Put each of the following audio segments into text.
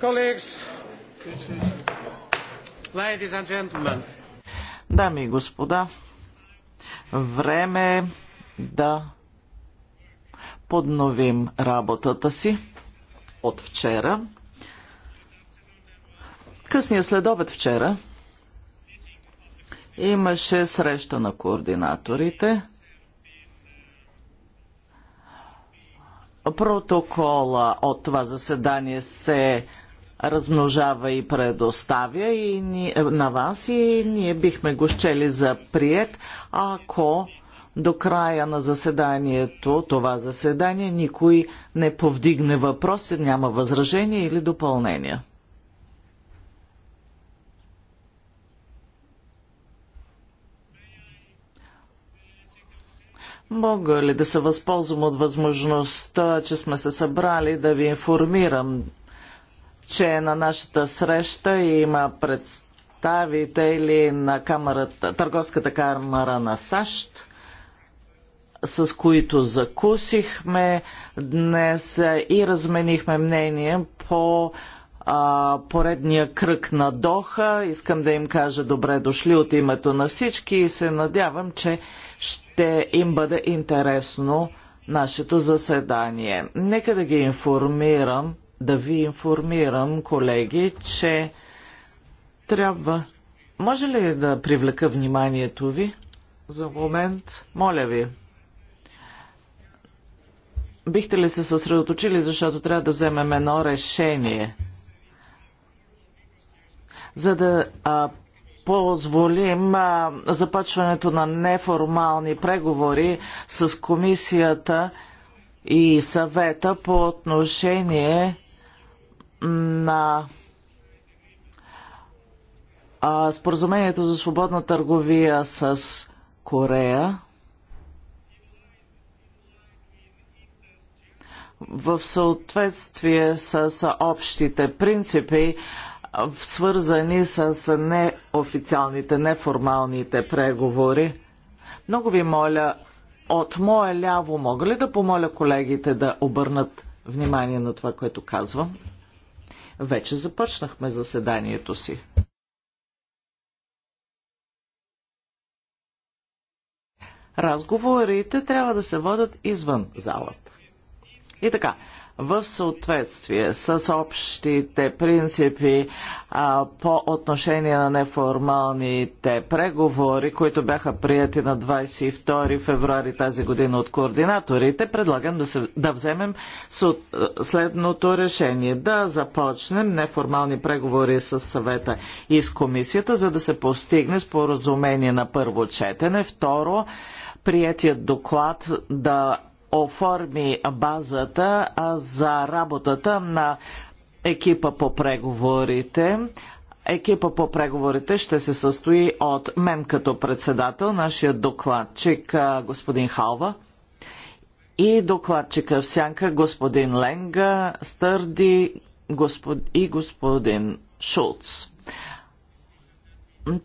Colleagues, this is... ladies and gentlemen. Дами и господа, време е да подновим работата си от вчера. Късния следобед вчера имаше среща на координаторите – Протокола от това заседание се размножава и предоставя и ни, на вас и ние бихме го щели за прият, ако до края на заседанието, това заседание, никой не повдигне въпроси, няма възражения или допълнения. Мога ли да се възползвам от възможността, че сме се събрали да ви информирам, че на нашата среща има представители на камерата, Търговската камера на САЩ, с които закусихме днес и разменихме мнение по а, поредния кръг на Доха. Искам да им кажа добре дошли от името на всички и се надявам, че ще им бъде интересно нашето заседание. Нека да ги информирам, да ви информирам, колеги, че трябва. Може ли да привлека вниманието ви за момент? Моля ви. Бихте ли се съсредоточили, защото трябва да вземем едно решение? за да а, позволим а, започването на неформални преговори с комисията и съвета по отношение на а, споразумението за свободна търговия с Корея в съответствие с общите принципи свързани с неофициалните, неформалните преговори. Много ви моля, от мое ляво мога ли да помоля колегите да обърнат внимание на това, което казвам? Вече започнахме заседанието си. Разговорите трябва да се водят извън залата. И така, в съответствие с общите принципи а, по отношение на неформалните преговори, които бяха прияти на 22 февруари тази година от координаторите, предлагам да, се, да вземем суд, следното решение. Да започнем неформални преговори с съвета и с комисията, за да се постигне споразумение на първо четене. Второ, приятият доклад да оформи базата за работата на екипа по преговорите. Екипа по преговорите ще се състои от мен като председател, нашия докладчик господин Халва и докладчика в сянка господин Ленга, Стърди господ... и господин Шулц.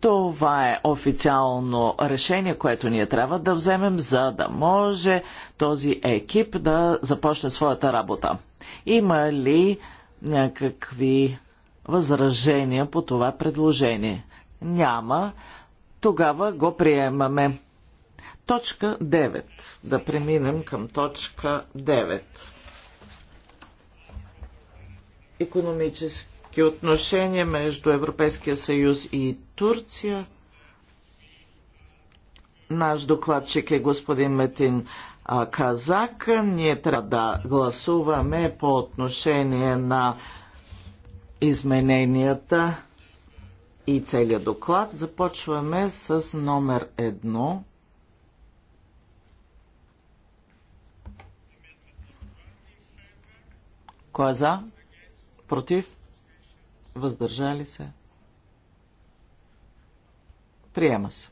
Това е официално решение, което ние трябва да вземем, за да може този екип да започне своята работа. Има ли някакви възражения по това предложение? Няма. Тогава го приемаме. Точка 9. Да преминем към точка 9. Економически търговски отношения между Европейския съюз и Турция. Наш докладчик е господин Метин Казак. Ние трябва да гласуваме по отношение на измененията и целия доклад. Започваме с номер едно. Кой е за? Против? въздържали се, приема се.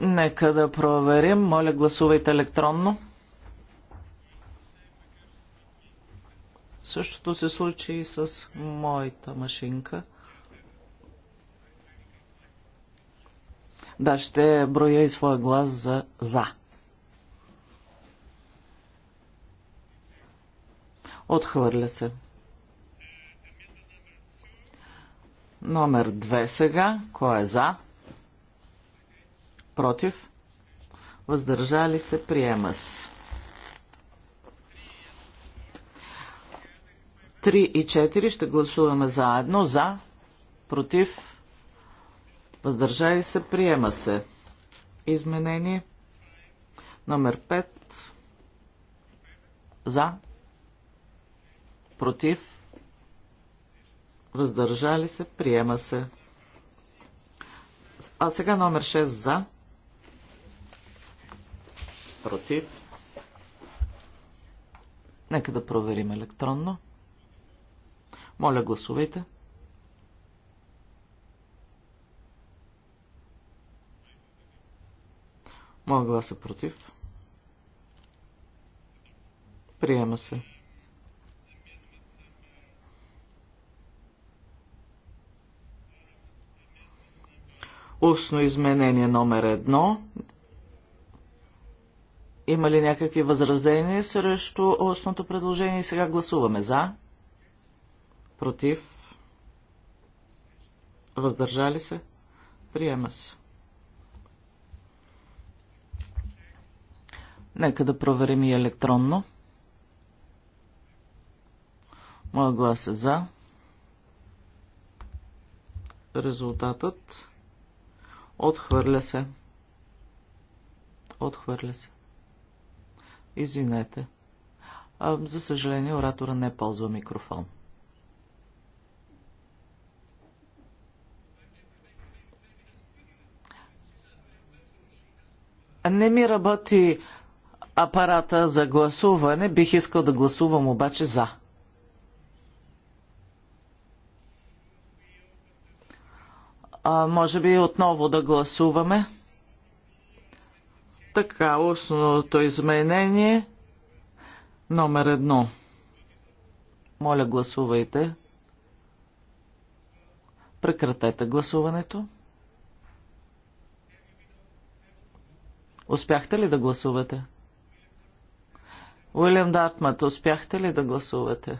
Нека да проверим. Моля, гласувайте електронно. Същото се случи и с моята машинка. Да, ще броя и своя глас за «за». Отхвърля се. Номер 2 сега. Кой е за? Против? Въздържали се? Приема се. 3 и 4 ще гласуваме заедно. За? Против? Въздържали се? Приема се. Изменение. Номер 5. За? против, въздържали се, приема се. А сега номер 6 за, против. Нека да проверим електронно. Моля, гласувайте. Моя глас е против. Приема се. Устно изменение номер едно. Има ли някакви възражения срещу устното предложение? Сега гласуваме за, против, въздържали се, приема се. Нека да проверим и електронно. Моя глас е за. Резултатът Отхвърля се. Отхвърля се. Извинете. А, за съжаление, оратора не ползва микрофон. Не ми работи апарата за гласуване, бих искал да гласувам обаче за. А, може би отново да гласуваме. Така, основното изменение номер едно. Моля, гласувайте. Прекратете гласуването. Успяхте ли да гласувате? Уилям Дартмат, успяхте ли да гласувате?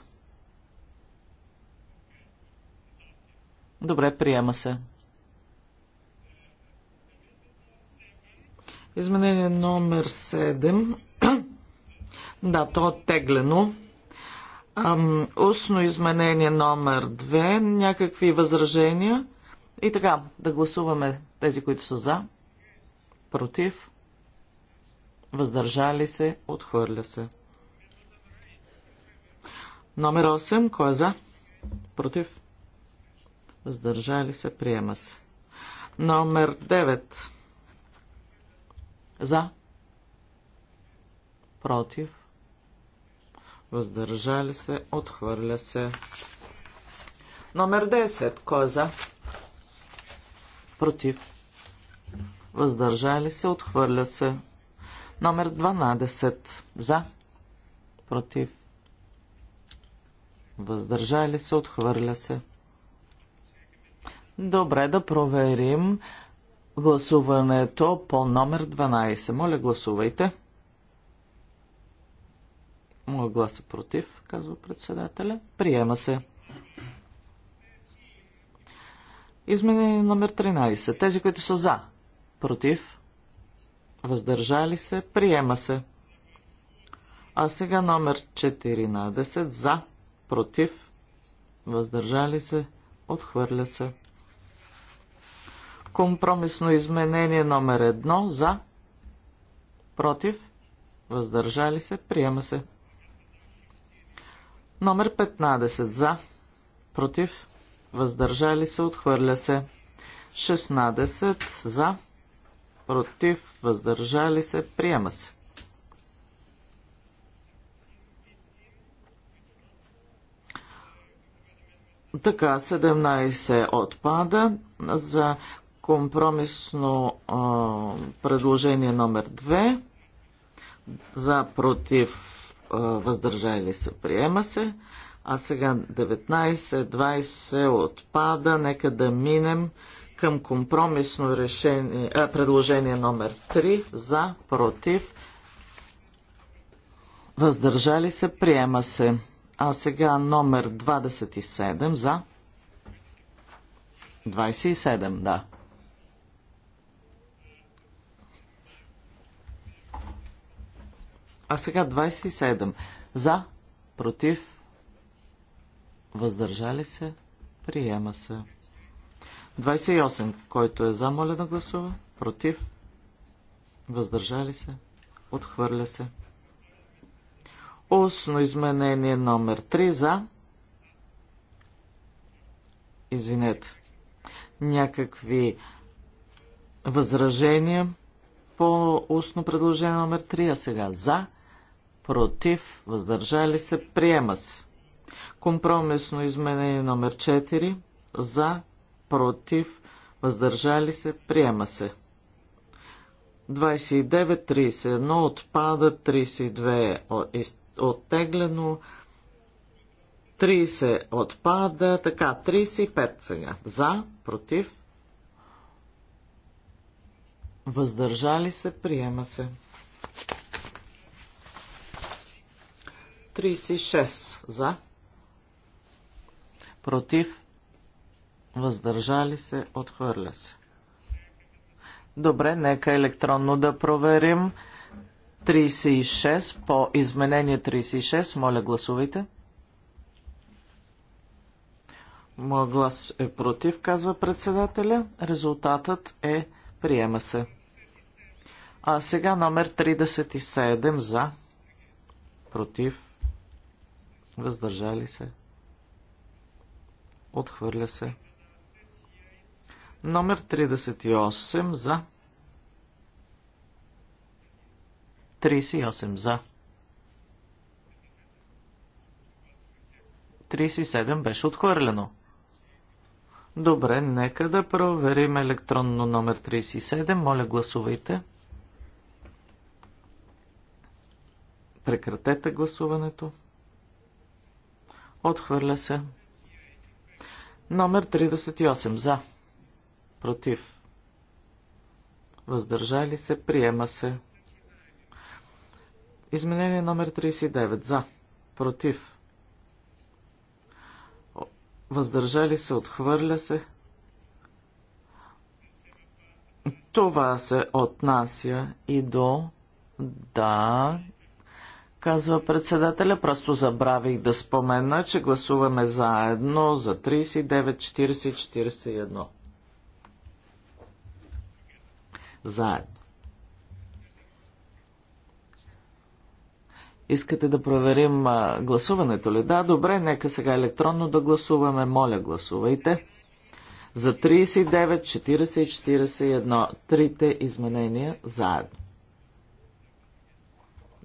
Добре, приема се. Изменение номер 7. да, то е теглено. Ам, устно изменение номер 2. Някакви възражения. И така, да гласуваме тези, които са за, против, въздържали се, отхвърля се. Номер 8. Кой е за? Против. Въздържали се, приема се. Номер 9. За. Против. Въздържали се. Отхвърля се. Номер 10. Кой е за? Против. Въздържали се. Отхвърля се. Номер 12. За. Против. Въздържали се. Отхвърля се. Добре, да проверим гласуването по номер 12. Моля, гласувайте. Моя е против, казва председателя. Приема се. Изменение номер 13. Тези, които са за, против, въздържали се, приема се. А сега номер 14. За, против, въздържали се, отхвърля се. Компромисно изменение номер едно за, против, въздържали се, приема се. Номер 15 за, против, въздържали се, отхвърля се. 16 за, против, въздържали се, приема се. Така, 17 отпада за Компромисно а, предложение номер 2. За, против, а, въздържали се, приема се. А сега 19-20 отпада. Нека да минем към компромисно решение, а, предложение номер 3. За, против, въздържали се, приема се. А сега номер 27 за 27, да. А сега 27. За, против, въздържали се, приема се. 28. Който е за, моля да гласува. Против, въздържали се, отхвърля се. Устно изменение номер 3 за. Извинете. Някакви възражения по устно предложение номер 3, а сега за против, въздържали се, приема се. Компромисно изменение номер 4 за, против, въздържали се, приема се. 29, 31 отпада, 32 е оттеглено, 30 отпада, така, 35 сега. За, против, въздържали се, приема се. 36 за, против, въздържали се, отхвърля се. Добре, нека електронно да проверим. 36 по изменение 36, моля гласувайте. Моя глас е против, казва председателя. Резултатът е приема се. А сега номер 37 за, против, въздържали се, отхвърля се. Номер 38 за 38 за 37 беше отхвърлено. Добре, нека да проверим електронно номер 37. Моля, гласувайте. Прекратете гласуването. Отхвърля се. Номер 38. За. Против. Въздържали се. Приема се. Изменение номер 39. За. Против. Въздържали се. Отхвърля се. Това се отнася и до да казва председателя. Просто забравих да спомена, че гласуваме заедно за 39, 40, 41. Заедно. Искате да проверим гласуването ли? Да, добре, нека сега електронно да гласуваме. Моля, гласувайте. За 39, 40 и 41. Трите изменения заедно.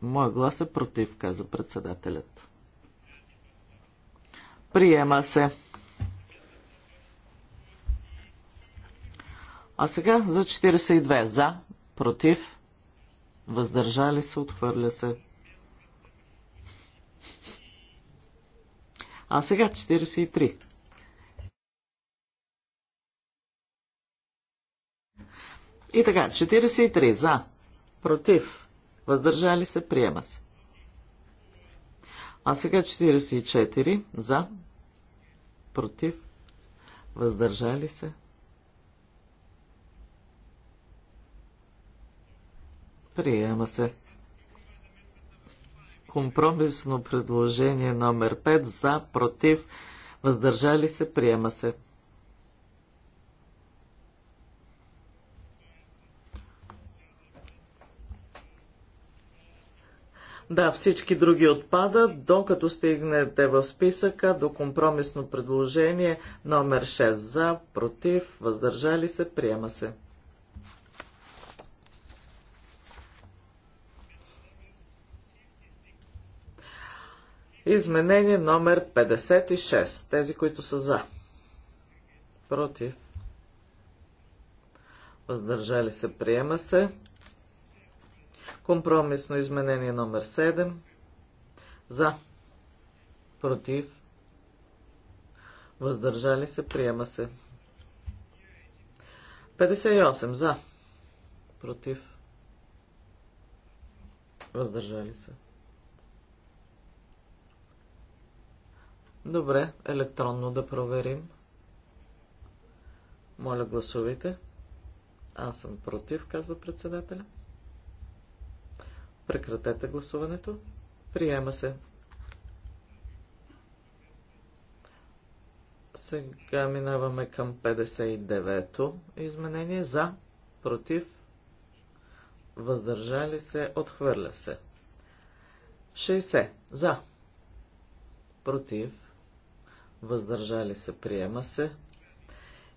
Моя глас е против, каза председателят. Приема се. А сега за 42. За, против, въздържали се, отхвърля се. А сега 43. И така, 43 за, против, въздържали се, приема се. А сега 44 за, против, въздържали се. Приема се. Компромисно предложение номер 5 за, против, въздържали се, приема се. Да, всички други отпадат, докато стигнете в списъка до компромисно предложение номер 6 за, против, въздържали се, приема се. Изменение номер 56. Тези, които са за. Против. Въздържали се, приема се. Компромисно изменение номер 7. За. Против. Въздържали се. Приема се. 58. За. Против. Въздържали се. Добре, електронно да проверим. Моля, гласувайте. Аз съм против, казва председателя. Прекратете гласуването. Приема се. Сега минаваме към 59-то изменение. За, против, въздържали се, отхвърля се. 60. За, против, въздържали се, приема се.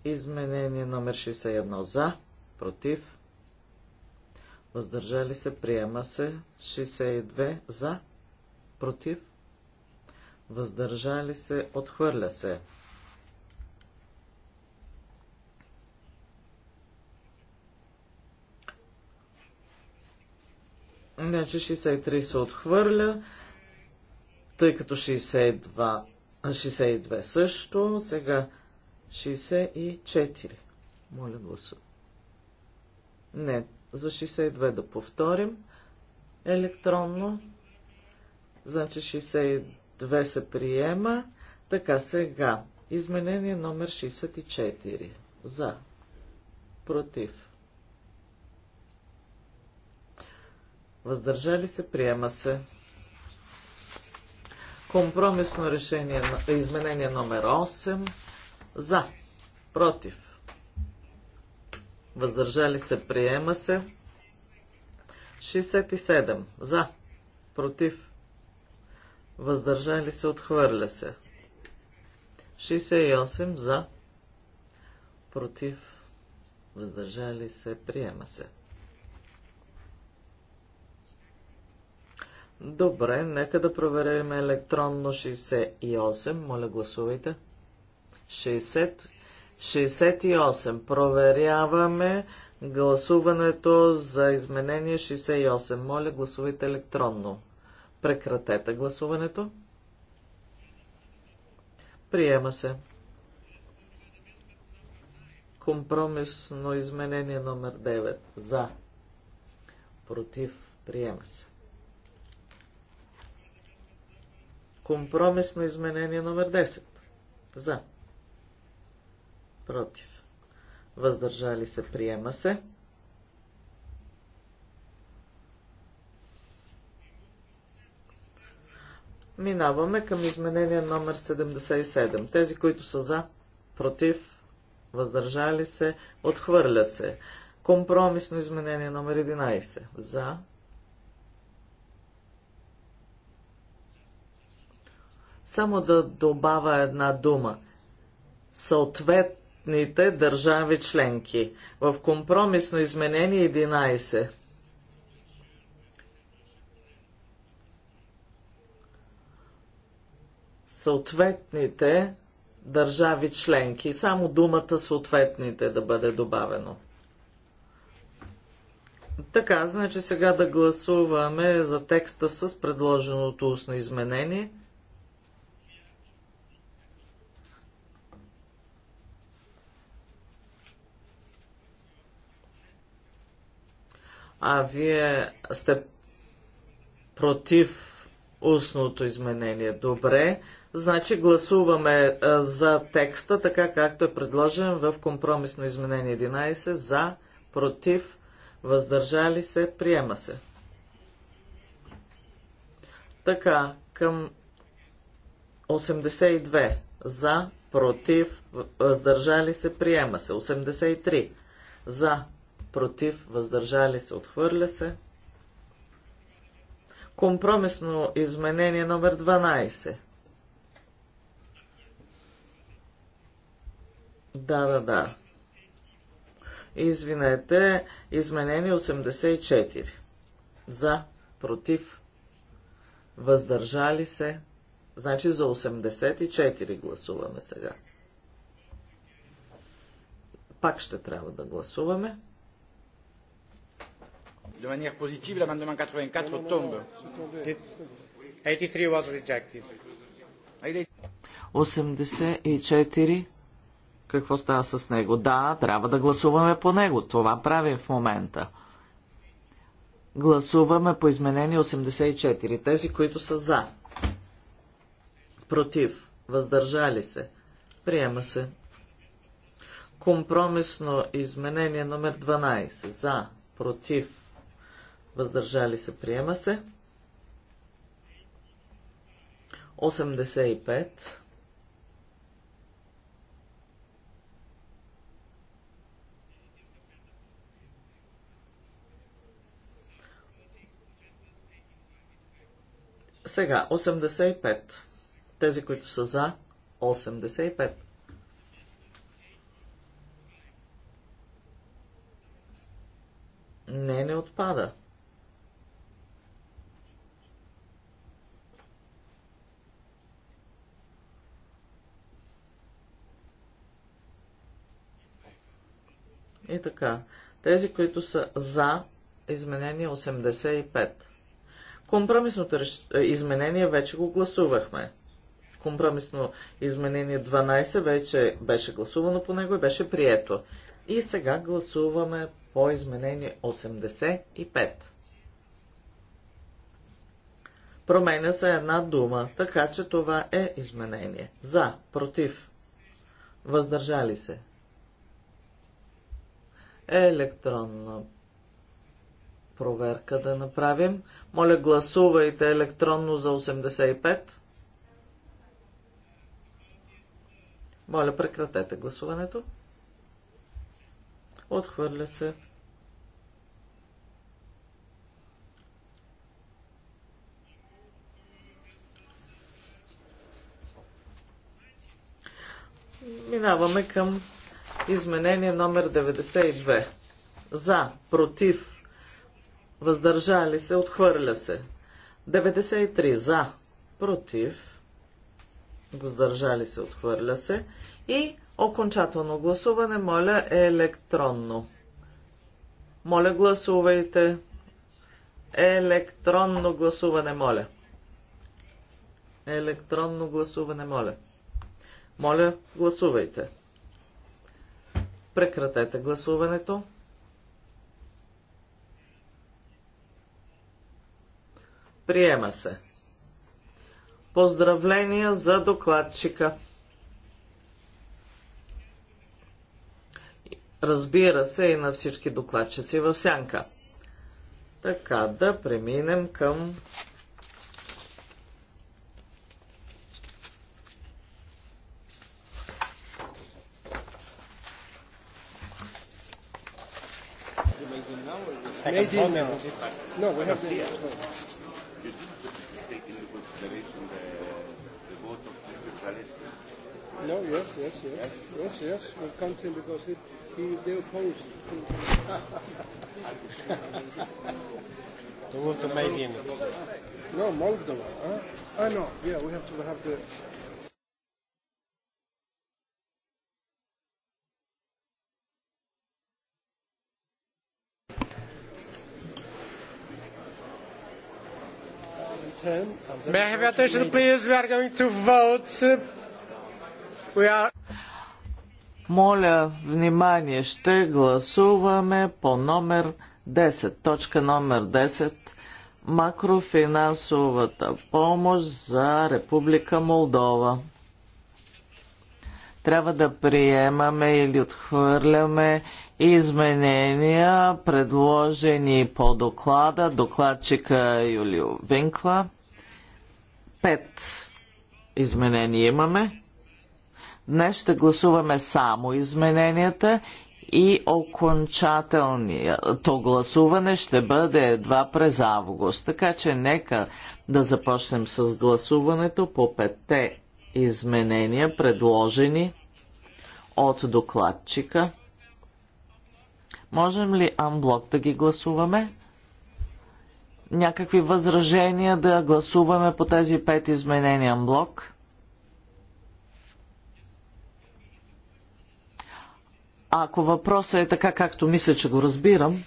Изменение номер 61. За, против, въздържали се, приема се. 62 за, против, въздържали се, отхвърля се. Значи 63 се отхвърля, тъй като 62, 62 също, сега 64. Моля гласа. Не, за 62 да повторим електронно. Значи 62 се приема. Така сега. Изменение номер 64. За. Против. Въздържали се, приема се. Компромисно решение, изменение номер 8. За. Против въздържали се, приема се. 67 за, против, въздържали се, отхвърля се. 68 за, против, въздържали се, приема се. Добре, нека да проверим електронно 68. Моля, гласувайте. 68. Проверяваме гласуването за изменение 68. Моля, гласувайте електронно. Прекратете гласуването. Приема се. Компромисно изменение номер 9. За. Против. Приема се. Компромисно изменение номер 10. За против, въздържали се, приема се. Минаваме към изменение номер 77. Тези, които са за, против, въздържали се, отхвърля се. Компромисно изменение номер 11. За. Само да добавя една дума. Съответ съответните държави членки. В компромисно изменение 11. Съответните държави членки. Само думата съответните да бъде добавено. Така, значи сега да гласуваме за текста с предложеното устно изменение – а вие сте против устното изменение. Добре, значи гласуваме а, е, за текста, така както е предложен в компромисно изменение 11, за, против, въздържали се, приема се. Така, към 82, за, против, въздържали се, приема се. 83, за, против, въздържали се, отхвърля се. Компромисно изменение номер 12. Да, да, да. Извинете, изменение 84. За, против, въздържали се. Значи за 84 гласуваме сега. Пак ще трябва да гласуваме de manière positive, l'amendement 84 tombe. was 84. Ah, Какво става с него? Да, трябва да гласуваме по него. Това правим в момента. Гласуваме по изменение 84. Тези, които са за. Против. Въздържали се. Приема се. Компромисно изменение номер 12. За. Против въздържали се, приема се. 85. Сега, 85. Тези, които са за, 85. Не, не отпада. 85. И така. Тези, които са за изменение 85. Компромисното е, изменение вече го гласувахме. Компромисно изменение 12 вече беше гласувано по него и беше прието. И сега гласуваме по изменение 85. Променя се една дума, така че това е изменение. За, против, въздържали се, електронна проверка да направим. Моля, гласувайте електронно за 85. Моля, прекратете гласуването. Отхвърля се. Минаваме към Изменение номер 92. За, против, въздържали се, отхвърля се. 93. За, против, въздържали се, отхвърля се. И окончателно гласуване, моля, е електронно. Моля, гласувайте. Електронно гласуване, моля. Електронно гласуване, моля. Моля, гласувайте. Прекратете гласуването. Приема се. Поздравления за докладчика. Разбира се и на всички докладчици в сянка. Така да преминем към second vote, isn't it? No, we have the... You didn't take into consideration the, the vote of Mr. Zaleski. No, yes, yes, yes. Yes, yes, we're counting because it, he, they opposed. the vote of No, Moldova. Huh? Ah, no, yeah, we have to have the... May I have your attention, please? We are going to vote. We are... Моля, внимание, ще гласуваме по номер 10, точка номер 10, макрофинансовата помощ за Република Молдова. Трябва да приемаме или отхвърляме изменения, предложени по доклада, докладчика е Юлио Винкла. Пет изменения имаме. Днес ще гласуваме само измененията и окончателното гласуване ще бъде едва през август. Така че нека да започнем с гласуването по петте изменения, предложени от докладчика. Можем ли анблок да ги гласуваме? някакви възражения да гласуваме по тези пет изменения блок? Ако въпросът е така, както мисля, че го разбирам,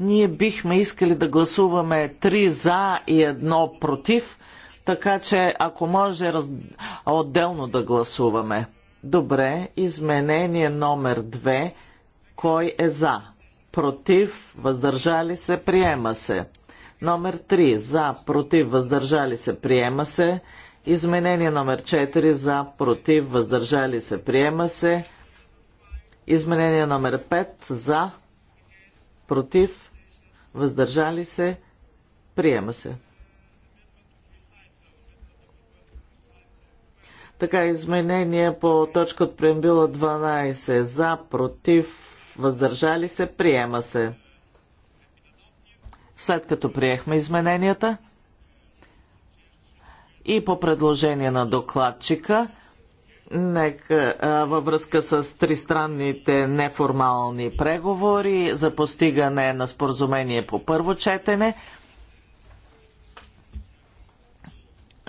ние бихме искали да гласуваме три за и едно против, така че ако може раз... отделно да гласуваме. Добре, изменение номер две. Кой е за? против, въздържали се, приема се. Номер 3 за, против, въздържали се, приема се. Изменение номер 4 за, против, въздържали се, приема се. Изменение номер 5 за, против, въздържали се, приема се. Така, изменение по точка от преамбила 12 за, против, въздържали се, приема се. След като приехме измененията и по предложение на докладчика, нека, във връзка с тристранните неформални преговори за постигане на споразумение по първо четене,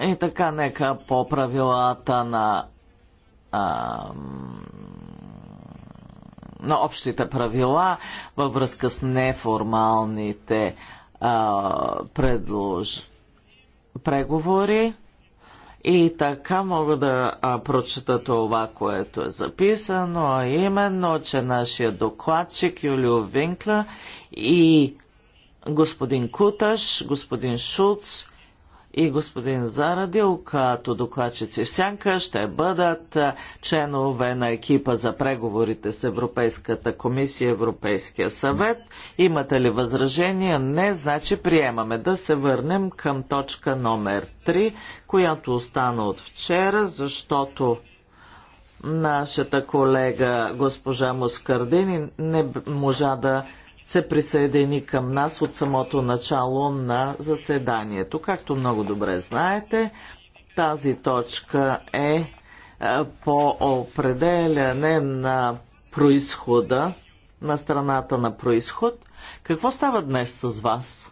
И така, нека по правилата на а, на общите правила във връзка с неформалните а, предлож... преговори. И така мога да а, прочета това, което е записано, а именно, че нашия докладчик Юлио Винкла и господин Куташ, господин Шуц и господин Зарадил, като докладчици в Сянка, ще бъдат членове на екипа за преговорите с Европейската комисия, Европейския съвет. Имате ли възражения? Не, значи приемаме. Да се върнем към точка номер 3, която остана от вчера, защото нашата колега госпожа Москардини не можа да се присъедини към нас от самото начало на заседанието. Както много добре знаете, тази точка е, е по определяне на происхода, на страната на происход. Какво става днес с вас?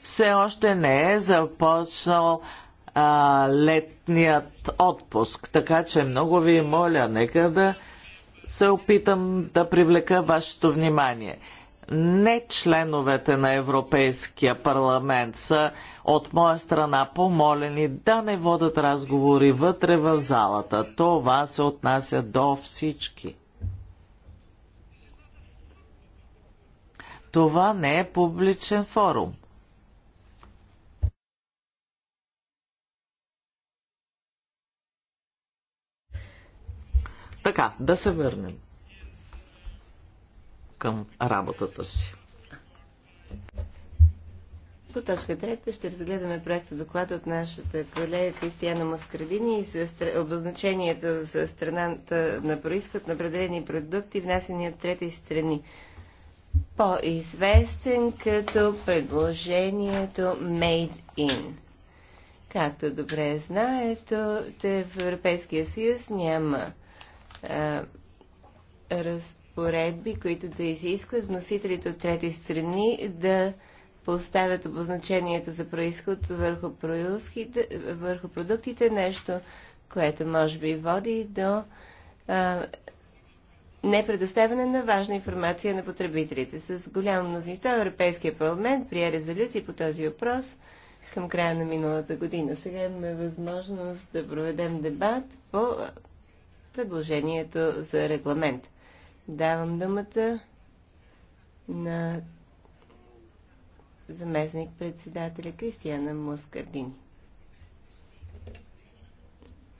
Все още не е започнал а, летният отпуск, така че много ви моля, нека да се опитам да привлека вашето внимание. Не членовете на Европейския парламент са от моя страна помолени да не водат разговори вътре в залата. Това се отнася до всички. Това не е публичен форум – Така, да се върнем към работата си. По точка трета ще разгледаме проекта доклад от нашата колега Кристияна Маскрадини и с обозначението за страната на происход на определени продукти, внесени от трети страни. По-известен като предложението Made in. Както добре знаете, в Европейския съюз няма разпоредби, които да изискват вносителите от трети страни да поставят обозначението за происход върху, върху продуктите, нещо, което може би води до а, непредоставяне на важна информация на потребителите. С голямо мнозинство Европейския парламент прие резолюции по този въпрос към края на миналата година. Сега имаме възможност да проведем дебат по предложението за регламент. Давам думата на заместник председателя Кристияна Мускардини.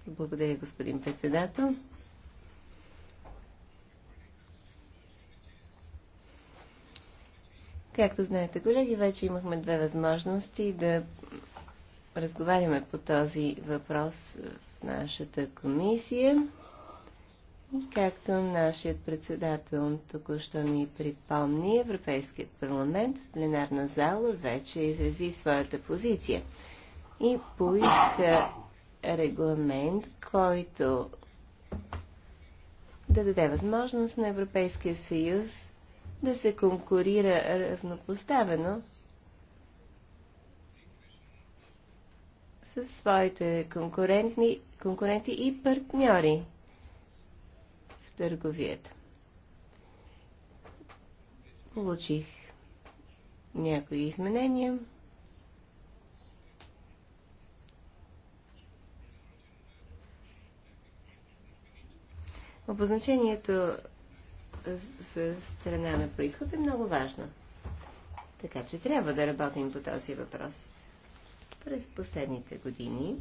Благодаря, господин председател. Както знаете, колеги, вече имахме две възможности да разговаряме по този въпрос в нашата комисия. И както нашият председател току-що ни припомни, Европейският парламент в пленарна зала вече изрази своята позиция и поиска регламент, който да даде възможност на Европейския съюз да се конкурира равнопоставено със своите конкурентни, конкуренти и партньори търговията. Получих някои изменения. Обозначението за страна на происход е много важно. Така че трябва да работим по този въпрос. През последните години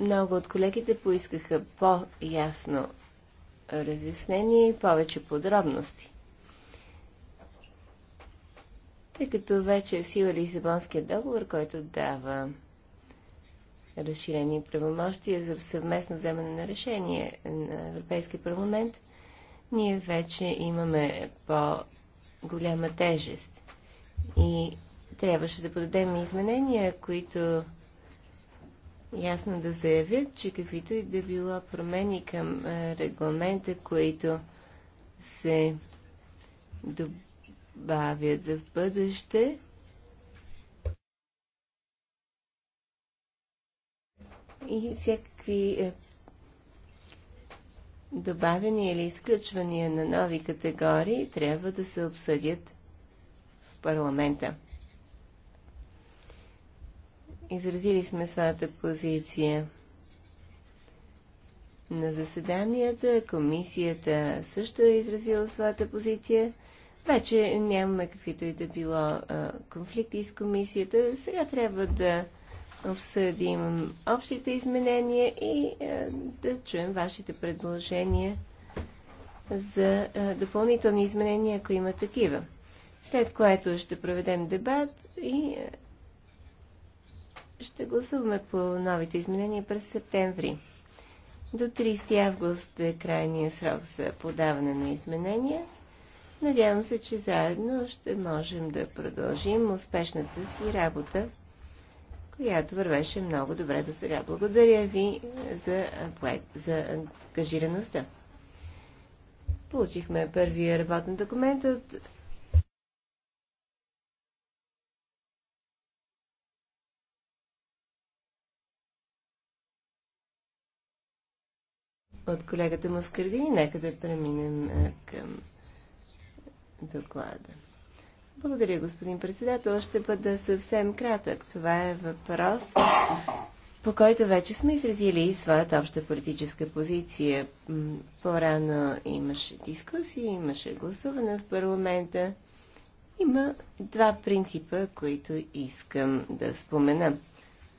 Много от колегите поискаха по-ясно разяснение и повече подробности. Тъй като вече е в сила Лисабонския договор, който дава разширени правомощия за съвместно вземане на решение на Европейския парламент, ние вече имаме по-голяма тежест. И трябваше да подадем изменения, които ясно да заявят, че каквито и да било промени към регламента, които се добавят за в бъдеще, и всякакви добавяния или изключвания на нови категории трябва да се обсъдят в парламента. Изразили сме своята позиция на заседанията, комисията също е изразила своята позиция. Вече нямаме каквито и да било конфликти с комисията. Сега трябва да обсъдим общите изменения и да чуем вашите предложения за допълнителни изменения, ако има такива. След което ще проведем дебат и ще гласуваме по новите изменения през септември. До 30 август е крайния срок за подаване на изменения. Надявам се, че заедно ще можем да продължим успешната си работа, която вървеше много добре до сега. Благодаря ви за, за ангажираността. Получихме първия работен документ от от колегата Маскардини. Нека да преминем е, към доклада. Благодаря, господин председател. Ще бъда съвсем кратък. Това е въпрос, по който вече сме изразили своята обща политическа позиция. По-рано имаше дискусии, имаше гласуване в парламента. Има два принципа, които искам да спомена.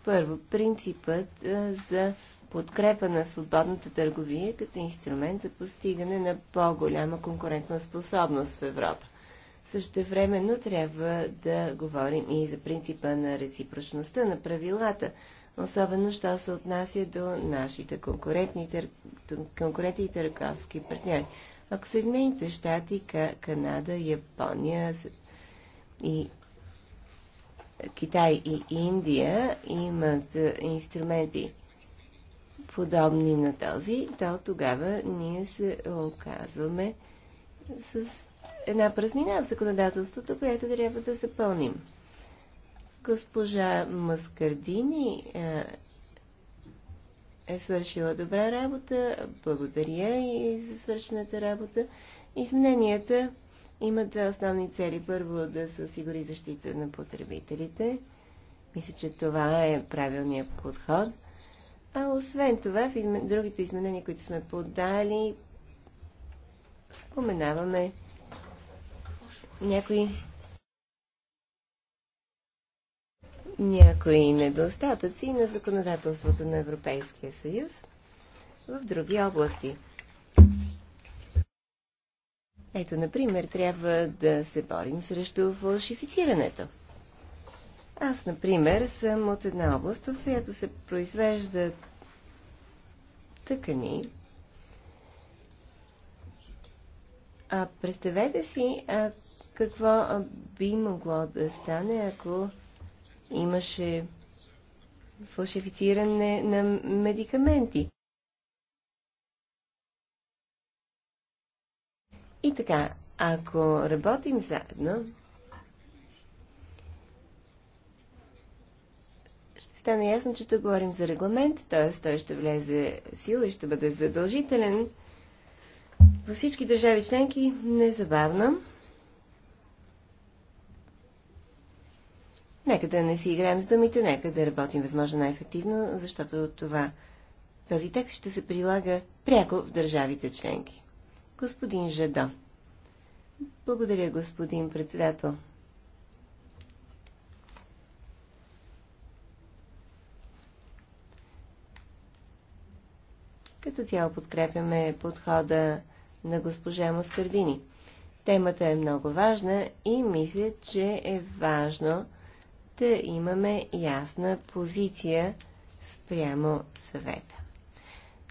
Първо, принципът е, за подкрепа на свободната търговия като инструмент за постигане на по-голяма конкурентна способност в Европа. Също времено трябва да говорим и за принципа на реципрочността на правилата, особено що се отнася до нашите конкурентни, тър... търговски партньори. Ако Съединените щати, Канада, Япония и Китай и Индия имат е, инструменти подобни на този, то тогава ние се оказваме с една празнина в законодателството, която трябва да запълним. Госпожа Маскардини е, е свършила добра работа. Благодаря и за свършената работа. Измененията имат две основни цели. Първо да се осигури защита на потребителите. Мисля, че това е правилният подход – а освен това, в изм... другите изменения, които сме подали, споменаваме някои някои недостатъци на законодателството на Европейския съюз в други области. Ето, например, трябва да се борим срещу фалшифицирането. Аз, например, съм от една област, в която се произвеждат тъкани. А представете си а, какво би могло да стане, ако имаше фалшифициране на медикаменти. И така, ако работим заедно, стана е ясно, че тук говорим за регламент, т.е. той ще влезе в сила и ще бъде задължителен във всички държави членки незабавно. Нека да не си играем с думите, нека да работим възможно най-ефективно, защото това, този текст ще се прилага пряко в държавите членки. Господин Жадо. Благодаря, господин председател. като цяло подкрепяме подхода на госпожа Маскардини. Темата е много важна и мисля, че е важно да имаме ясна позиция спрямо съвета.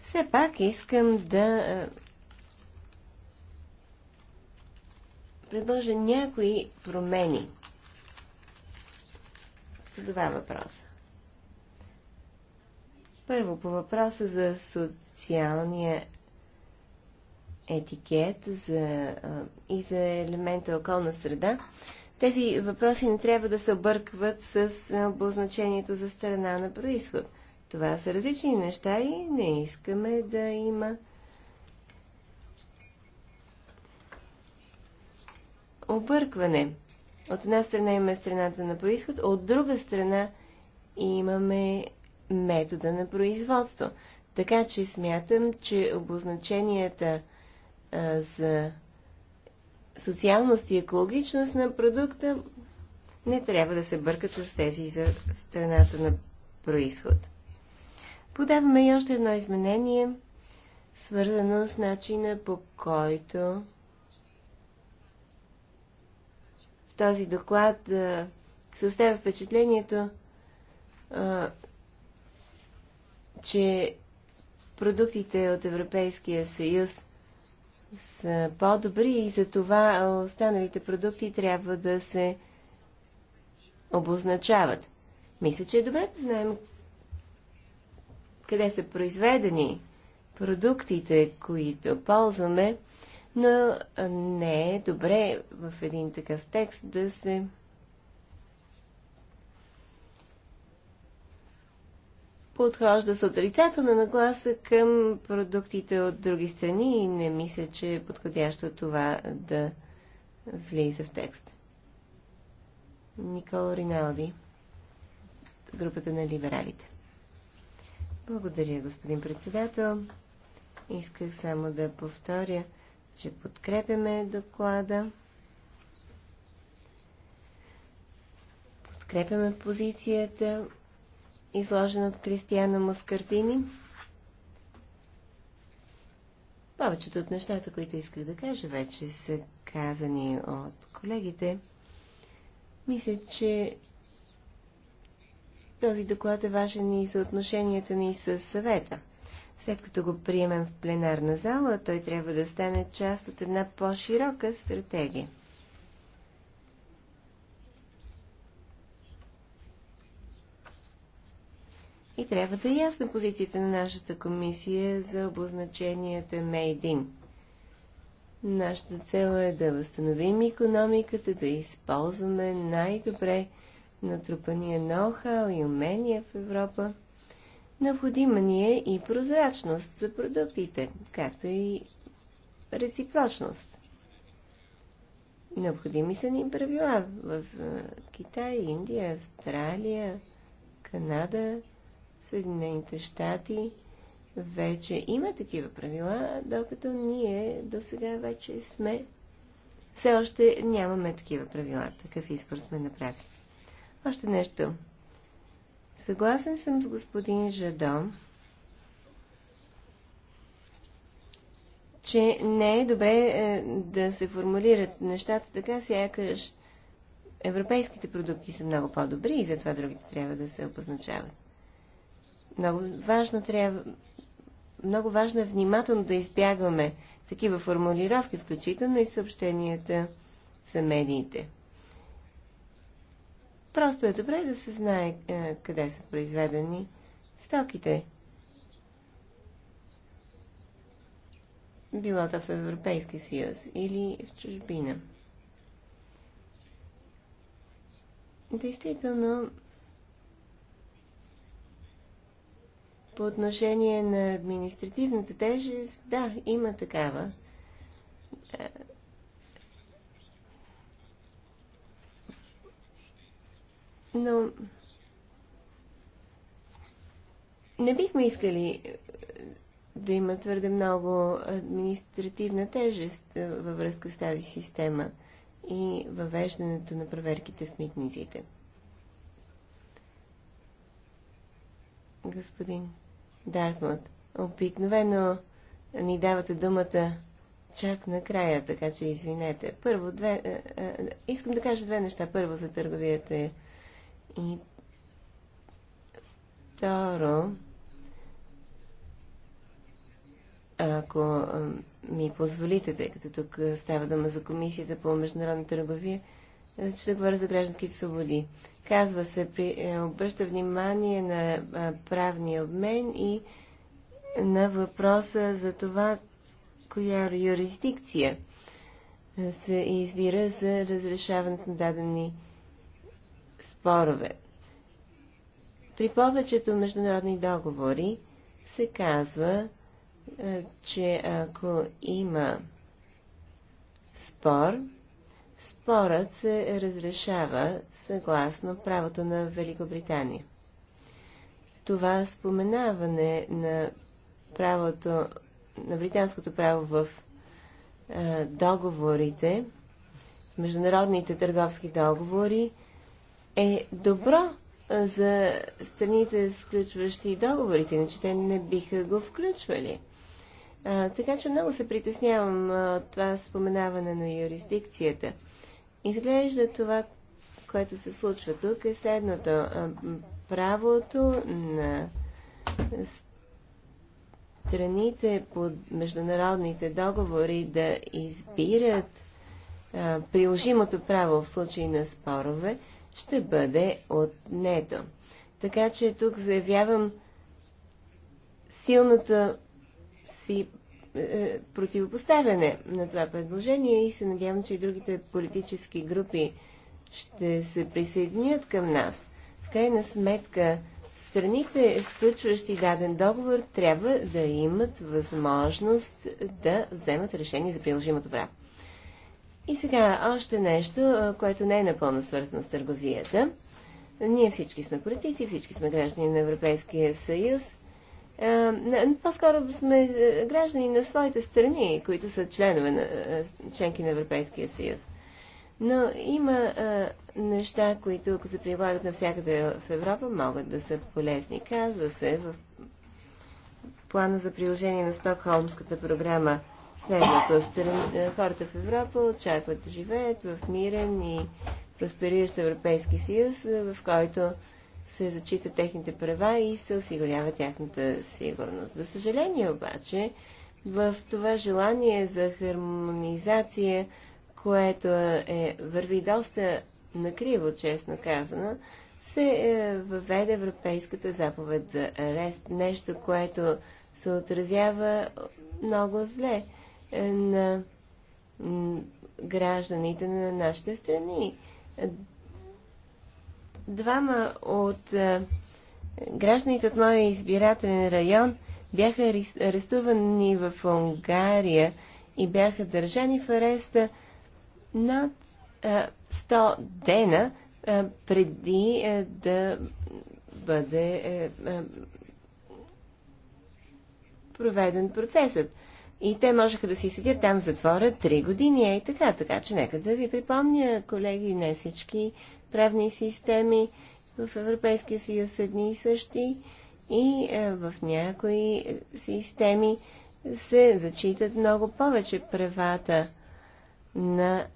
Все пак искам да е, предложа някои промени по два въпроса. Първо, по въпроса за социалния етикет за, и за елемента околна среда, тези въпроси не трябва да се объркват с обозначението за страна на происход. Това са различни неща и не искаме да има объркване. От една страна имаме страната на происход, от друга страна имаме метода на производство. Така че смятам, че обозначенията а, за социалност и екологичност на продукта не трябва да се бъркат с тези за страната на происход. Подаваме и още едно изменение, свързано с начина по който в този доклад а, съставя впечатлението, а, че продуктите от Европейския съюз са по-добри и за това останалите продукти трябва да се обозначават. Мисля, че е добре да знаем къде са произведени продуктите, които ползваме, но не е добре в един такъв текст да се подхожда с отрицателна нагласа към продуктите от други страни и не мисля, че е подходящо това да влиза в текста. Никола Риналди, групата на либералите. Благодаря, господин председател. Исках само да повторя, че подкрепяме доклада. Подкрепяме позицията изложен от Кристияна Маскардини. Повечето от нещата, които исках да кажа, вече са казани от колегите. Мисля, че този доклад е важен и за отношенията ни с съвета. След като го приемем в пленарна зала, той трябва да стане част от една по-широка стратегия – И трябва да е ясна позицията на нашата комисия за обозначенията Made in. Нашата цел е да възстановим економиката, да използваме най-добре натрупания ноу-хау и умения в Европа. Необходима ни е и прозрачност за продуктите, както и реципрочност. Необходими са ни правила в е, Китай, Индия, Австралия, Канада, Съединените щати вече има такива правила, докато ние до сега вече сме. Все още нямаме такива правила. Такъв избор сме направили. Още нещо. Съгласен съм с господин Жадо, че не е добре е, да се формулират нещата така, сякаш европейските продукти са много по-добри и затова другите трябва да се обозначават. Много важно трябва много важно е внимателно да избягваме такива формулировки, включително и съобщенията за медиите. Просто е добре да се знае е, къде са произведени стоките. Било то в Европейски съюз или в чужбина. Действително, По отношение на административната тежест, да, има такава. Но не бихме искали да има твърде много административна тежест е, във връзка с тази система и въвеждането на проверките в митниците. Господин Дартмут. Обикновено ни давате думата чак накрая, така че извинете. Първо, две, а, е, а, е, искам да кажа две неща. Първо за търговията и второ, ако е, ми позволите, тъй като тук става дума за комисията по международна търговия, ще значи говоря за гражданските свободи. Казва се, при, е, обръща внимание на правния обмен и на въпроса за това, коя юрисдикция се избира за разрешаването на дадени спорове. При повечето международни договори се казва, че ако има спор, Спорът се разрешава съгласно правото на Великобритания. Това споменаване на правото, на британското право в е, договорите, в международните търговски договори, е добро за страните, сключващи договорите, иначе те не биха го включвали. А, така че много се притеснявам от това споменаване на юрисдикцията. Изглежда това, което се случва тук е следното. Правото на страните под международните договори да избират приложимото право в случай на спорове ще бъде отнето. Така че тук заявявам силната си е, е, противопоставяне на това предложение и се надявам, че и другите политически групи ще се присъединят към нас. В крайна сметка, страните, сключващи даден договор, трябва да имат възможност да вземат решение за приложимото право. И сега още нещо, е, което не е напълно свързано с търговията. Ние всички сме политици, всички сме граждани на Европейския съюз. Е, по-скоро сме е, граждани на своите страни, които са членове на, е, членки на Европейския съюз. Но има а, неща, които ако се прилагат навсякъде в Европа, могат да са полезни. Казва се в плана за приложение на Стокхолмската програма следното. Стран... Хората в Европа очакват да живеят в мирен и проспериращ Европейски съюз, в който се зачита техните права и се осигурява тяхната сигурност. За съжаление обаче, в това желание за хармонизация, което е, върви доста накриво, честно казано, се е, въведе Европейската заповед за арест, нещо, което се отразява много зле е, на гражданите на нашите страни двама от е, гражданите от моя избирателен район бяха арестувани в Унгария и бяха държани в ареста над 100 е, дена е, преди да бъде проведен процесът. И те можеха да си седят там в затвора 3 години, и така, така че нека да ви припомня, колеги, не всички правни системи в Европейския съюз са едни и същи и е, в някои системи се зачитат много повече правата на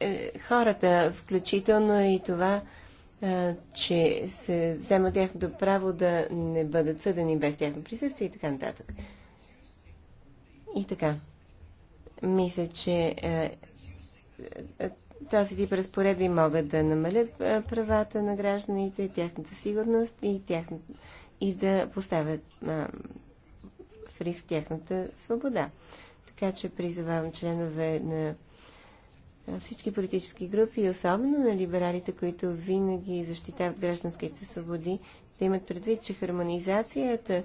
е, хората, включително и това, е, че се взема тяхното право да не бъдат съдени без тяхно присъствие и така нататък. И така. Мисля, че е, е, този тип разпоредби могат да намалят е, правата на гражданите, тяхната сигурност и, тяхна... и да поставят в риск тяхната свобода. Така че призовавам членове на всички политически групи, особено на либералите, които винаги защитават гражданските свободи, да имат предвид, че хармонизацията,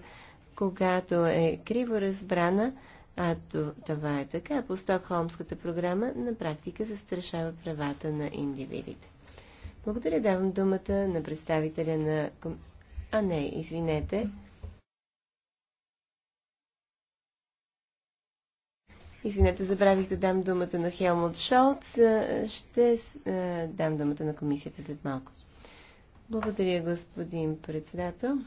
когато е криво разбрана, а това е така. По Стокхолмската програма на практика застрашава правата на индивидите. Благодаря. Давам думата на представителя на... А не, извинете. Извинете, забравих да дам думата на Хелмут Шолц. Ще дам думата на комисията след малко. Благодаря, господин председател.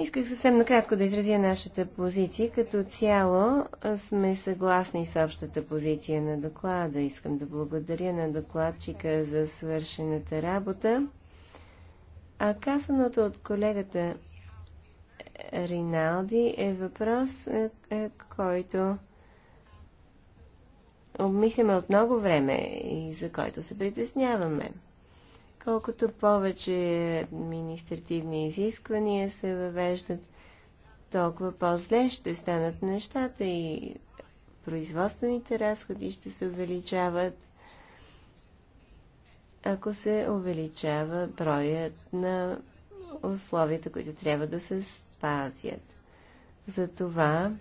Исках съвсем накратко да изразя нашата позиция. Като цяло сме съгласни с общата позиция на доклада. Искам да благодаря на докладчика за свършената работа. А казаното от колегата Риналди е въпрос, който обмисляме от много време и за който се притесняваме. Колкото повече административни изисквания се въвеждат, толкова по-зле ще станат нещата и производствените разходи ще се увеличават, ако се увеличава броят на условията, които трябва да се спазят. Затова,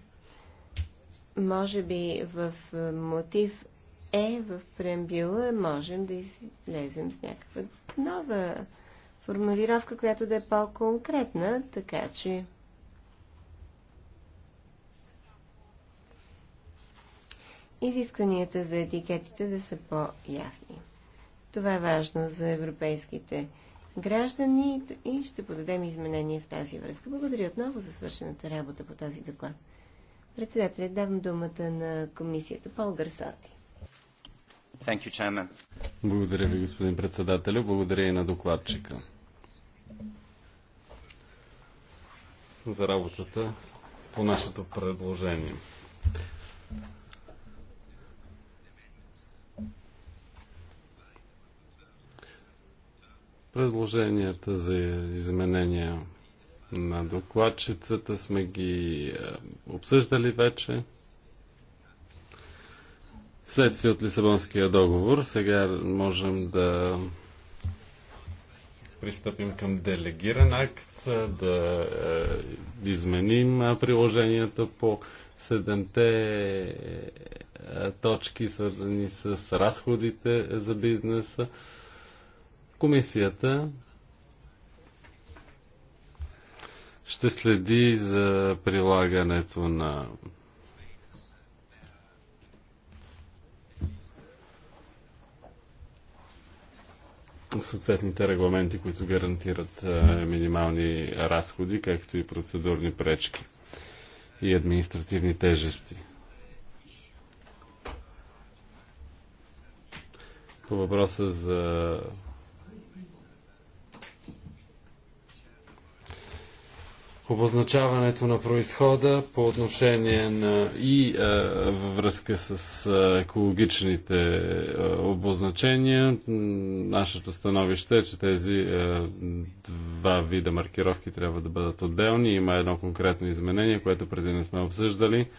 може би в мотив е в преамбюла, можем да излезем с някаква нова формулировка, която да е по-конкретна, така че изискванията за етикетите да са по-ясни. Това е важно за европейските граждани и ще подадем изменения в тази връзка. Благодаря отново за свършената работа по този доклад. Председателят давам думата на комисията Пол Гърсоти. Благодаря ви, господин председател. Благодаря и на докладчика. за работата по нашето предложение. Предложенията за изменения на докладчицата сме ги е, обсъждали вече. Следствие от Лисабонския договор, сега можем да пристъпим към делегиран акт, да е, изменим приложенията по седемте е, е, точки, свързани с разходите за бизнеса. Комисията ще следи за прилагането на съответните регламенти, които гарантират е, минимални разходи, както и процедурни пречки и административни тежести. По въпроса за обозначаването на происхода по отношение на и а, е, във връзка с а, е, екологичните а, е, обозначения. Нашето становище е, че тези а, два вида маркировки трябва да бъдат отделни. Има едно конкретно изменение, което преди не сме обсъждали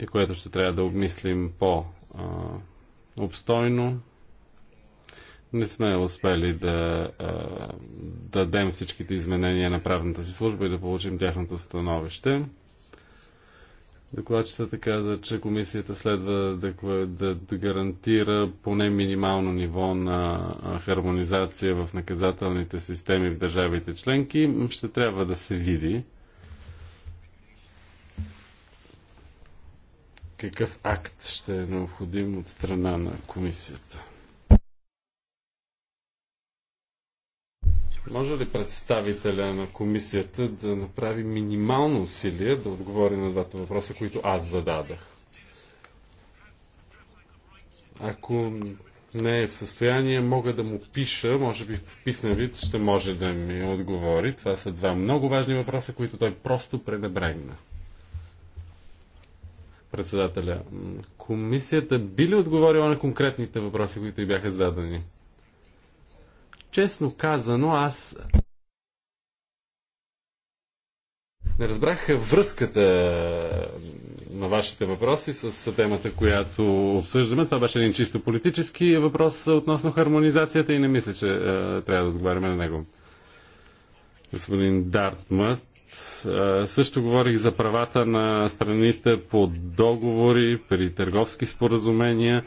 и което ще трябва да обмислим по-обстойно. Не сме успели да а, дадем всичките изменения на правната си служба и да получим тяхното становище. Докладчетата каза, че комисията следва да, да, да гарантира поне минимално ниво на хармонизация в наказателните системи в държавите членки. Ще трябва да се види какъв акт ще е необходим от страна на комисията. Може ли представителя на комисията да направи минимално усилие да отговори на двата въпроса, които аз зададах? Ако не е в състояние, мога да му пиша, може би в писмен вид ще може да ми отговори. Това са два много важни въпроса, които той просто пренебрегна. Председателя, комисията би ли отговорила на конкретните въпроси, които й бяха зададени? Честно казано, аз не разбрах връзката на вашите въпроси с темата, която обсъждаме. Това беше един чисто политически въпрос относно хармонизацията и не мисля, че е, трябва да отговаряме на него. Господин Дартмът, е, също говорих за правата на страните по договори, при търговски споразумения,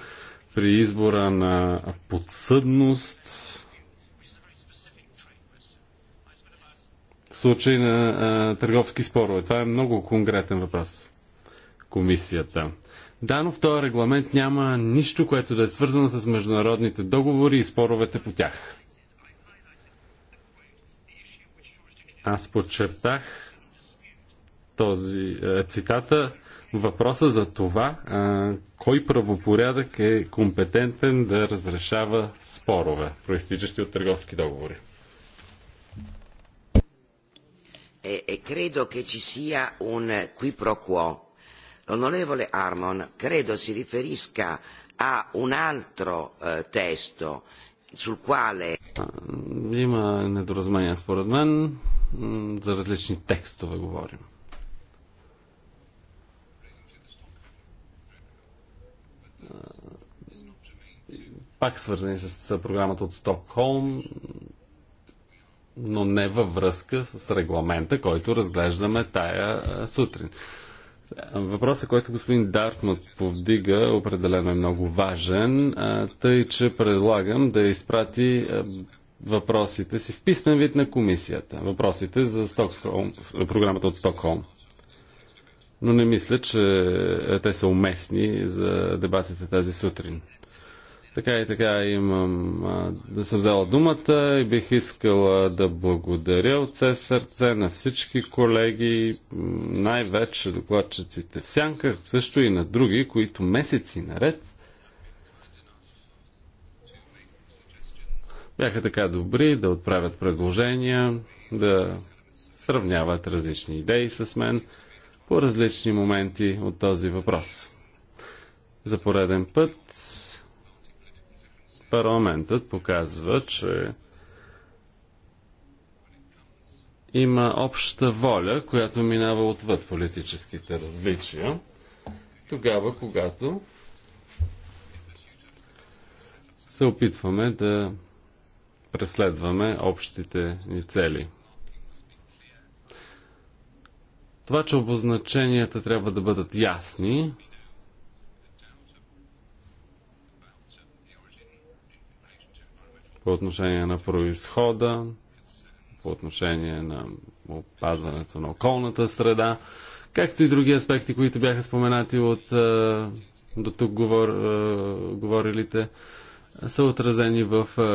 при избора на подсъдност Случай на а, търговски спорове. Това е много конкретен въпрос. Комисията. Да, но в този регламент няма нищо, което да е свързано с международните договори и споровете по тях. Аз подчертах този е, цитата въпроса за това а, кой правопорядък е компетентен да разрешава спорове, проистичащи от търговски договори. e, e credo che ci sia un qui pro quo. L'onorevole Harmon credo si riferisca a un altro eh, testo sul quale... Има недоразумение според мен. За различни текстове говорим. Пак свързани с програмата от Стокхолм, но не във връзка с регламента, който разглеждаме тая сутрин. Въпросът, който господин Дартмут повдига, определено е много важен, тъй че предлагам да изпрати въпросите си в писмен вид на комисията. Въпросите за Стокхолм, програмата от Стокхолм. Но не мисля, че те са уместни за дебатите тази сутрин. Така и така имам а, да съм взела думата и бих искала да благодаря от все сърце на всички колеги, най-вече докладчиците в Сянка, също и на други, които месеци наред бяха така добри да отправят предложения, да сравняват различни идеи с мен по различни моменти от този въпрос. За пореден път парламентът показва, че има обща воля, която минава отвъд политическите различия, тогава, когато се опитваме да преследваме общите ни цели. Това, че обозначенията трябва да бъдат ясни, по отношение на происхода, по отношение на опазването на околната среда, както и други аспекти, които бяха споменати от е, до тук говор, е, говорилите, са отразени в е,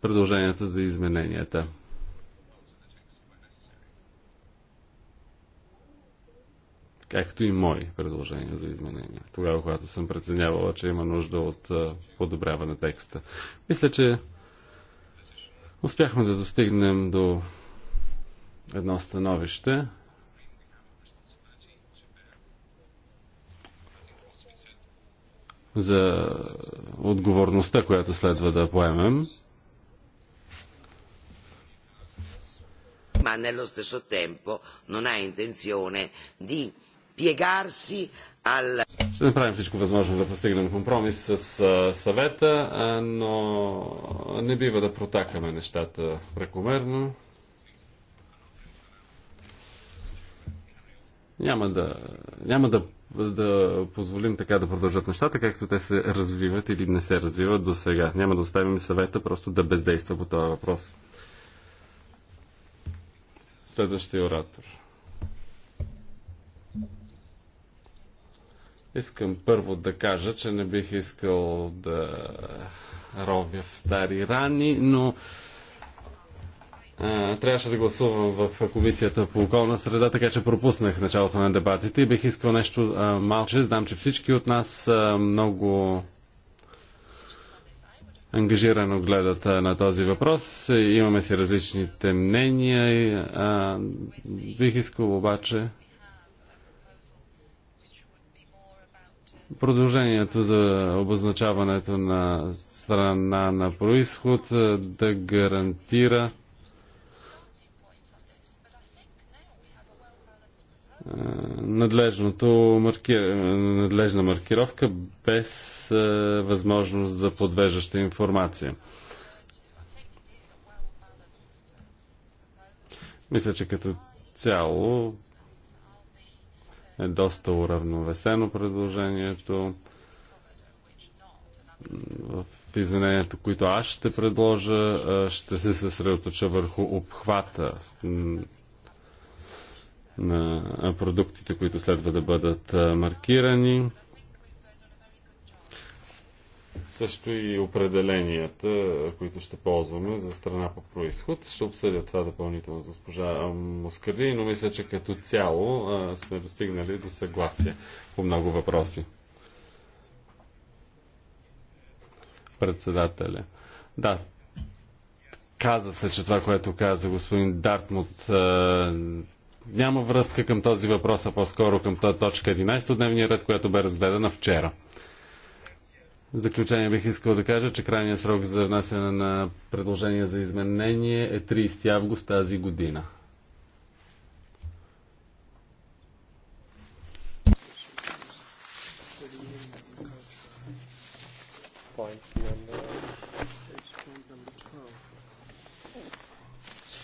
предложенията за измененията. както и мои предложения за изменения, тогава, когато съм преценявала, че има нужда от подобряване текста. Мисля, че успяхме да достигнем до едно становище. за отговорността, която следва да поемем. не nello stesso tempo non ha intenzione di пiegarsi al... Ще направим всичко възможно да постигнем компромис с съвета, но не бива да протакаме нещата прекомерно. Няма да, няма да, да позволим така да продължат нещата, както те се развиват или не се развиват до сега. Няма да оставим съвета просто да бездейства по този въпрос. Следващия оратор. Искам първо да кажа, че не бих искал да ровя в стари рани, но а, трябваше да гласувам в Комисията по околна среда, така че пропуснах началото на дебатите и бих искал нещо а, малче. Знам, че всички от нас а, много ангажирано гледат на този въпрос. Имаме си различните мнения. И, а, бих искал обаче Продължението за обозначаването на страна на происход е, да гарантира е, надлежното маркир... надлежна маркировка без е, възможност за подвеждаща информация. Мисля, че като цяло е доста уравновесено предложението. В изменението, които аз ще предложа, ще се съсредоточа върху обхвата на продуктите, които следва да бъдат маркирани също и определенията, които ще ползваме за страна по происход. Ще обсъдя това допълнително с госпожа Москали, но мисля, че като цяло сме достигнали до съгласие по много въпроси. Председателя. Да, каза се, че това, което каза господин Дартмут, няма връзка към този въпрос, а по-скоро към точка 11 от дневния ред, която бе разгледана вчера. В заключение бих искал да кажа, че крайният срок за внасяне на предложения за изменение е 30 август тази година.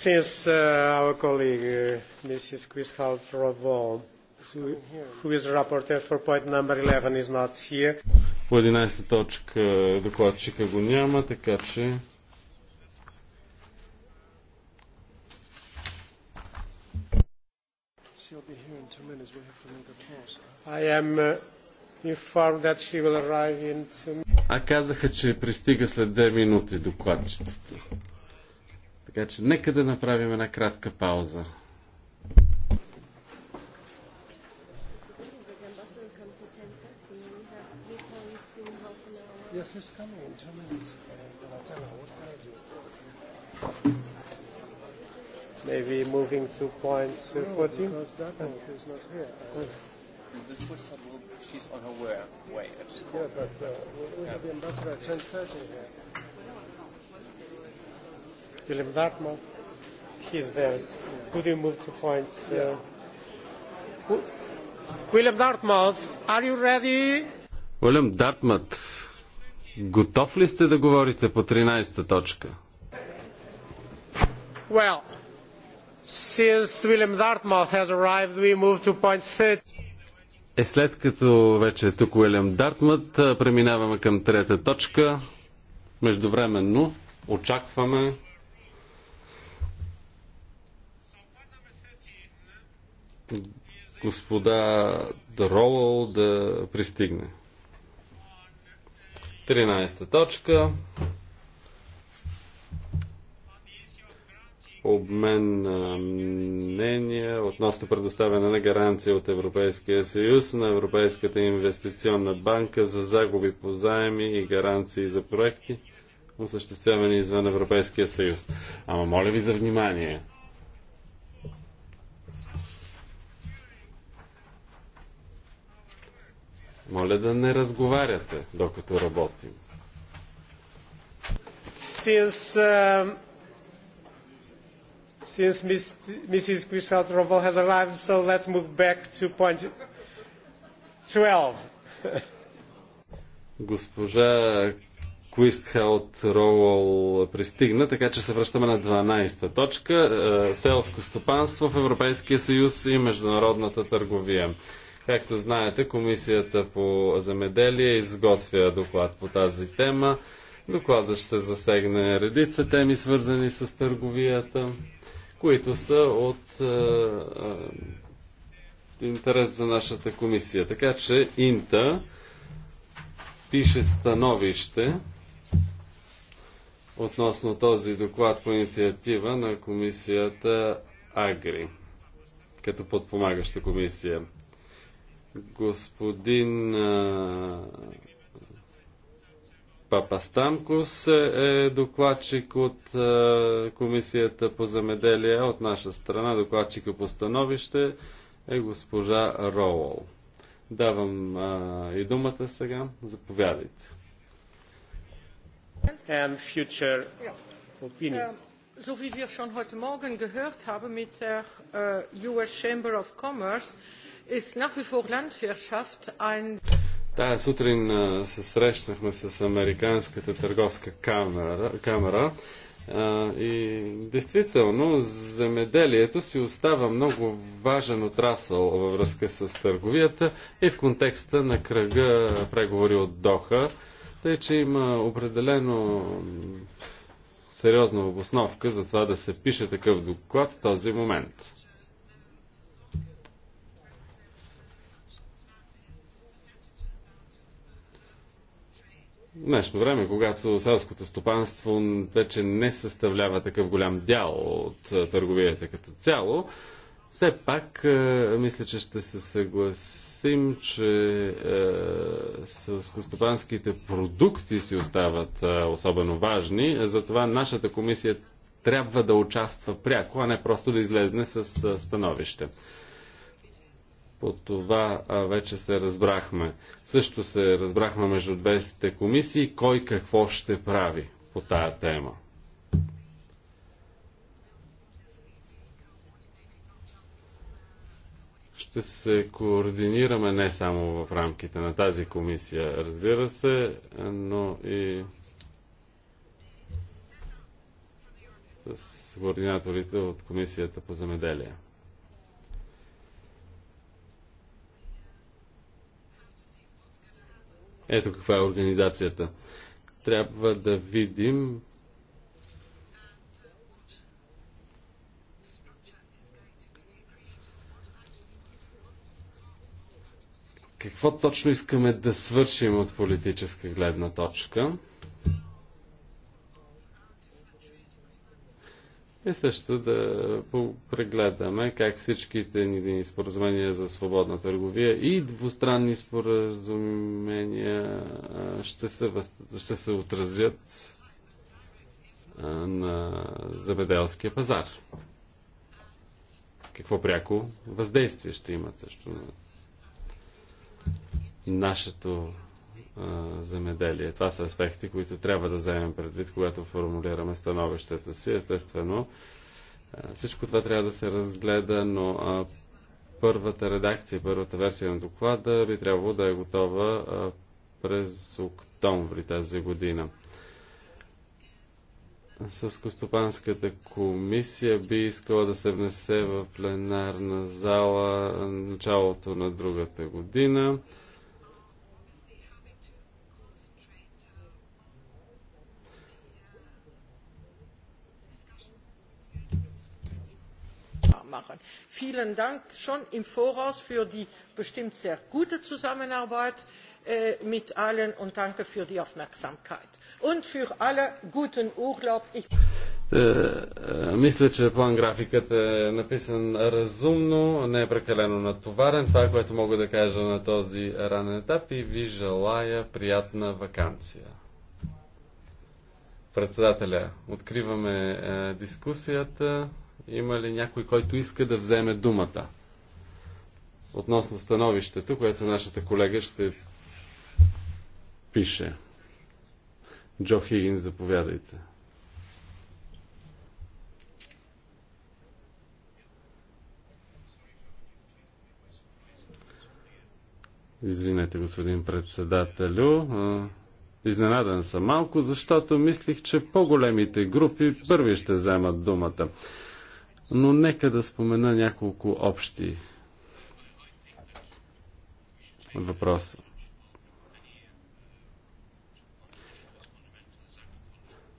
since uh, our colleague uh, Mrs. Christophe Ravon, who, who is rapporteur for point number 11, is not here. По 11 точка е, докладчика го няма, така че А казаха, че пристига след 2 минути докладчицата. Така че нека да направим една кратка пауза. Maybe moving to point no, 14? because that one, she's not here. The on her way, way at the school. Yeah, but uh, we, have the ambassador at 10.30 here. William Dartmouth, he's there. Could you move to points? Uh, William Dartmouth, are you ready? William Dartmouth, Готов ли сте да говорите по 13-та точка? Well, since William Dartmouth has arrived, we move to point 30. Е, след като вече е тук Уилям Дартмът, преминаваме към трета точка. Междувременно очакваме господа Дроуъл да пристигне. 13 точка. Обмен на мнения относно предоставяне на гаранция от Европейския съюз на Европейската инвестиционна банка за загуби по заеми и гаранции за проекти, осъществявани извън Европейския съюз. Ама моля ви за внимание. Моля да не разговаряте, докато работим. Since, uh, since Mrs. has arrived, so let's move back to point 12. Госпожа Куистхаут Роуъл пристигна, така че се връщаме на 12-та точка. Е, селско стопанство в Европейския съюз и международната търговия. Както знаете, Комисията по земеделие изготвя доклад по тази тема. Докладът ще засегне редица теми, свързани с търговията, които са от е, е, интерес за нашата комисия. Така че Инта пише становище относно този доклад по инициатива на комисията Агри, като подпомагаща комисия господин Папастамкос е, е докладчик от Комисията по замеделие. От наша страна докладчика по становище е госпожа Роуъл. Давам а, и думата сега. Заповядайте. And future opinion. Е, so wie wir schon heute Morgen gehört haben mit der uh, äh, US Chamber of Commerce, uh, Тая сутрин се срещнахме с Американската търговска камера, камера и действително земеделието си остава много важен отрасъл във връзка с търговията и в контекста на кръга преговори от Доха, тъй че има определено сериозна обосновка за това да се пише такъв доклад в този момент. днешно време, когато селското стопанство вече не съставлява такъв голям дял от е, търговията като цяло, все пак е, мисля, че ще се съгласим, че е, селскостопанските продукти си остават особено важни. Затова нашата комисия трябва да участва пряко, а не просто да излезне с становище. По това а, вече се разбрахме. Също се разбрахме между двете комисии кой какво ще прави по тая тема. ще се координираме не само в рамките на тази комисия, разбира се, но и с координаторите от Комисията по земеделие. Ето каква е организацията. Трябва да видим какво точно искаме да свършим от политическа гледна точка. и също да прегледаме как всичките ни споразумения за свободна търговия и двустранни споразумения ще се, въз... ще се отразят на забеделския пазар. Какво пряко въздействие ще имат също на нашето земеделие. Това са аспекти, които трябва да вземем предвид, когато формулираме становището си. Естествено, всичко това трябва да се разгледа, но първата редакция, първата версия на доклада би трябвало да е готова през октомври тази година. Съскостопанската комисия би искала да се внесе в пленарна зала началото на другата година. machen. vielen dank schon im voraus für die bestimmt sehr gute zusammenarbeit äh, mit allen und danke für die aufmerksamkeit und für alle guten urlaub. Е, е, мисля, че план графикът е написан разумно, не е прекалено натоварен. Това, е което мога да кажа на този ранен етап и ви желая приятна вакансия. Председателя, откриваме дискусията. Има ли някой, който иска да вземе думата? Относно становището, което нашата колега ще пише. Джо Хигин, заповядайте. Извинете, господин председателю. Изненадан съм малко, защото мислих, че по-големите групи първи ще вземат думата но нека да спомена няколко общи въпроса.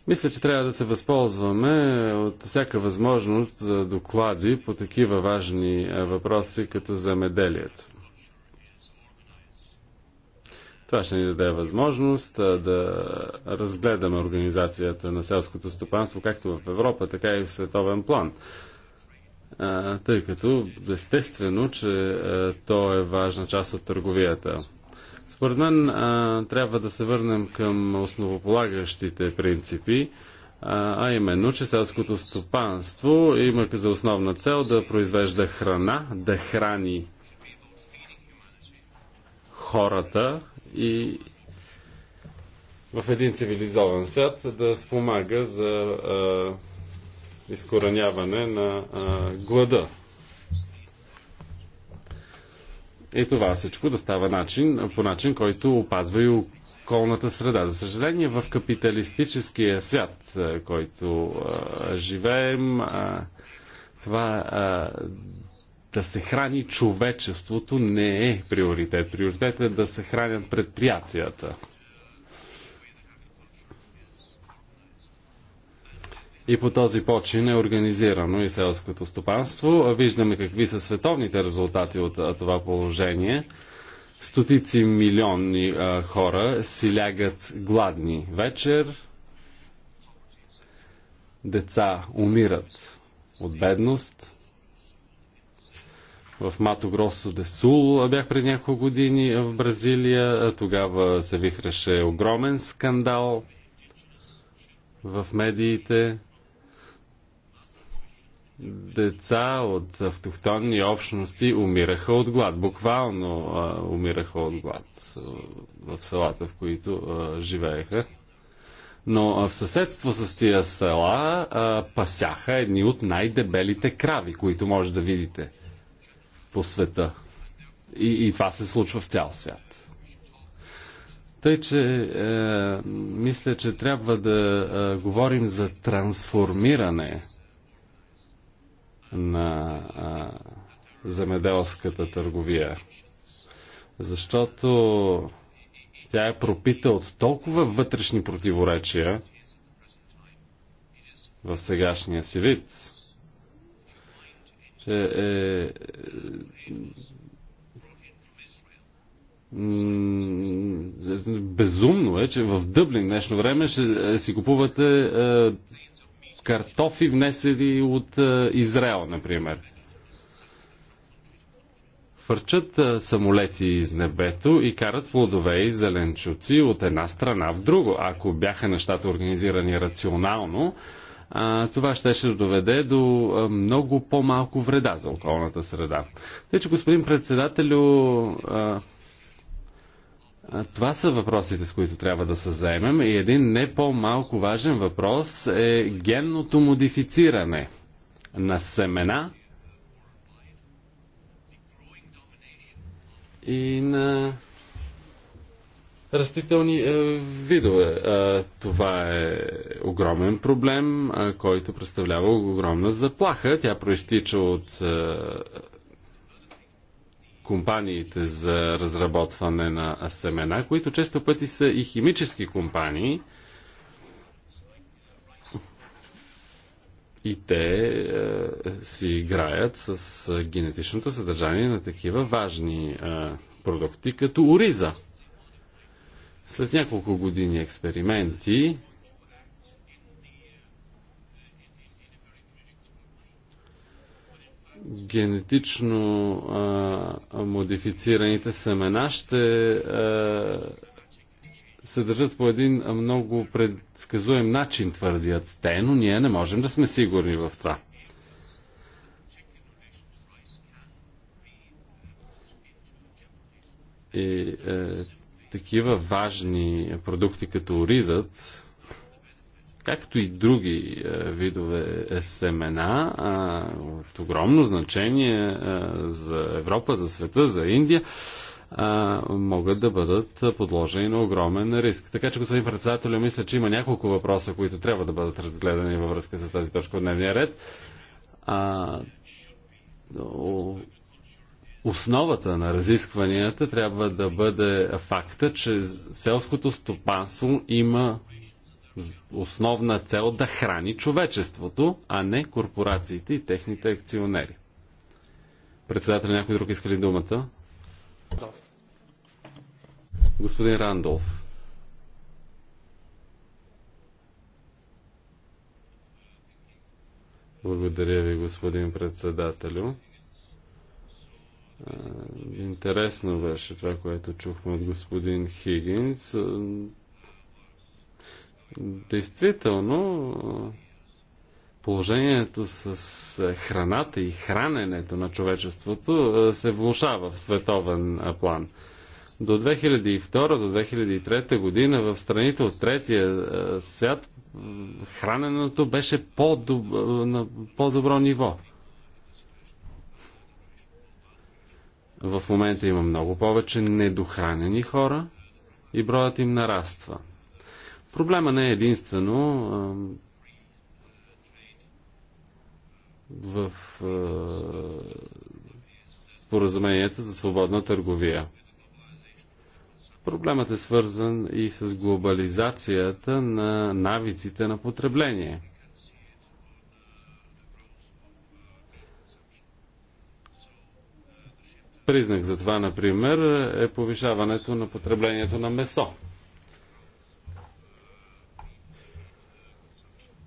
Мисля, че трябва да се възползваме от всяка възможност за доклади по такива важни е, въпроси, като замеделието. Това ще ни даде възможност е, да разгледаме организацията на селското стопанство както в Европа, така и в световен план тъй като естествено, че то е важна част от търговията. Според мен трябва да се върнем към основополагащите принципи, а именно, че селското стопанство има за основна цел да произвежда храна, да храни хората и в един цивилизован свят да спомага за изкореняване на а, глада. И това всичко да става начин, по начин, който опазва и околната среда. За съжаление, в капиталистическия свят, който а, живеем, а, това а, да се храни човечеството не е приоритет. Приоритет е да се хранят предприятията. И по този почин е организирано и селското стопанство. Виждаме какви са световните резултати от това положение. Стотици милиони а, хора си лягат гладни вечер. Деца умират от бедност. В Мато Гросо де Сул бях пред няколко години в Бразилия. Тогава се вихреше огромен скандал в медиите деца от автохтонни общности умираха от глад. Буквално а, умираха от глад в селата, в които а, живееха. Но а, в съседство с тия села а, пасяха едни от най-дебелите крави, които може да видите по света. И, и това се случва в цял свят. Тъй, че е, мисля, че трябва да е, говорим за трансформиране на а, земеделската търговия. Защото тя е пропита от толкова вътрешни противоречия в сегашния си вид, че е Безумно е, че в Дъблин днешно време ще е, си купувате е, картофи, внесени от е, Израел, например. Фърчат е, самолети из небето и карат плодове и зеленчуци от една страна в друго. Ако бяха нещата организирани рационално, е, това ще ще доведе до много по-малко вреда за околната среда. Тъй, че господин председателю, това са въпросите, с които трябва да се заемем. И един не по-малко важен въпрос е генното модифициране на семена и на растителни е, видове. Е, това е огромен проблем, е, който представлява огромна заплаха. Тя проистича от е, компаниите за разработване на семена, които често пъти са и химически компании. И те е, си играят с е, генетичното съдържание на такива важни е, продукти, като ориза. След няколко години експерименти, генетично а, модифицираните семена ще а, се държат по един много предсказуем начин, твърдят те, но ние не можем да сме сигурни в това. И е, такива важни продукти като ризът, както и други е, видове семена, е, от огромно значение е, за Европа, за света, за Индия, могат да бъдат подложени на огромен риск. Така че, господин председател, мисля, че има няколко въпроса, които трябва да бъдат разгледани във връзка с тази точка от дневния ред. А, основата на разискванията трябва да бъде факта, че селското стопанство има основна цел да храни човечеството, а не корпорациите и техните акционери. Председател, някой друг иска ли думата? Господин Рандолф. Благодаря ви, господин председателю. Интересно беше това, което чухме от господин Хигинс. Действително, положението с храната и храненето на човечеството се влушава в световен план. До 2002 до 2003 година в страните от третия свят храненето беше по на по-добро ниво. В момента има много повече недохранени хора и броят им нараства – Проблема не е единствено в споразуменията за свободна търговия. Проблемът е свързан и с глобализацията на навиците на потребление. Признак за това, например, е повишаването на потреблението на месо.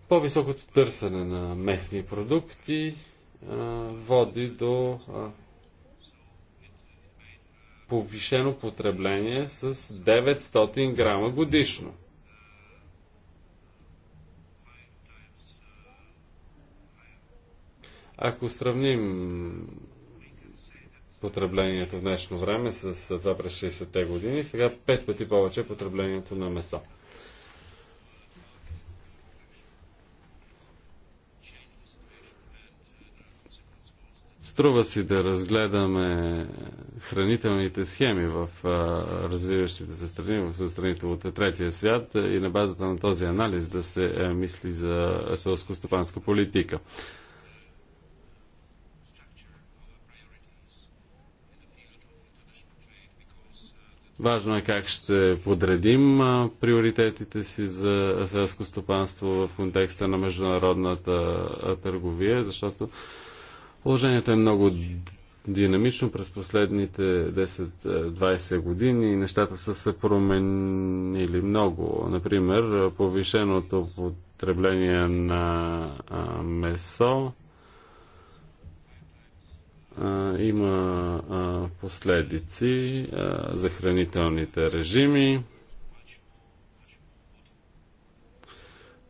По-високото търсене на местни продукти а, води до а, повишено потребление с 900 грама годишно. Ако сравним потреблението в днешно време с това през 60-те години, сега 5 пъти повече е потреблението на месо. Струва си да разгледаме хранителните схеми в развиващите се страни, в страните от третия свят и на базата на този анализ да се мисли за селско-стопанска политика. Важно е как ще подредим приоритетите си за селско стопанство в контекста на международната търговия, защото Положението е много динамично през последните 10-20 години. и Нещата са се променили много. Например, повишеното потребление на месо има последици за хранителните режими.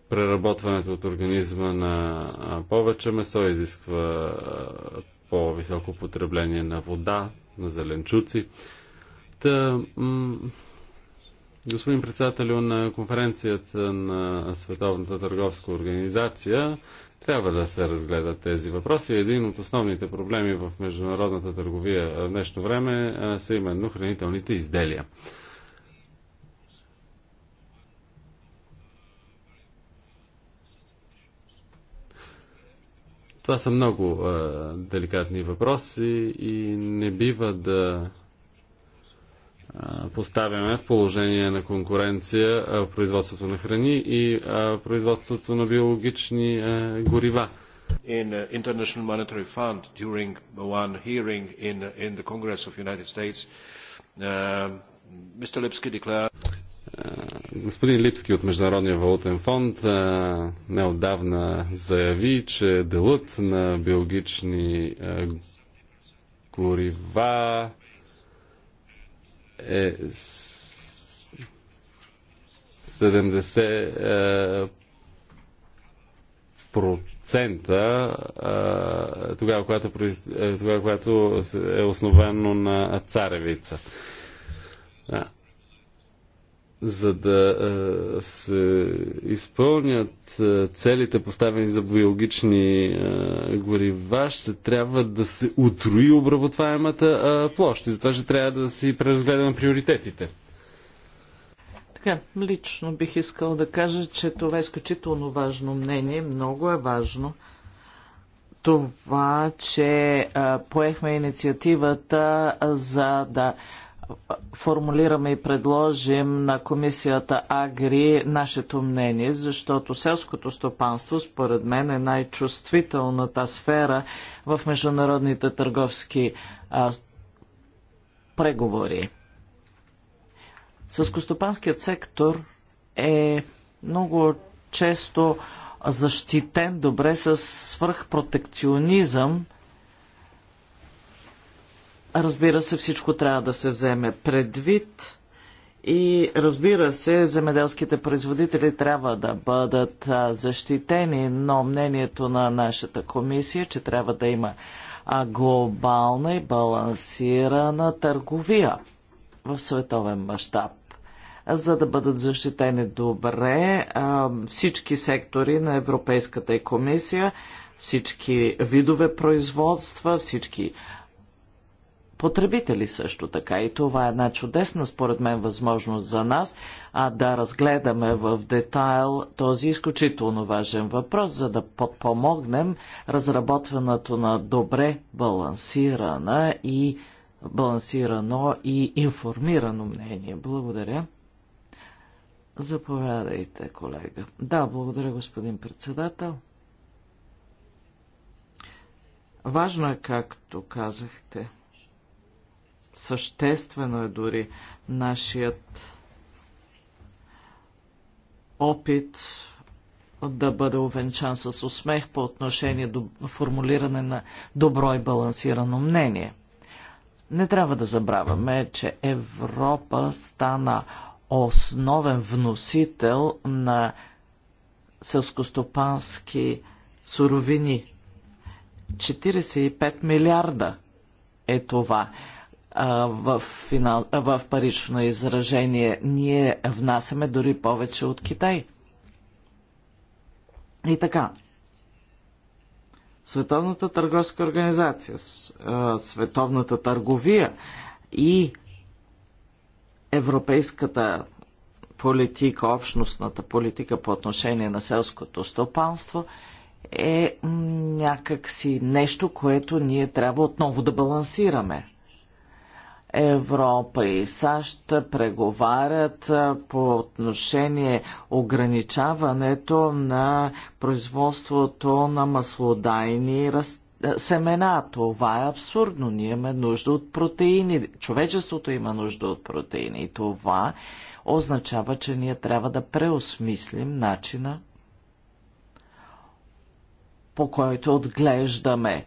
преработването от организма на повече месо изисква по-високо потребление на вода, на зеленчуци. Та, господин председател на конференцията на Световната търговска организация, трябва да се разгледат тези въпроси. Един от основните проблеми в международната търговия в днешно време са именно хранителните изделия. Това са много а, деликатни въпроси и не бива да а, поставяме в положение на конкуренция е, производството на храни и е, производството на биологични а, горива. In uh, International Monetary Fund, during one hearing in, uh, in the Congress of United States, uh, Mr. Lipsky declared... Е, господин Липски от Международния валутен фонд е, неодавна заяви, че делът на биологични е, горива е 70 процента, тогава, когато, тогава, когато е основано на царевица за да се изпълнят целите поставени за биологични горива, ще трябва да се утрои обработваемата площ. И затова ще трябва да си преразгледаме приоритетите. Така, лично бих искал да кажа, че това е изключително важно мнение. Много е важно това, че а, поехме инициативата за да формулираме и предложим на комисията Агри нашето мнение, защото селското стопанство според мен е най-чувствителната сфера в международните търговски а, преговори. Съскостопанският сектор е много често защитен добре с свръхпротекционизъм, Разбира се, всичко трябва да се вземе предвид и разбира се, земеделските производители трябва да бъдат защитени, но мнението на нашата комисия, че трябва да има глобална и балансирана търговия в световен мащаб за да бъдат защитени добре всички сектори на Европейската комисия, всички видове производства, всички потребители също така. И това е една чудесна, според мен, възможност за нас а да разгледаме в детайл този изключително важен въпрос, за да подпомогнем разработването на добре балансирана и балансирано и информирано мнение. Благодаря. Заповядайте, колега. Да, благодаря, господин председател. Важно е, както казахте, Съществено е дори нашият опит да бъде увенчан с усмех по отношение до формулиране на добро и балансирано мнение. Не трябва да забравяме, че Европа стана основен вносител на селскостопански суровини. 45 милиарда е това в, финал, в парично изражение. Ние внасяме дори повече от Китай. И така. Световната търговска организация, световната търговия и европейската политика, общностната политика по отношение на селското стопанство е някакси нещо, което ние трябва отново да балансираме. Европа и САЩ преговарят по отношение ограничаването на производството на маслодайни растения семена. Това е абсурдно. Ние имаме нужда от протеини. Човечеството има нужда от протеини. И това означава, че ние трябва да преосмислим начина по който отглеждаме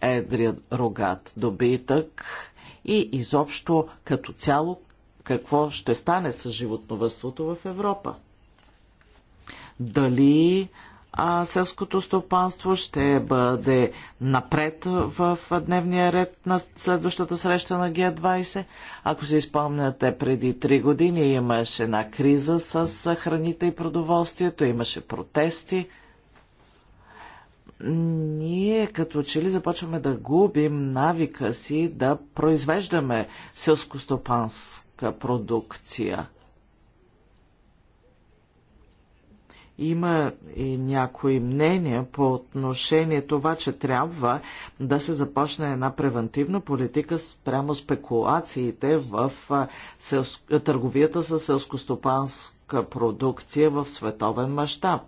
едрия рогат добитък и изобщо като цяло какво ще стане с животновътството в Европа. Дали а, селското стопанство ще бъде напред в дневния ред на следващата среща на Г20. Ако се изпомняте, преди три години имаше една криза с храните и продоволствието, имаше протести – ние като че ли започваме да губим навика си да произвеждаме селскостопанска продукция. Има и някои мнения по отношение това, че трябва да се започне една превентивна политика спрямо спекулациите в търговията с селскостопанска продукция в световен мащаб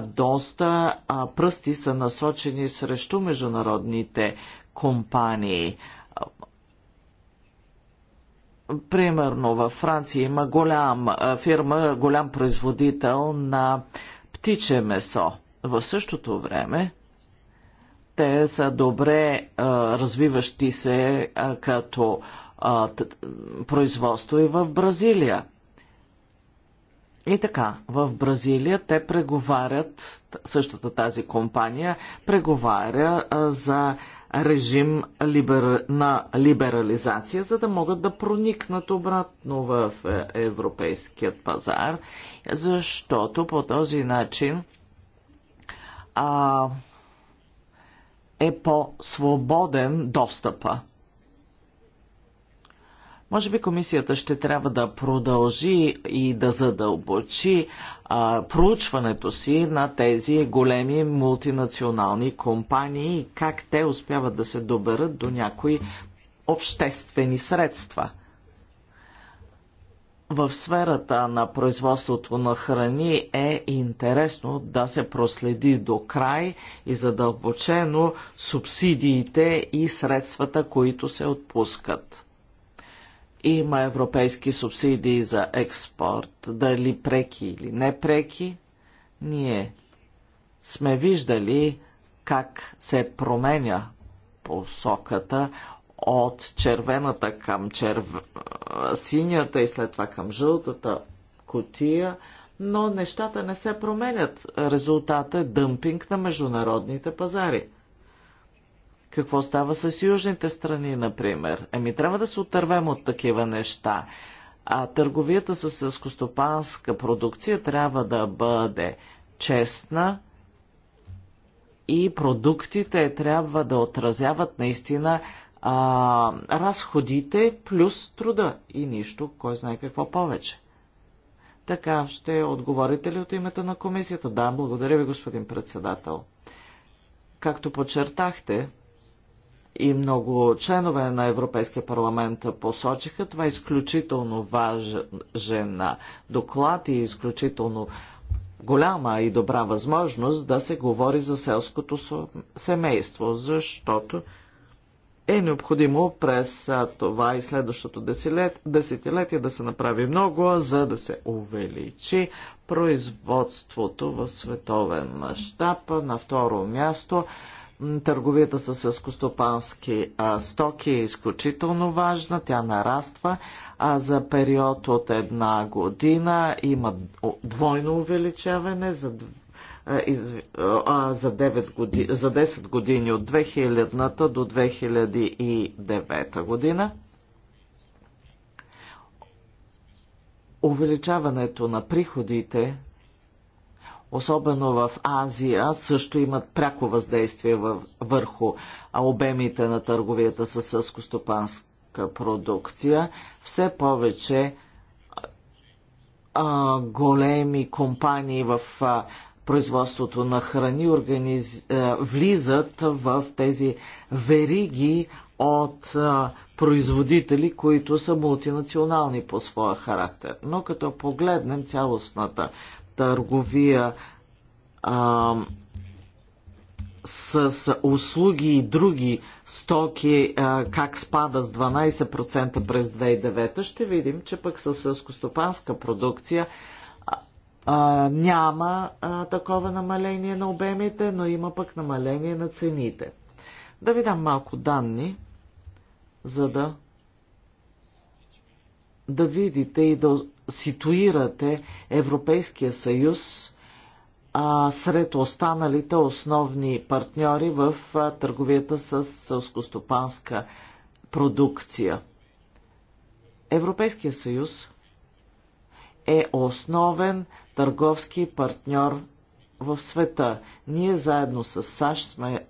доста пръсти са насочени срещу международните компании. Примерно във Франция има голям фирма, голям производител на птиче месо. В същото време те са добре а, развиващи се а, като а, производство и в Бразилия. И така, в Бразилия те преговарят, същата тази компания преговаря за режим либер... на либерализация, за да могат да проникнат обратно в е, европейският пазар, защото по този начин а, е по-свободен достъпа може би комисията ще трябва да продължи и да задълбочи а, проучването си на тези големи мултинационални компании и как те успяват да се доберат до някои обществени средства. В сферата на производството на храни е интересно да се проследи до край и задълбочено субсидиите и средствата, които се отпускат. Има европейски субсидии за експорт, дали преки или непреки. Ние сме виждали как се променя посоката от червената към черв... синята и след това към жълтата котия, но нещата не се променят. Резултатът е дъмпинг на международните пазари – какво става с южните страни, например? Еми, трябва да се отървем от такива неща. А търговията с скостопанска продукция трябва да бъде честна и продуктите трябва да отразяват наистина а, разходите плюс труда и нищо, кой знае какво повече. Така, ще отговорите ли от името на комисията? Да, благодаря ви, господин председател. Както подчертахте, и много членове на Европейския парламент посочиха. Това е изключително важен доклад и изключително голяма и добра възможност да се говори за селското семейство, защото е необходимо през това и следващото десетилетие да се направи много, за да се увеличи производството в световен мащаб. На второ място Търговията с скостопански стоки е изключително важна, тя нараства, а за период от една година има двойно увеличаване за, а, за, 9 години, за 10 години от 2000-та до 2009 година. Увеличаването на приходите особено в Азия, също имат пряко въздействие върху обемите на търговията с съскостопанска продукция. Все повече а, големи компании в а, производството на храни организ... а, влизат в тези вериги от а, производители, които са мултинационални по своя характер. Но като погледнем цялостната търговия а, с услуги и други стоки а, как спада с 12% през 2009, ще видим, че пък с скостопанска продукция а, а, няма а, такова намаление на обемите, но има пък намаление на цените. Да ви дам малко данни, за да да видите и да ситуирате Европейския съюз а, сред останалите основни партньори в а, търговията с сълскостопанска продукция. Европейския съюз е основен търговски партньор в света. Ние заедно с САЩ сме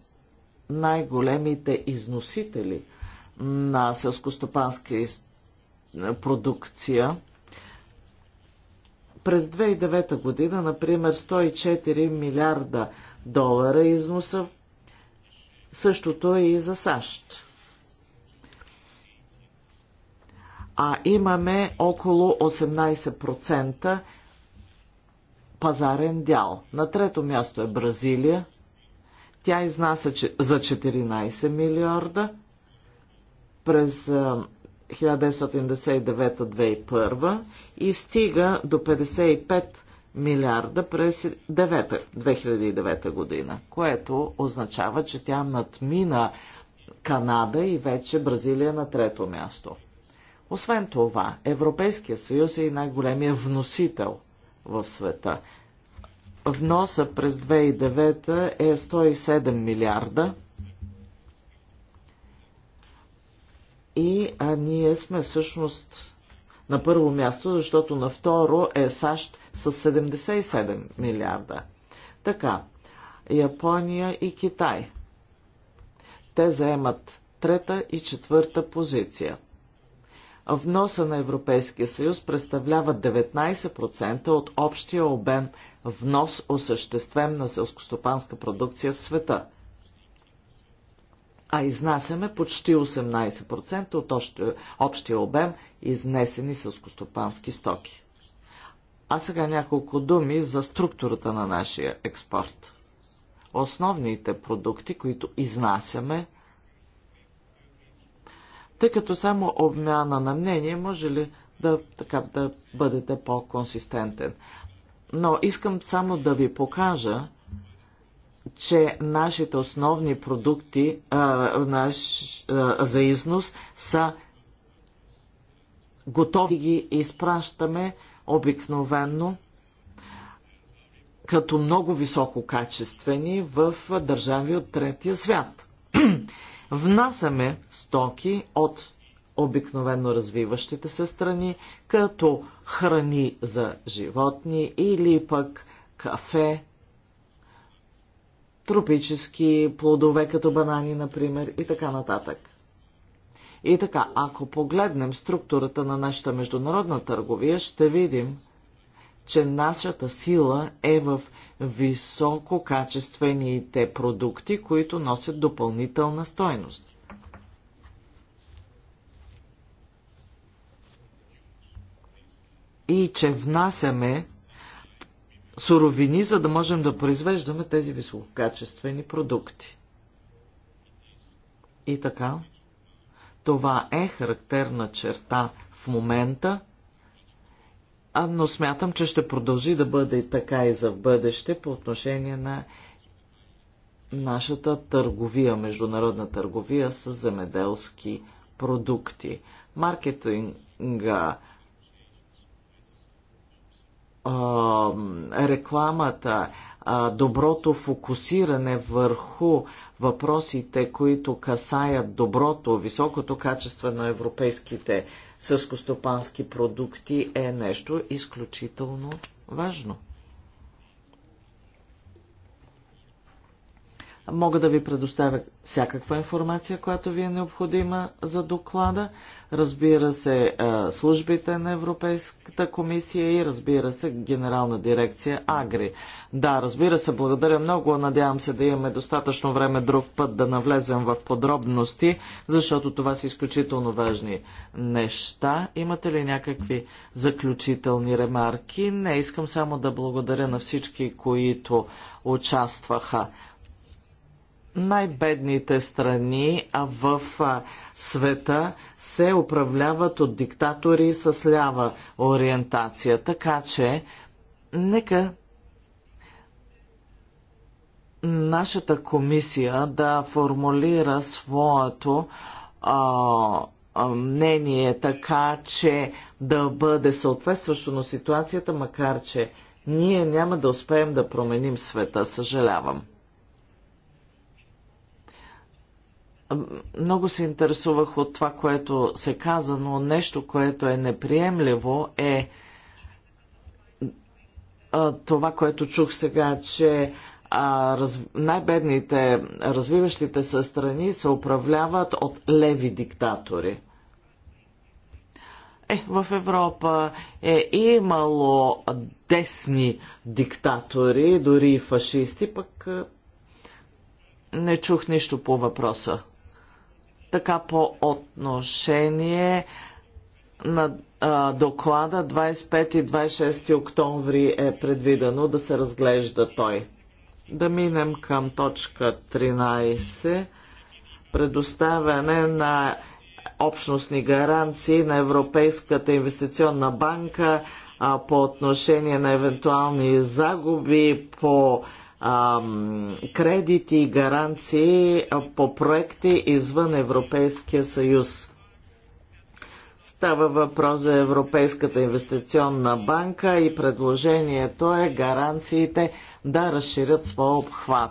най-големите износители на селскостопанска продукция през 2009 година, например, 104 милиарда долара износа. Същото е и за САЩ. А имаме около 18% пазарен дял. На трето място е Бразилия. Тя изнася за 14 милиарда. През 1999-2001 и стига до 55 милиарда през 2009 година, което означава, че тя надмина Канада и вече Бразилия на трето място. Освен това, Европейския съюз е и най-големия вносител в света. Вноса през 2009 е 107 милиарда, И а ние сме всъщност на първо място, защото на второ е САЩ с 77 милиарда. Така, Япония и Китай. Те заемат трета и четвърта позиция. Вноса на Европейския съюз представлява 19% от общия обем внос осъществен на селскостопанска продукция в света – а изнасяме почти 18% от общия обем изнесени сълскостопански стоки. А сега няколко думи за структурата на нашия експорт. Основните продукти, които изнасяме, тъй като само обмяна на мнение може ли да, така, да бъдете по-консистентен. Но искам само да ви покажа, че нашите основни продукти а, наш, а, за износ са готови ги изпращаме обикновенно като много висококачествени в държави от третия свят. Внасяме стоки от обикновенно развиващите се страни, като храни за животни или пък кафе, тропически плодове, като банани, например, и така нататък. И така, ако погледнем структурата на нашата международна търговия, ще видим, че нашата сила е в висококачествените продукти, които носят допълнителна стойност. И че внасяме суровини, за да можем да произвеждаме тези висококачествени продукти. И така, това е характерна черта в момента, но смятам, че ще продължи да бъде и така и за в бъдеще по отношение на нашата търговия, международна търговия с земеделски продукти. Маркетинга рекламата, доброто фокусиране върху въпросите, които касаят доброто, високото качество на европейските сълскостопански продукти е нещо изключително важно. Мога да ви предоставя всякаква информация, която ви е необходима за доклада. Разбира се, службите на Европейската комисия и разбира се, Генерална дирекция Агри. Да, разбира се, благодаря много. Надявам се да имаме достатъчно време друг път да навлезем в подробности, защото това са изключително важни неща. Имате ли някакви заключителни ремарки? Не, искам само да благодаря на всички, които участваха най-бедните страни в света се управляват от диктатори с лява ориентация. Така че, нека нашата комисия да формулира своето а, мнение така, че да бъде съответстващо на ситуацията, макар че ние няма да успеем да променим света, съжалявам. много се интересувах от това, което се каза, но нещо, което е неприемливо е това, което чух сега, че раз... най-бедните, развиващите се страни се управляват от леви диктатори. Е, в Европа е имало десни диктатори, дори и фашисти, пък не чух нищо по въпроса така по отношение на а, доклада 25 и 26 октомври е предвидено да се разглежда той. Да минем към точка 13. Предоставяне на общностни гаранции на Европейската инвестиционна банка а, по отношение на евентуални загуби по а, кредити и гаранции по проекти извън Европейския съюз. Става въпрос за Европейската инвестиционна банка и предложението е гаранциите да разширят своя обхват.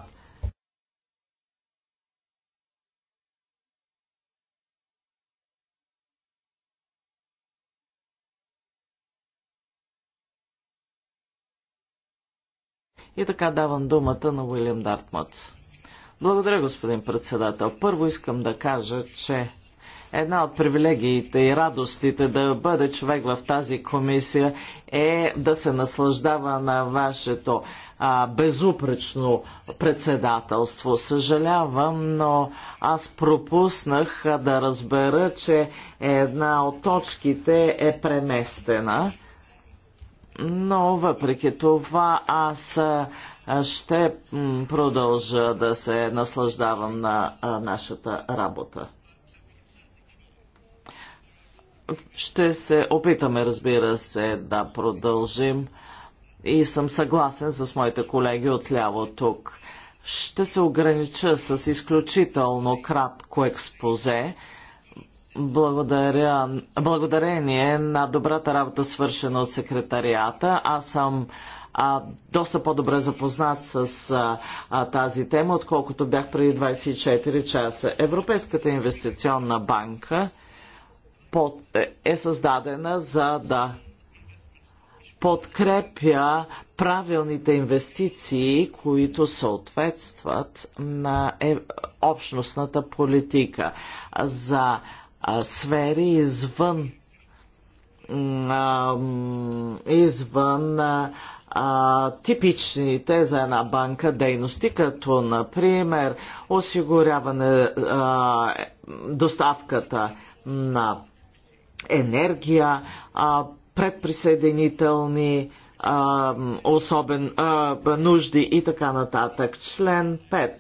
И така давам думата на Уилям Дартмот. Благодаря, господин председател. Първо искам да кажа, че една от привилегиите и радостите да бъде човек в тази комисия е да се наслаждава на вашето а, безупречно председателство. Съжалявам, но аз пропуснах да разбера, че една от точките е преместена но въпреки това аз ще продължа да се наслаждавам на нашата работа. Ще се опитаме, разбира се, да продължим и съм съгласен с моите колеги от ляво тук. Ще се огранича с изключително кратко експозе, благодаря, благодарение на добрата работа, свършена от секретарията. Аз съм а, доста по-добре запознат с а, а, тази тема, отколкото бях преди 24 часа. Европейската инвестиционна банка под, е създадена за да подкрепя правилните инвестиции, които съответстват на е, общностната политика за а, сфери извън а, извън а, а, типичните за една банка дейности, като например осигуряване а, доставката на енергия, а, предприсъединителни а, особен а, нужди и така нататък. Член 5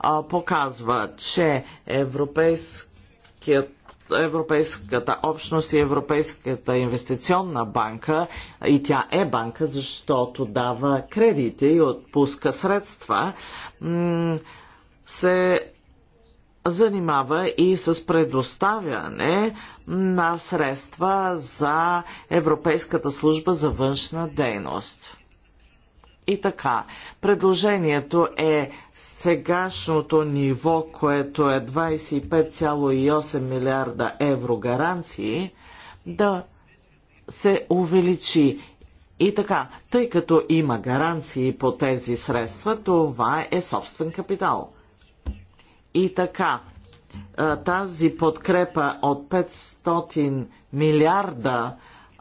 а, показва, че европейски Европейската общност и Европейската инвестиционна банка и тя е банка, защото дава кредити и отпуска средства, се занимава и с предоставяне на средства за Европейската служба за външна дейност. И така, предложението е сегашното ниво, което е 25,8 милиарда евро гаранции, да се увеличи. И така, тъй като има гаранции по тези средства, това е собствен капитал. И така, тази подкрепа от 500 милиарда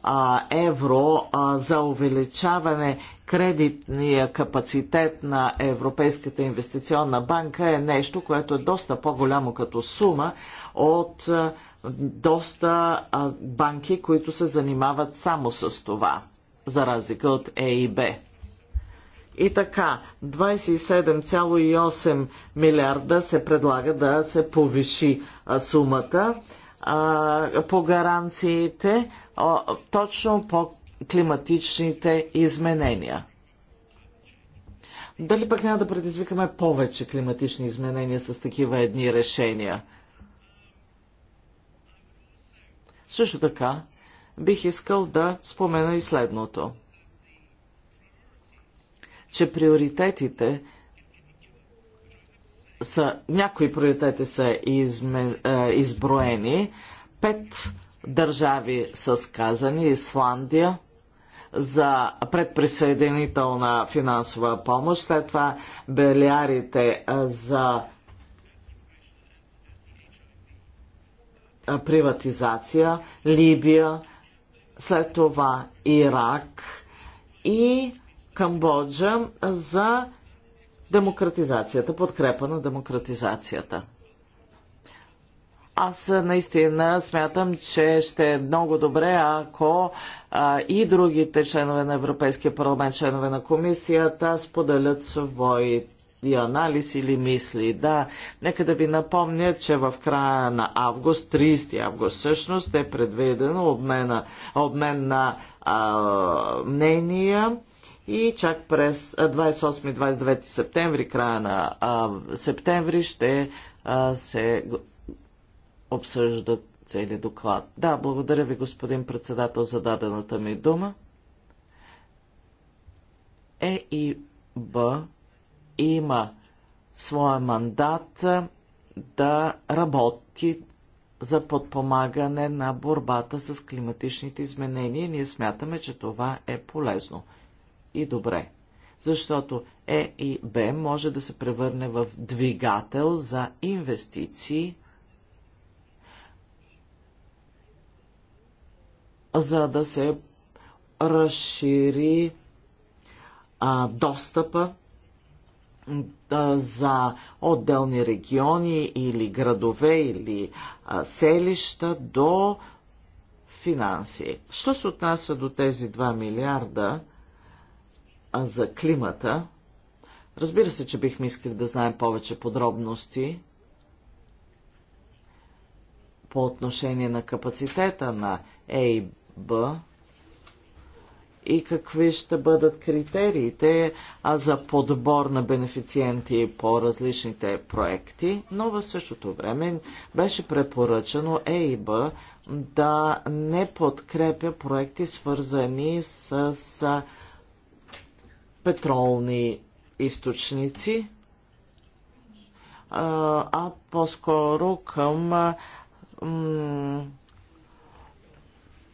а, евро а, за увеличаване кредитния капацитет на Европейската инвестиционна банка е нещо, което е доста по-голямо като сума от а, доста а, банки, които се занимават само с това, за разлика от ЕИБ. И така, 27,8 милиарда се предлага да се повиши а, сумата а, по гаранциите точно по климатичните изменения. Дали пък няма да предизвикаме повече климатични изменения с такива едни решения? Също така, бих искал да спомена и следното. Че приоритетите са, някои приоритети са изме, е, изброени, пет държави с казани Исландия за предприсъединителна финансова помощ, след това Белярите за приватизация, Либия, след това Ирак и Камбоджа за демократизацията, подкрепа на демократизацията. Аз наистина смятам, че ще е много добре, ако а, и другите членове на Европейския парламент, членове на комисията, споделят свои и анализ или мисли. Да, нека да ви напомня, че в края на август, 30 август всъщност, е предвидено обмена, обмен на а, мнения и чак през 28-29 септември, края на а, септември, ще а, се обсъждат цели доклад. Да, благодаря ви, господин председател, за дадената ми дума. Е и Б има своя мандат да работи за подпомагане на борбата с климатичните изменения. Ние смятаме, че това е полезно и добре, защото Е и Б може да се превърне в двигател за инвестиции за да се разшири а, достъпа а, за отделни региони или градове или а, селища до финанси. Що се отнася до тези 2 милиарда а, за климата, разбира се, че бихме искали да знаем повече подробности по отношение на капацитета на ЕИБ Б и какви ще бъдат критериите а за подбор на бенефициенти по различните проекти, но в същото време беше препоръчано ЕИБ да не подкрепя проекти свързани с петролни източници, а по-скоро към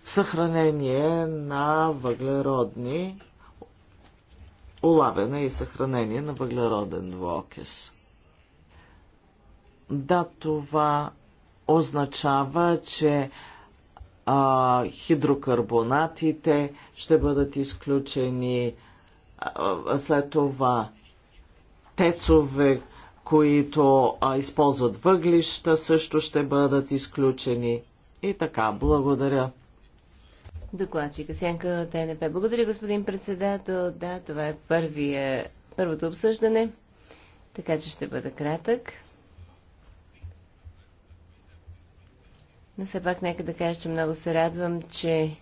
съхранение на въглеродни, улавяне и съхранение на въглероден двуокис. Да, това означава, че а, хидрокарбонатите ще бъдат изключени, а, след това тецове, които а, използват въглища, също ще бъдат изключени и така. Благодаря. Докладчика Сянка от ТНП. Благодаря, господин председател. Да, това е първия, първото обсъждане, така че ще бъда кратък. Но все пак нека да кажа, че много се радвам, че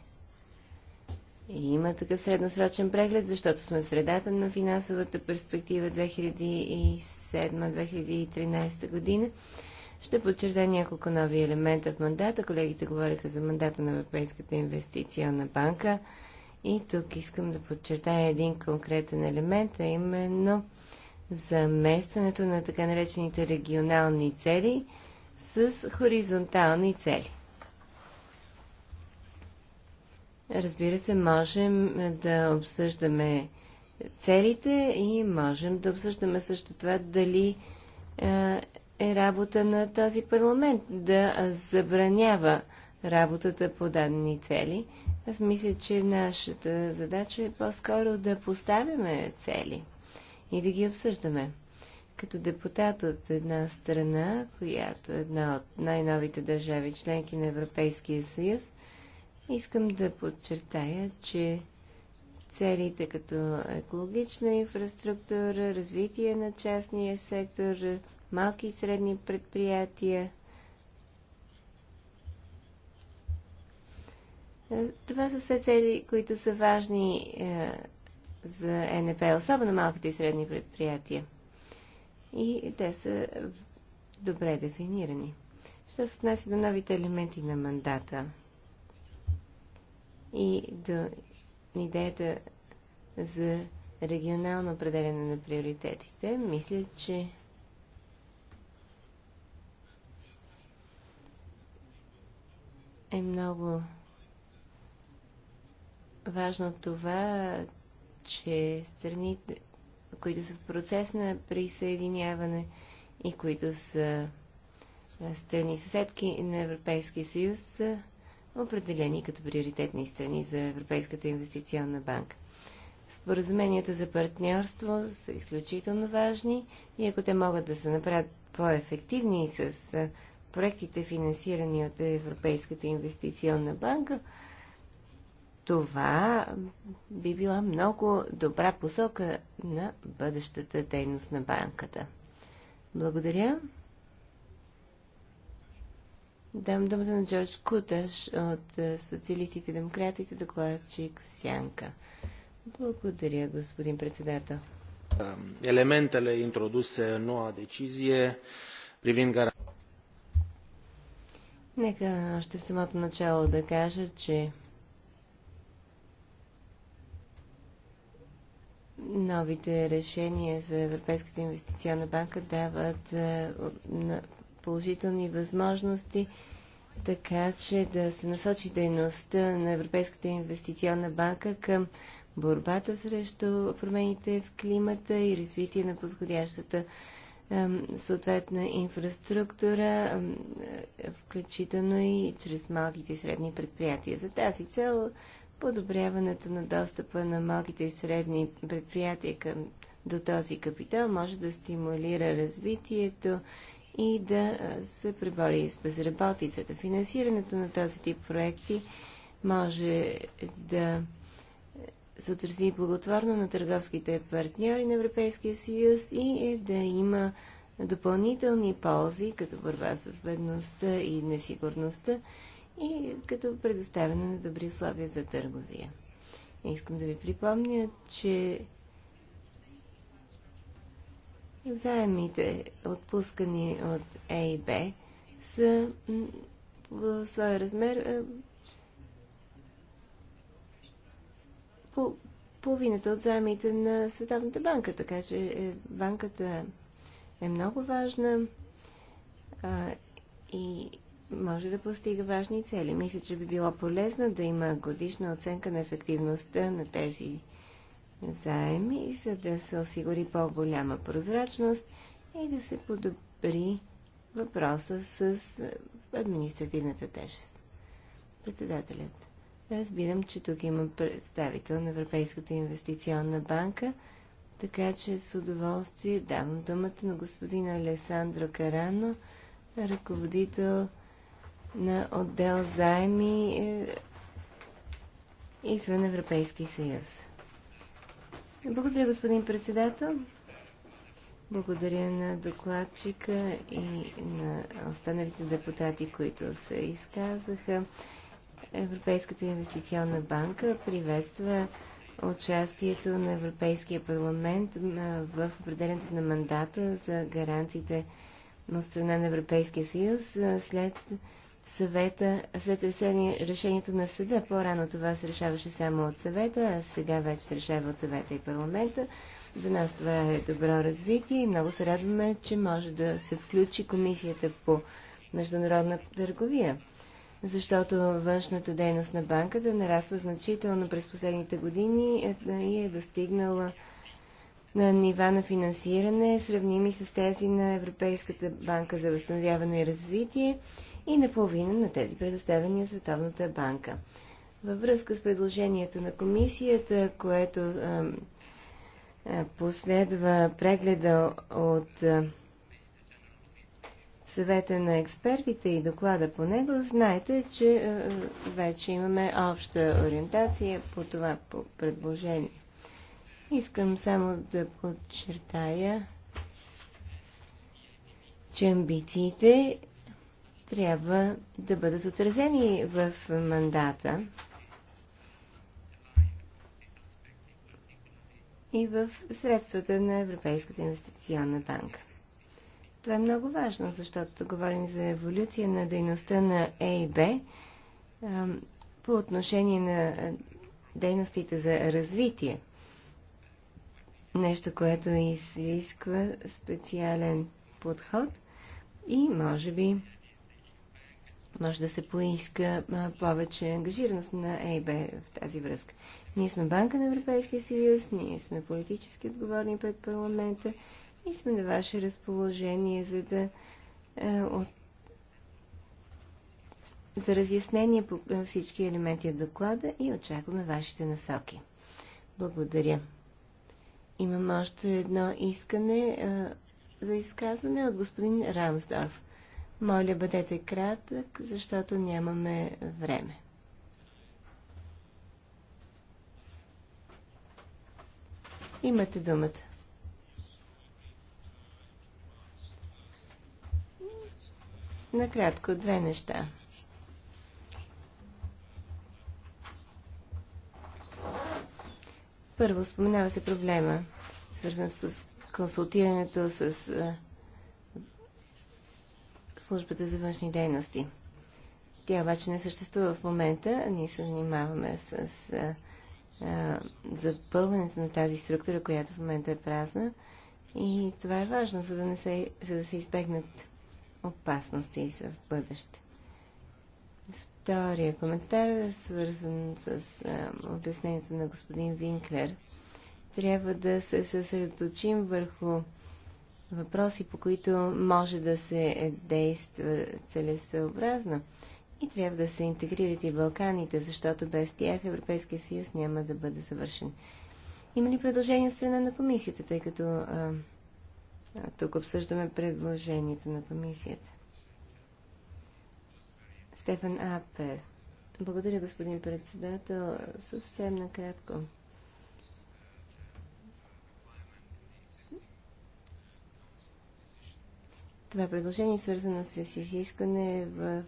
има такъв средносрочен преглед, защото сме в средата на финансовата перспектива 2007-2013 година. Ще подчертая няколко нови елемента в мандата. Колегите говориха за мандата на Европейската инвестиционна банка. И тук искам да подчертая един конкретен елемент, а именно заместването на така наречените регионални цели с хоризонтални цели. Разбира се, можем да обсъждаме целите и можем да обсъждаме също това дали е, е работа на този парламент да забранява работата по дадени цели. Аз мисля, че нашата задача е по-скоро да поставяме цели и да ги обсъждаме. Като депутат от една страна, която е една от най-новите държави членки на Европейския съюз, искам да подчертая, че целите като екологична инфраструктура, развитие на частния сектор, малки и средни предприятия. Е, това са все цели, които са важни е, за НП, особено малките и средни предприятия. И те са добре дефинирани. Що се отнася до новите елементи на мандата и до идеята за регионално определене на приоритетите, мисля, че е много важно това, че страните, които са в процес на присъединяване и които са страни съседки на Европейския съюз, са определени като приоритетни страни за Европейската инвестиционна банка. Споразуменията за партньорство са изключително важни и ако те могат да се направят по-ефективни и с проектите, финансирани от Европейската инвестиционна банка, това би била много добра посока на бъдещата дейност на банката. Благодаря. Дам думата на Джордж Куташ от е, Социалистите и демократите, докладчик в Сянка. Благодаря, господин председател. Елементele introduse în noua decizie privind Нека още в самото начало да кажа, че новите решения за Европейската инвестиционна банка дават е, положителни възможности, така че да се насочи дейността на Европейската инвестиционна банка към борбата срещу промените в климата и развитие на подходящата съответна инфраструктура, е, включително и чрез малките и средни предприятия. За тази цел подобряването на достъпа на малките и средни предприятия към, до този капитал може да стимулира развитието и да се пребори с безработицата. Финансирането на този тип проекти може да се отрази благотворно на търговските партньори на Европейския съюз и е да има допълнителни ползи, като борба с бедността и несигурността и като предоставяне на добри условия за търговия. Искам да ви припомня, че заемите, отпускани от ЕИБ, са в своя размер е, половината от заемите на Световната банка, така че е, банката е много важна а, и може да постига важни цели. Мисля, че би било полезно да има годишна оценка на ефективността на тези заеми, за да се осигури по-голяма прозрачност и да се подобри въпроса с е, административната тежест. Председателят. Разбирам, че тук има представител на Европейската инвестиционна банка, така че с удоволствие давам думата на господин Алесандро Карано, ръководител на отдел заеми е, извън Европейски съюз. Благодаря, господин председател. Благодаря на докладчика и на останалите депутати, които се изказаха. Европейската инвестиционна банка приветства участието на Европейския парламент в определенето на мандата за гаранциите от страна на Европейския съюз след съвета, след решението на съда. По-рано това се решаваше само от съвета, а сега вече се решава от съвета и парламента. За нас това е добро развитие и много се радваме, че може да се включи комисията по международна търговия защото външната дейност на банката нараства значително през последните години е, и е достигнала на нива на финансиране, сравними с тези на Европейската банка за възстановяване и развитие и наполовина на тези предоставени от Световната банка. Във връзка с предложението на комисията, което а, а, е, последва прегледа от а, е, съвета на експертите и доклада по него, знаете, че е, вече имаме обща ориентация по това по предложение. Искам само да подчертая, че амбициите трябва да бъдат отразени в мандата и в средствата на Европейската инвестиционна банка. Това е много важно, защото говорим за еволюция на дейността на ЕИБ по отношение на дейностите за развитие. Нещо, което изисква специален подход и може би може да се поиска повече ангажираност на ЕБ в тази връзка. Ние сме банка на Европейския съюз, ние сме политически отговорни пред парламента и сме на ваше разположение, за да е, от, за разяснение по е, всички елементи от доклада и очакваме вашите насоки. Благодаря. Имам още едно искане е, за изказване от господин Рансдорф. Моля, бъдете кратък, защото нямаме време. Имате думата. Накратко, две неща. Първо, споменава се проблема, свързан с консултирането с е, службата за външни дейности. Тя обаче не съществува в момента. Ние се занимаваме с а, е, а, е, запълването на тази структура, която в момента е празна. И това е важно, за да, не се, за да се избегнат опасности за в бъдеще. Втория коментар е свързан с а, обяснението на господин Винклер. Трябва да се съсредоточим върху въпроси, по които може да се действа целесъобразно. И трябва да се интегрират и Балканите, защото без тях Европейския съюз няма да бъде завършен. Има ли предложение от страна на комисията, тъй като а, тук обсъждаме предложението на комисията. Стефан Апер. Благодаря, господин председател. Съвсем накратко. Това предложение е свързано с изискване в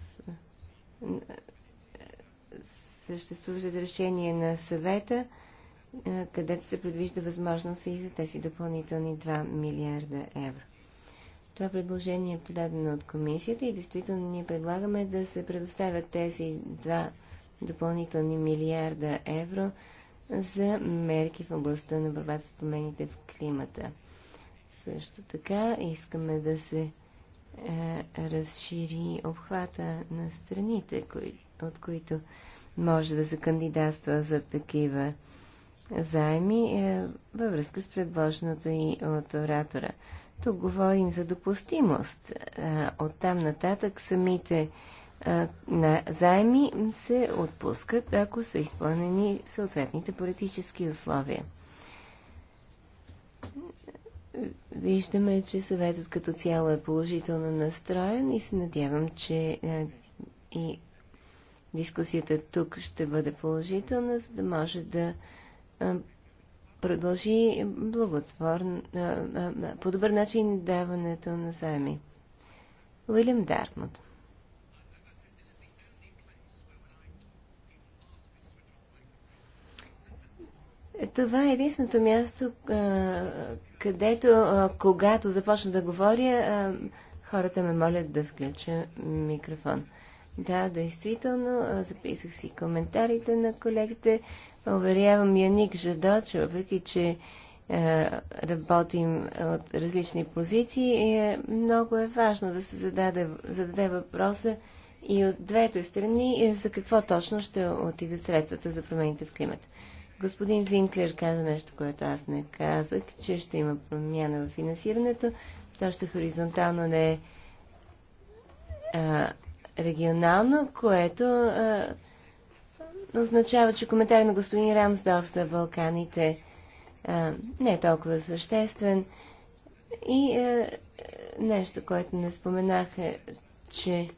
съществуващото решение на съвета където се предвижда възможност и за тези допълнителни 2 милиарда евро. Това предложение е подадено от комисията и действително ние предлагаме да се предоставят тези 2 допълнителни милиарда евро за мерки в областта на борбата с промените в климата. Също така искаме да се е, разшири обхвата на страните, кои, от които може да се кандидатства за такива заеми е, във връзка с предложеното и от оратора. Тук говорим за допустимост. Е, от там нататък самите е, на заеми се отпускат, ако са изпълнени съответните политически условия. Виждаме, че съветът като цяло е положително настроен и се надявам, че е, и дискусията тук ще бъде положителна, за да може да продължи благотворно, по добър начин даването на заеми. Уилям Дартмут. Това е единственото място, където, когато започна да говоря, хората ме молят да включа микрофон. Да, действително, записах си коментарите на колегите. Уверявам Яник Жадо, че въпреки, че работим от различни позиции, е, много е важно да се зададе, зададе въпроса и от двете страни е, за какво точно ще отидат средствата за промените в климата. Господин Винклер каза нещо, което аз не казах, че ще има промяна в финансирането. То ще хоризонтално не е регионално, което а, означава, че коментар на господин Рамсдорф за Балканите а, не е толкова съществен. И а, нещо, което не споменах е, че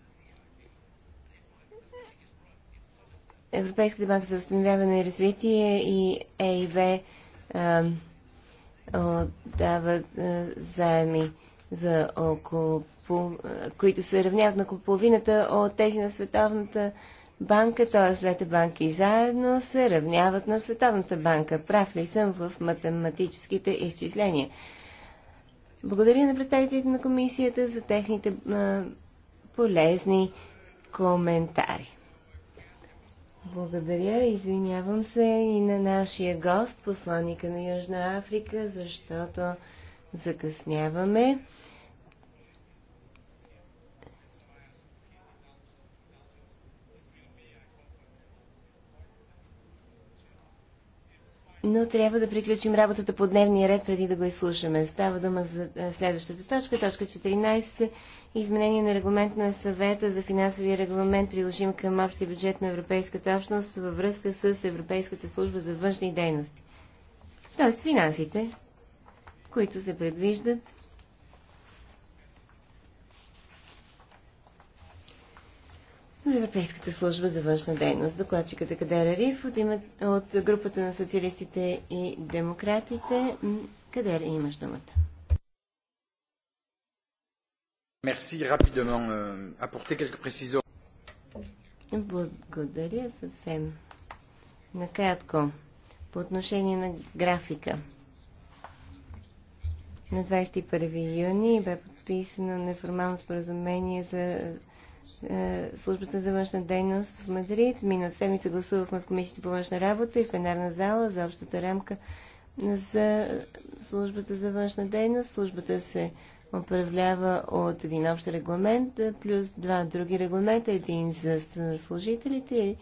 Европейската банка за възстановяване и развитие и ЕИВ дават заеми за около, които се равняват на около половината от тези на Световната банка, т.е. двете банки заедно се равняват на Световната банка. Прав ли съм в математическите изчисления? Благодаря на представителите на комисията за техните а, полезни коментари. Благодаря. Извинявам се и на нашия гост, посланника на Южна Африка, защото закъсняваме. но трябва да приключим работата по дневния ред преди да го изслушаме. Става дума за е, следващата точка, точка 14, изменение на регламент на съвета за финансовия регламент, приложим към общия бюджет на Европейската общност във връзка с Европейската служба за външни дейности. Тоест финансите които се предвиждат за Европейската служба за външна дейност. Докладчиката е Кадера Риф от, има, от групата на социалистите и демократите. Кадера, имаш думата. Merci rapidement. Euh, apporter quelques précisions. Благодаря съвсем. Накратко, по отношение на графика. На 21 юни бе подписано неформално споразумение за е, службата за външна дейност в Мадрид. Мина седмица гласувахме в Комисията по външна работа и в пленарна зала за общата рамка за службата за външна дейност. Службата се управлява от един общ регламент, е, плюс два други регламента, един за служителите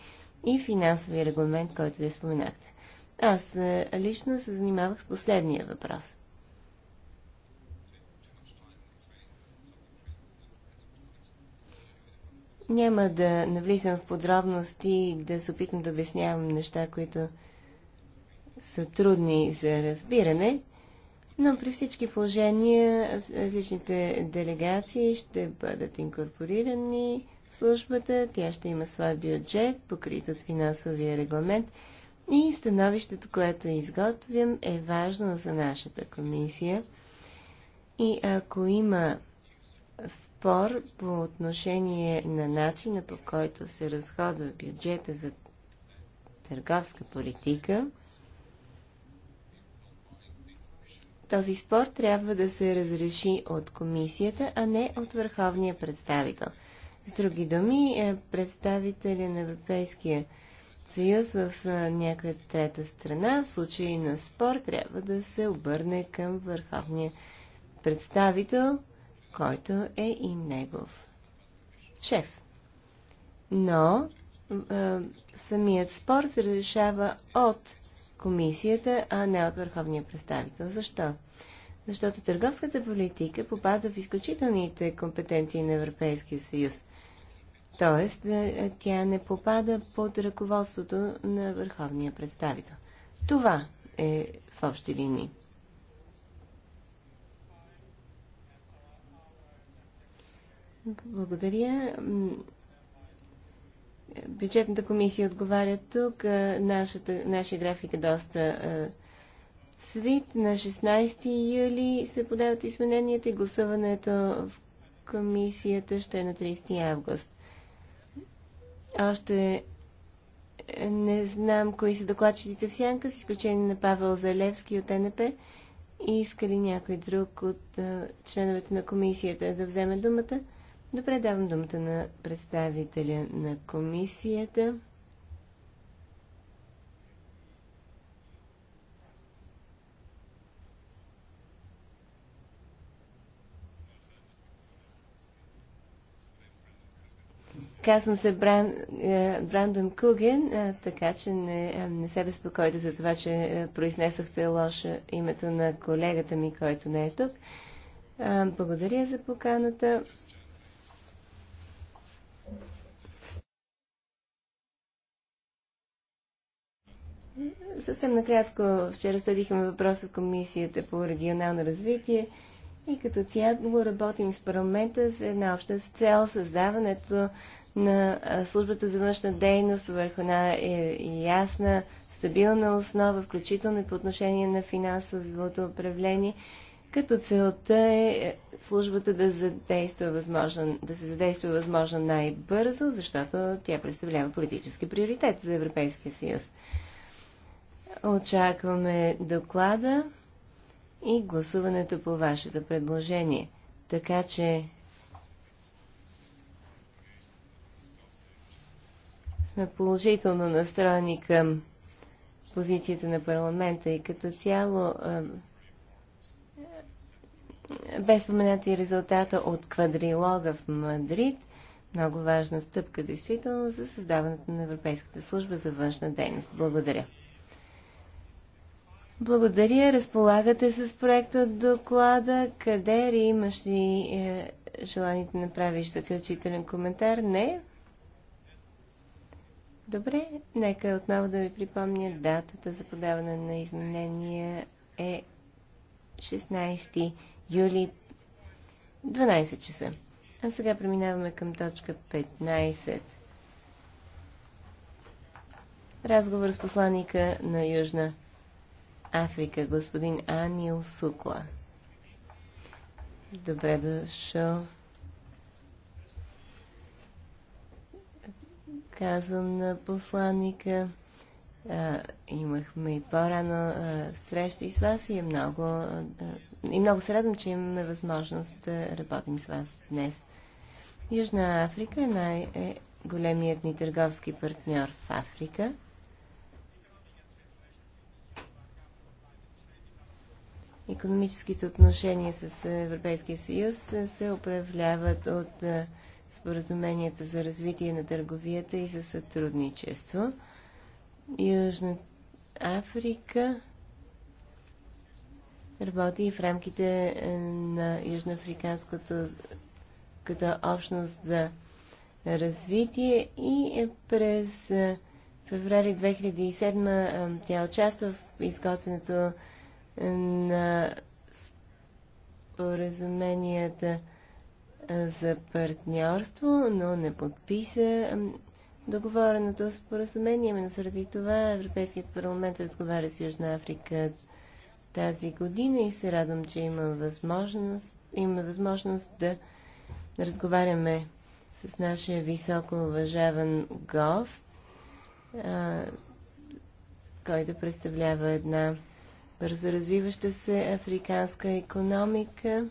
и финансовия регламент, който ви споменахте. Аз е, лично се занимавах с последния въпрос – Няма да навлизам в подробности и да се опитам да обяснявам неща, които са трудни за разбиране, но при всички положения различните делегации ще бъдат инкорпорирани в службата, тя ще има своя бюджет, покрит от финансовия регламент и становището, което изготвям, е важно за нашата комисия. И ако има спор по отношение на начина по който се разходва бюджета за търговска политика. Този спор трябва да се разреши от комисията, а не от върховния представител. С други думи, е, представителя на Европейския съюз в е, някоя трета страна, в случай на спор, трябва да се обърне към върховния представител който е и негов шеф. Но е, самият спор се разрешава от комисията, а не от върховния представител. Защо? Защото търговската политика попада в изключителните компетенции на Европейския съюз. Тоест, е, е, тя не попада под ръководството на върховния представител. Това е в общи линии. Благодаря. Бюджетната комисия отговаря тук. Нашата, нашия график е доста свит. На 16 юли се подават измененията и гласуването в комисията ще е на 30 август. Още е, не знам кои са докладчиците в сянка, с изключение на Павел Залевски от НП. Иска ли някой друг от а, членовете на комисията да вземе думата? Добре, давам думата на представителя на комисията. Казвам се Бран, е, Брандън Куген, е, така че не, е, не се безпокойте за това, че произнесохте лошо името на колегата ми, който не е тук. Благодаря за поканата. Съвсем накратко, вчера обсъдихме въпроса в Комисията по регионално развитие и като цяло работим с парламента с една обща с цел създаването на службата за външна дейност върху една е, ясна, стабилна основа, включително и по отношение на финансовото управление, като целта е, е службата да, задейства възможно, да се задейства възможно най-бързо, защото тя представлява политически приоритет за Европейския съюз. Очакваме доклада и гласуването по вашето предложение. Така че сме положително настроени към позицията на парламента и като цяло без споменати резултата от квадрилога в Мадрид, много важна стъпка действително за създаването на Европейската служба за външна дейност. Благодаря. Благодаря. Разполагате с проекта от доклада. Къде ли имаш ли е, желание да направиш заключителен коментар? Не? Добре. Нека отново да ви припомня датата за подаване на изменения е 16 юли 12 часа. А сега преминаваме към точка 15. Разговор с посланника на Южна Африка, господин Анил Сукла. Добре дошъл. Казвам на посланника. А, имахме и по-рано срещи с вас и е много. А, и много се радвам, че имаме възможност да работим с вас днес. Южна Африка е най-големият е ни търговски партньор в Африка – економическите отношения с Европейския съюз е, се управляват от е, споразуменията за развитие на търговията и за сътрудничество. Южна Африка работи и в рамките е, на Южноафриканското като общност за развитие и през феврали 2007 тя участва в изготвянето на споразуменията за партньорство, но не подписа договореното споразумение. Именно заради това Европейският парламент разговаря с Южна Африка тази година и се радвам, че има възможност, има възможност да разговаряме с нашия високо уважаван гост, а, който представлява една бързо развиваща се африканска економика,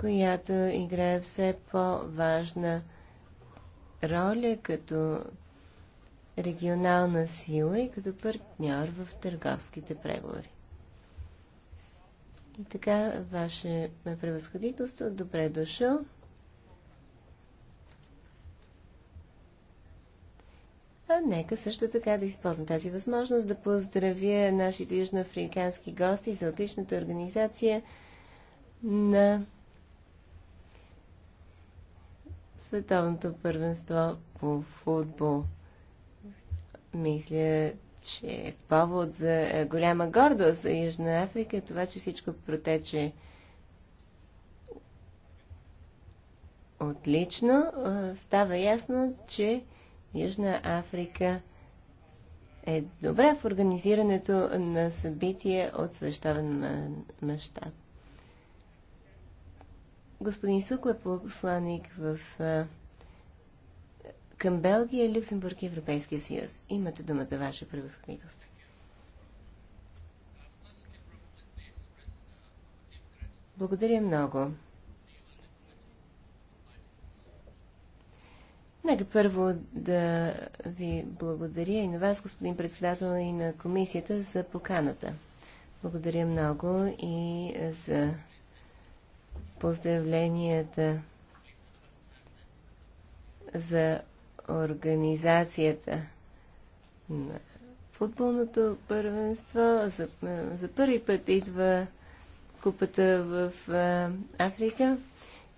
която играе все по-важна роля като регионална сила и като партньор в търговските преговори. И така, ваше превъзходителство, добре дошъл. А нека също така да използвам тази възможност да поздравя нашите южноафрикански гости за отличната организация на Световното първенство по футбол. Мисля, че е повод за голяма гордост за Южна Африка това, че всичко протече отлично. Става ясно, че Южна Африка е добра в организирането на събития от свещавен мащаб. Господин Сукла, посланник в към Белгия, Люксембург и Европейския съюз. Имате думата, Ваше превъзходителство. Благодаря много. Нека първо да ви благодаря и на вас, господин председател, и на комисията за поканата. Благодаря много и за поздравленията за организацията на футболното първенство. За, за първи път идва купата в Африка.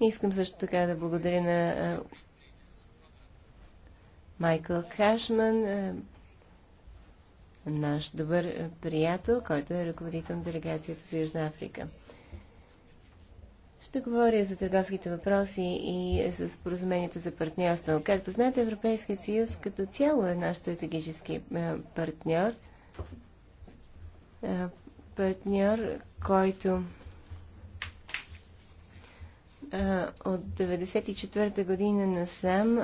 Искам също така да благодаря на Майкъл Кашман, е, наш добър е, приятел, който е ръководител на делегацията за Южна Африка. Ще говоря за търговските въпроси и за споразуменията за партньорство. Както знаете, Европейския съюз като цяло е наш стратегически е, партньор. Партньор, който от 1994 година насам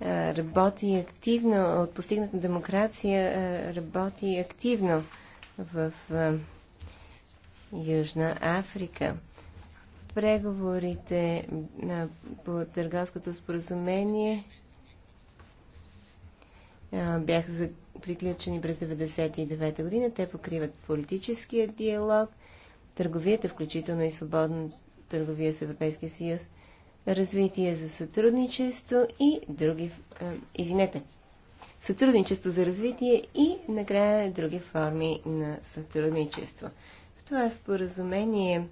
е, работи активно, от постигната демокрация е, работи активно в е, Южна Африка. Преговорите по търговското споразумение бяха приключени през 1999 година. Те покриват политическия диалог, търговията, включително и свободна търговия с Европейския съюз – развитие за сътрудничество и други. Извинете. Сътрудничество за развитие и накрая други форми на сътрудничество. В това споразумение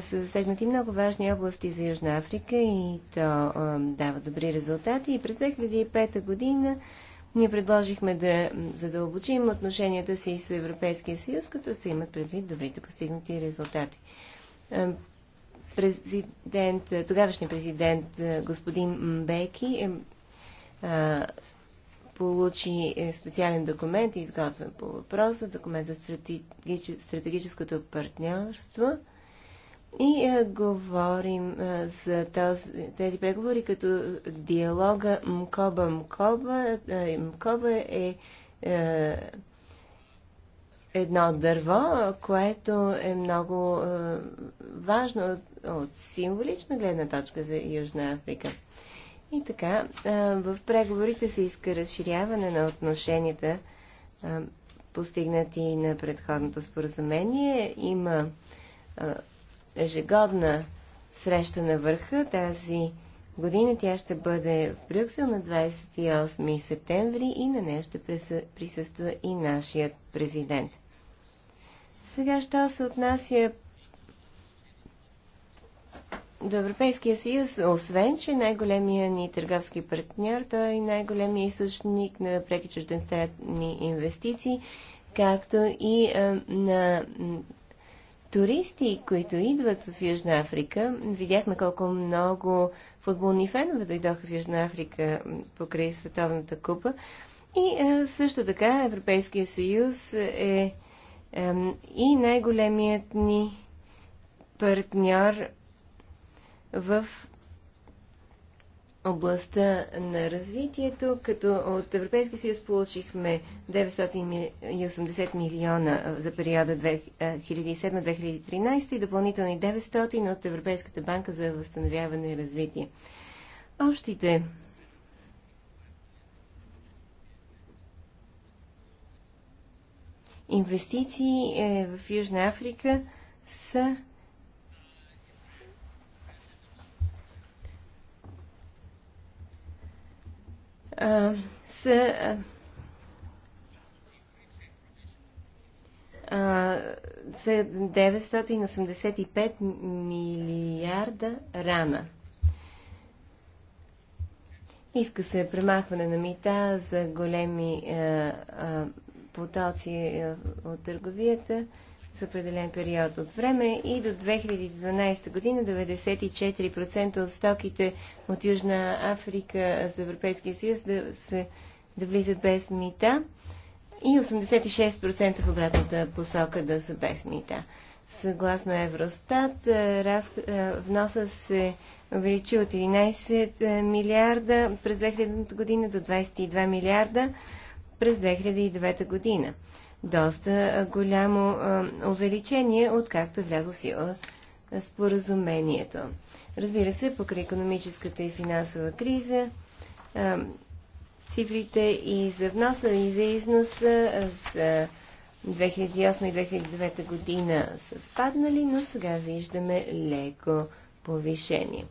са засегнати много важни области за Южна Африка и то дава добри резултати. И през 2005 година ние предложихме да задълбочим отношенията си с Европейския съюз, като се имат предвид добрите постигнати резултати президент, е, тогавашният президент е, господин Мбеки е, получи специален документ, изготвен по въпроса, документ за стратегическо, стратегическото партньорство. И а, говорим а, за този, тези преговори като диалога МКОБА-МКОБА. МКОБА е а, едно дърво, което е много е, важно от, от символична гледна точка за Южна Африка. И така, е, в преговорите се иска разширяване на отношенията, е, постигнати на предходното споразумение. Има е, ежегодна среща на върха. Тази година тя ще бъде в Брюксел на 28 септември и на нея ще присъства и нашият президент. Сега, що се отнася до Европейския съюз, освен, че най-големия ни търговски партньор, той е най-големия източник на преки чужденстранни инвестиции, както и а, на туристи, които идват в Южна Африка. Видяхме колко много футболни фенове дойдоха в Южна Африка покрай Световната купа. И а, също така Европейския съюз е и най-големият ни партньор в областта на развитието, като от Европейския съюз получихме 980 милиона за периода 2007-2013 и допълнителни 900 от Европейската банка за възстановяване и развитие. Общите инвестиции е, в Южна Африка са са са 985 милиарда рана. Иска се премахване на мита за големи а, е, а, е, експлуатация е, от търговията за определен период от време и до 2012 година 94% от стоките от Южна Африка за Европейския съюз да, се, да влизат без мита и 86% в обратната посока да са без мита. Съгласно Евростат, е, раз, е, вноса се увеличи от 11 милиарда през 2000 година до 22 милиарда през 2009 година. Доста голямо увеличение, откакто е влязло в сила споразумението. Разбира се, покрай економическата и финансова криза, цифрите и за вноса, и за износа за 2008 и 2009 година са спаднали, но сега виждаме леко повишение.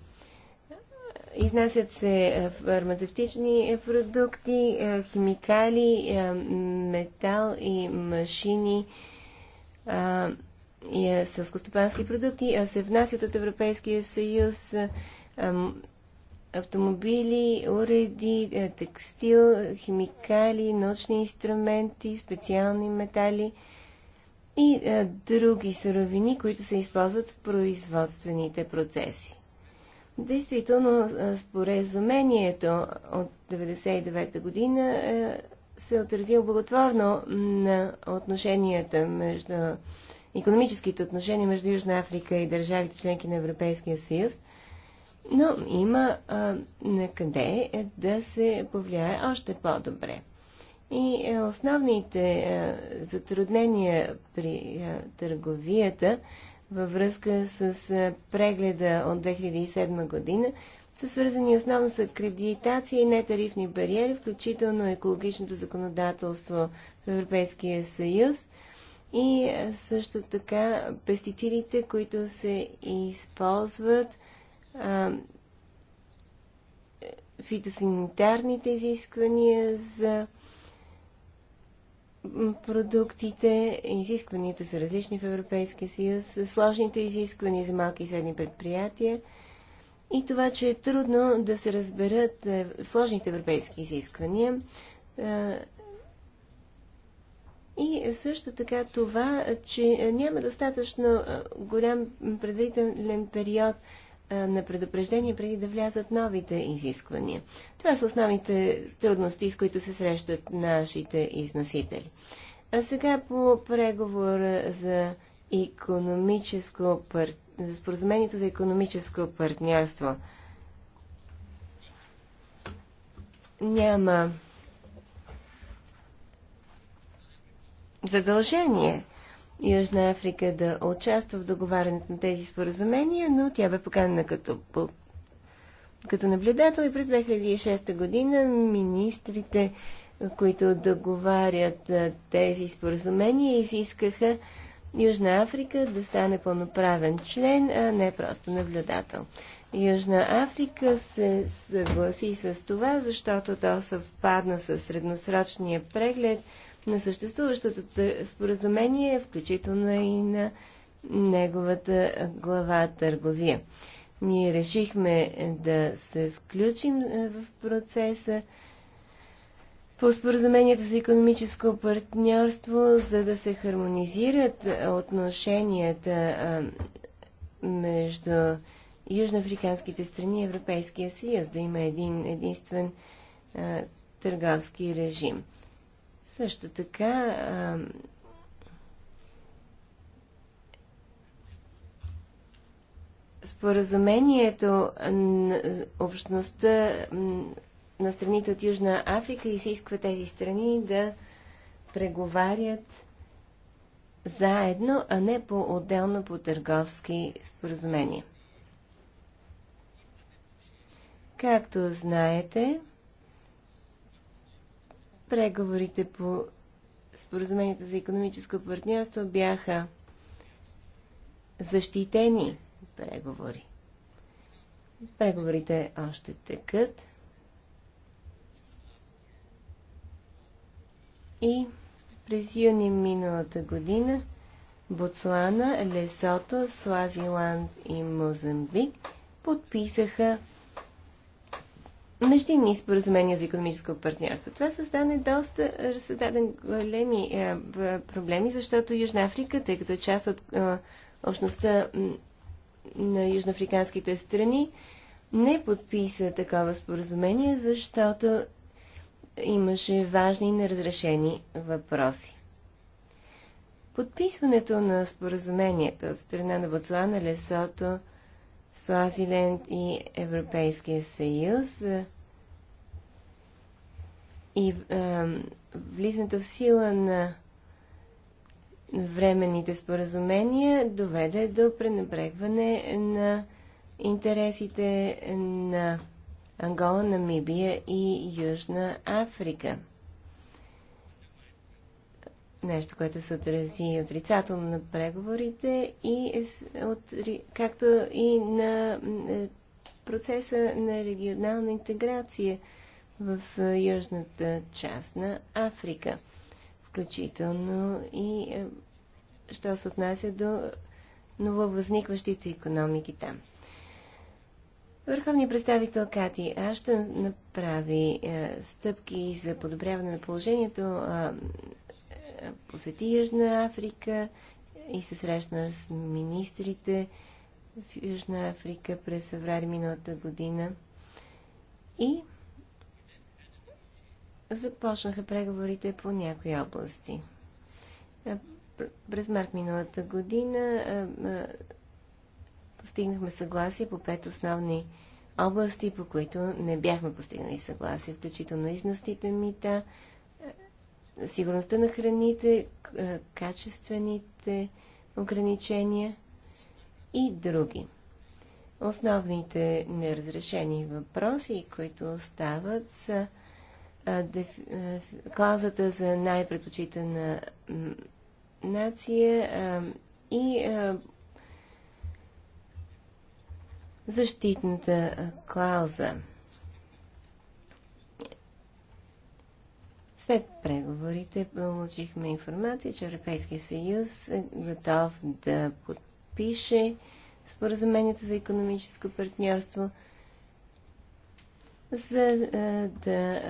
Изнасят се е, фармацевтични е, продукти, е, химикали, метал и машини и сълскостопански продукти, а се внасят от Европейския съюз автомобили, уреди, текстил, химикали, научни инструменти, специални метали и други суровини, които се използват в производствените процеси. Действително, споразумението от 1999 година се отразил благотворно на отношенията между економическите отношения между Южна Африка и държавите членки на Европейския съюз, но има а, на къде е, да се повлияе още по-добре. И е, основните а, е, затруднения при а, търговията във връзка с прегледа от 2007 година са свързани основно с акредитация и нетарифни бариери, включително екологичното законодателство в Европейския съюз и също така пестицидите, които се използват, а, фитосанитарните изисквания за продуктите, изискванията са различни в Европейския съюз, сложните изисквания за малки и средни предприятия и това, че е трудно да се разберат е, сложните европейски изисквания. И също така това, че няма достатъчно голям предварителен период на предупреждение преди да влязат новите изисквания. Това са основните трудности, с които се срещат нашите износители. А сега по преговора за економическо пар... за споразумението за економическо партньорство. Няма задължение Южна Африка да участва в договарянето на тези споразумения, но тя бе поканена като, като наблюдател и през 2006 година министрите, които договарят тези споразумения, изискаха Южна Африка да стане пълноправен член, а не просто наблюдател. Южна Африка се съгласи с това, защото то съвпадна с средносрочния преглед – на съществуващото споразумение, включително и на неговата глава търговия. Ние решихме да се включим е, в процеса по споразуменията за економическо партньорство, за да се хармонизират отношенията е, между южноафриканските страни и Европейския съюз, да има един единствен е, търговски режим. Също така споразумението на общността на страните от Южна Африка изисква тези страни да преговарят заедно, а не по-отделно по търговски споразумения. Както знаете, Преговорите по споразумението за економическо партньорство бяха защитени преговори. Преговорите още текат. И през юни миналата година Ботсуана, Лесото, Слазиланд и Мозамбик подписаха междинни споразумения за економическо партньорство. Това създаде доста е, създаде големи е, проблеми, защото Южна Африка, тъй като е част от е, общността на южноафриканските страни, не подписа такова споразумение, защото имаше важни неразрешени въпроси. Подписването на споразуменията от страна на Ботсуана, Лесото, Суазиленд и Европейския съюз и е, влизането в сила на временните споразумения доведе до пренебрегване на интересите на Ангола, Намибия и Южна Африка нещо, което се отрази отрицателно на преговорите и от, както и на е, процеса на регионална интеграция в е, южната част на Африка, включително и е, що се отнася до нововъзникващите економики там. Върховният представител Кати Аштън направи е, стъпки за подобряване на положението е, посети Южна Африка и се срещна с министрите в Южна Африка през феврари миналата година. И започнаха преговорите по някои области. Е, през март миналата година е, е, постигнахме съгласие по пет основни области, по които не бяхме постигнали съгласие, включително износните мита, сигурността на храните, качествените ограничения и други. Основните неразрешени въпроси, които остават, са клаузата за най-предпочитана нация и защитната клауза. След преговорите получихме информация, че Европейския съюз е готов да подпише споразумението за економическо партньорство, за е, да е,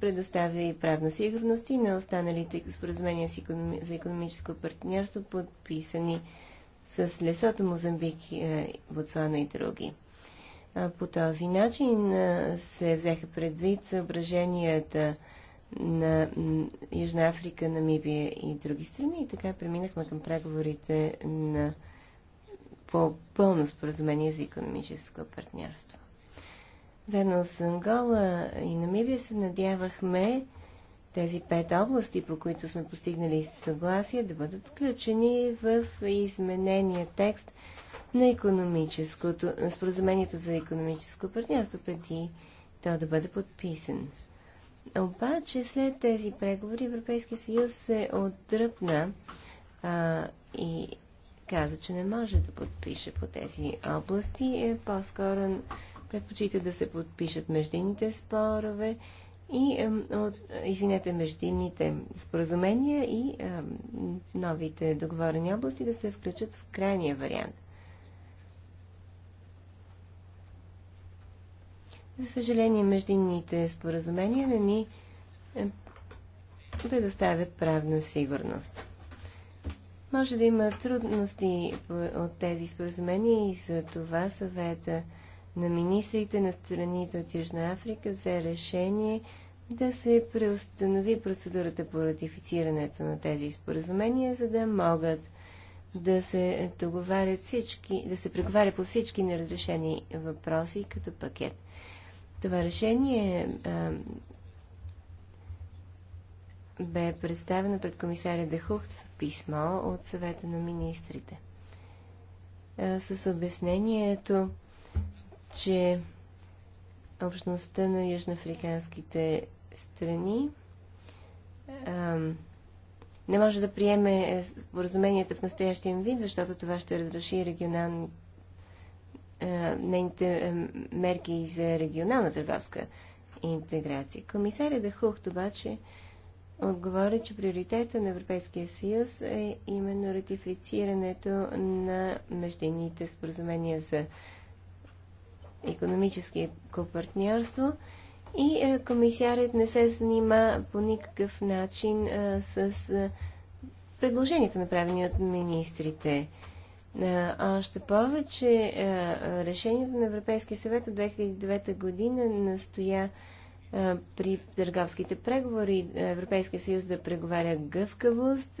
предостави правна сигурност и на останалите споразумения за економическо партньорство, подписани с Лесото, Мозамбик, е, Ботсуана и други. По този начин се взеха предвид съображенията да на Южна Африка, Намибия и други страни. И така преминахме към преговорите на по пълно споразумение за економическо партньорство. Заедно с Ангола и Намибия се надявахме тези пет области, по които сме постигнали съгласие, да бъдат включени в изменения текст на економическото, на споразумението за економическо партньорство преди то да бъде подписан. Обаче след тези преговори Европейския съюз се отдръпна а, и каза, че не може да подпише по тези области. Е, по-скоро предпочита да се подпишат междинните спорове и, а, от, извинете, междинните споразумения и а, новите договорени области да се включат в крайния вариант. За съжаление, междинните споразумения не ни е, предоставят правна сигурност. Може да има трудности от тези споразумения и за това съвета на министрите на страните от Южна Африка взе решение да се преустанови процедурата по ратифицирането на тези споразумения, за да могат да се договарят всички, да се преговаря по всички неразрешени въпроси като пакет. Това решение а, бе представено пред комисаря Дехухт в писмо от съвета на министрите. А, с обяснението, че общността на южноафриканските страни а, не може да приеме споразуменията в настоящия им вид, защото това ще разреши регионалните е, нейните е, мерки за регионална търговска интеграция. Комисаря Дахухт обаче отговори, че приоритета на Европейския съюз е именно ратифицирането на междинните споразумения за економически партньорство и е, комисарят не се занима по никакъв начин с предложенията, направени от министрите е, още повече е, е, решението на Европейския съвет от 2009 година настоя при търговските преговори Европейския съюз да преговаря гъвкавост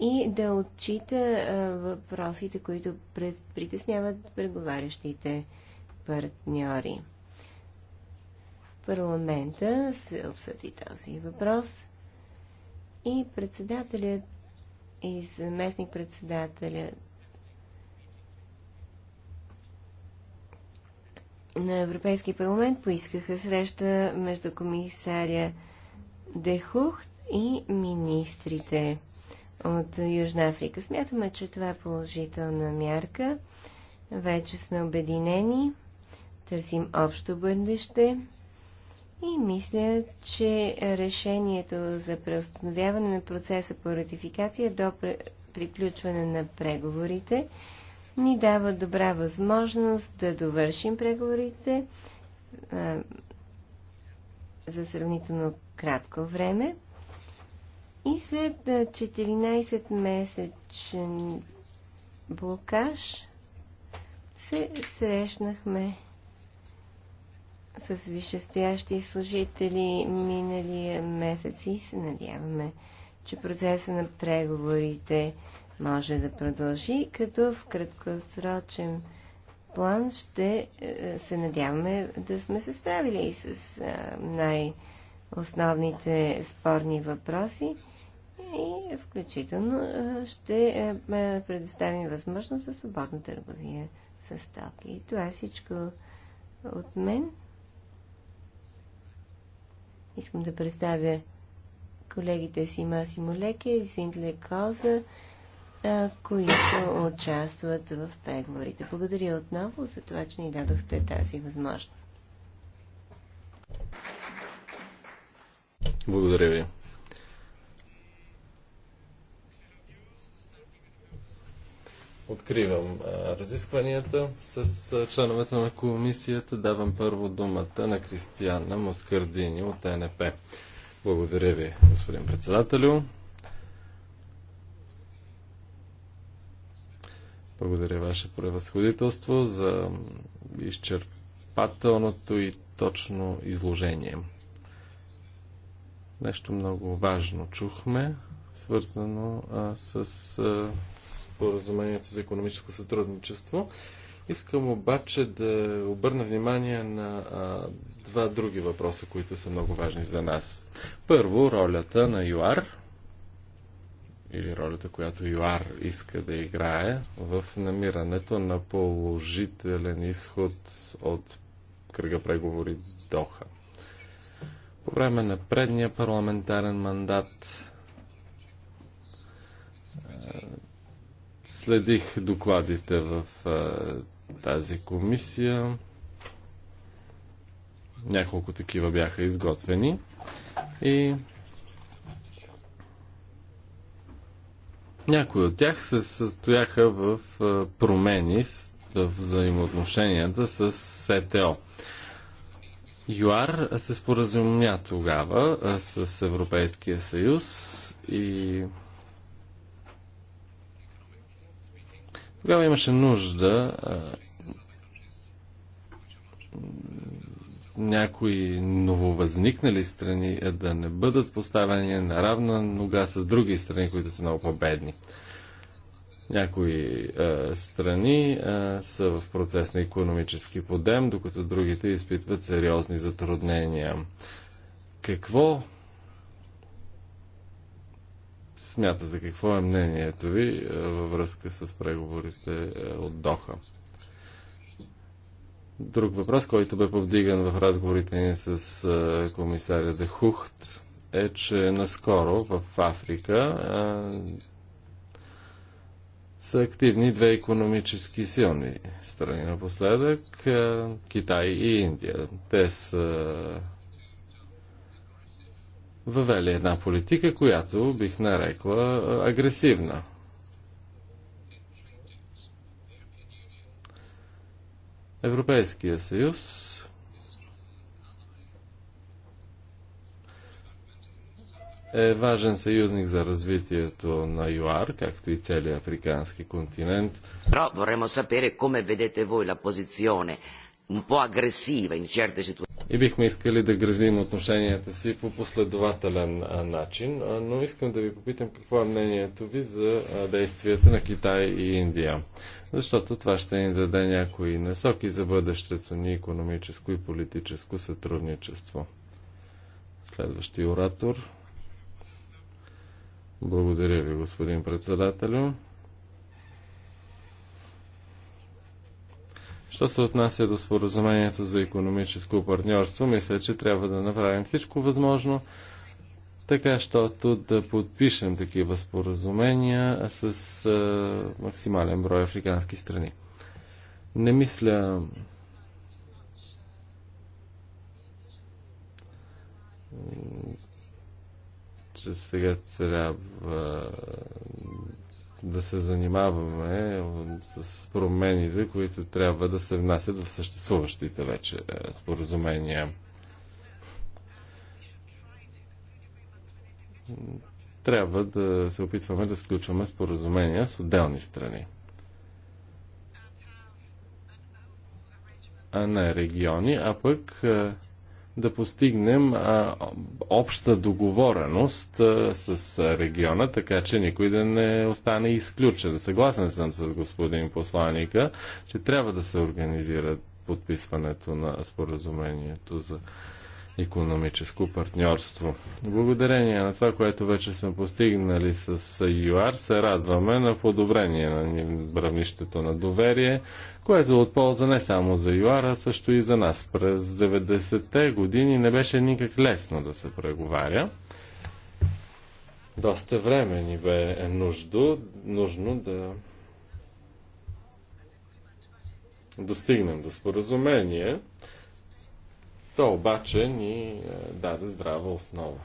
и да отчита въпросите, които притесняват преговарящите партньори. В парламента се обсъди този въпрос и председателят и заместник председателят на Европейския парламент поискаха среща между комисаря Дехухт и министрите от Южна Африка. Смятаме, че това е положителна мярка. Вече сме обединени, търсим общо бъдеще и мисля, че решението за преустановяване на процеса по ратификация до приключване на преговорите – ни дава добра възможност да довършим преговорите а, за сравнително кратко време. И след 14-месечен блокаж се срещнахме с висшестоящи служители миналия месец и се надяваме, че процеса на преговорите може да продължи, като в краткосрочен план ще е, се надяваме да сме се справили и с е, най-основните спорни въпроси и включително е, ще предоставим възможност за свободна търговия с стоки. И това е всичко от мен. Искам да представя колегите си Масимо Леке и Синтле Коза, които участват в преговорите. Благодаря отново за това, че ни дадохте тази възможност. Благодаря ви. Откривам разискванията с членовете на комисията. Давам първо думата на Кристиана Москардини от НП. Благодаря ви, господин председателю. Благодаря Ваше превъзходителство за изчерпателното и точно изложение. Нещо много важно чухме, свързано а, с а, споразумението за економическо сътрудничество. Искам обаче да обърна внимание на а, два други въпроса, които са много важни за нас. Първо, ролята на ЮАР или ролята, която ЮАР иска да играе в намирането на положителен изход от кръга преговори Доха. По време на предния парламентарен мандат е, следих докладите в е, тази комисия. Няколко такива бяха изготвени и Някои от тях се състояха в промени в взаимоотношенията с СТО. ЮАР се споразумя тогава с Европейския съюз и тогава имаше нужда някои нововъзникнали страни да не бъдат поставени на равна нога с други страни, които са много победни. Някои е, страни е, са в процес на економически подем, докато другите изпитват сериозни затруднения. Какво смятате, какво е мнението ви е, във връзка с преговорите е, от Доха? Друг въпрос, който бе повдиган в разговорите ни с комисаря Дехухт, е, че наскоро в Африка а, са активни две економически силни страни напоследък а, Китай и Индия. Те са въвели една политика, която бих нарекла агресивна Европейския съюз е важен съюзник за развитието на ЮАР, както и целият африкански континент. Però vorremmo sapere come vedete voi la posizione по агресива И бихме искали да градим отношенията си по последователен начин, но искам да ви попитам какво е мнението ви за действията на Китай и Индия. Защото това ще ни даде някои насоки за бъдещето ни економическо и политическо сътрудничество. Следващи оратор. Благодаря ви, господин председателю. Що се отнася до споразумението за економическо партньорство, мисля, че трябва да направим всичко възможно, така, щото да подпишем такива споразумения с а, максимален брой африкански страни. Не мисля. че сега трябва да се занимаваме е, с промените, които трябва да се внасят в съществуващите вече е, споразумения. Трябва да се опитваме да сключваме споразумения с отделни страни. а не региони, а пък е, да постигнем а, обща договореност а, с региона, така че никой да не остане изключен. Съгласен съм с господин посланика, че трябва да се организира подписването на споразумението за економическо партньорство. Благодарение на това, което вече сме постигнали с ЮАР, се радваме на подобрение на бравнището на доверие, което е от полза не само за ЮАР, а също и за нас. През 90-те години не беше никак лесно да се преговаря. Доста време ни бе нужду, нужно да достигнем до споразумение. То обаче ни е, даде здрава основа.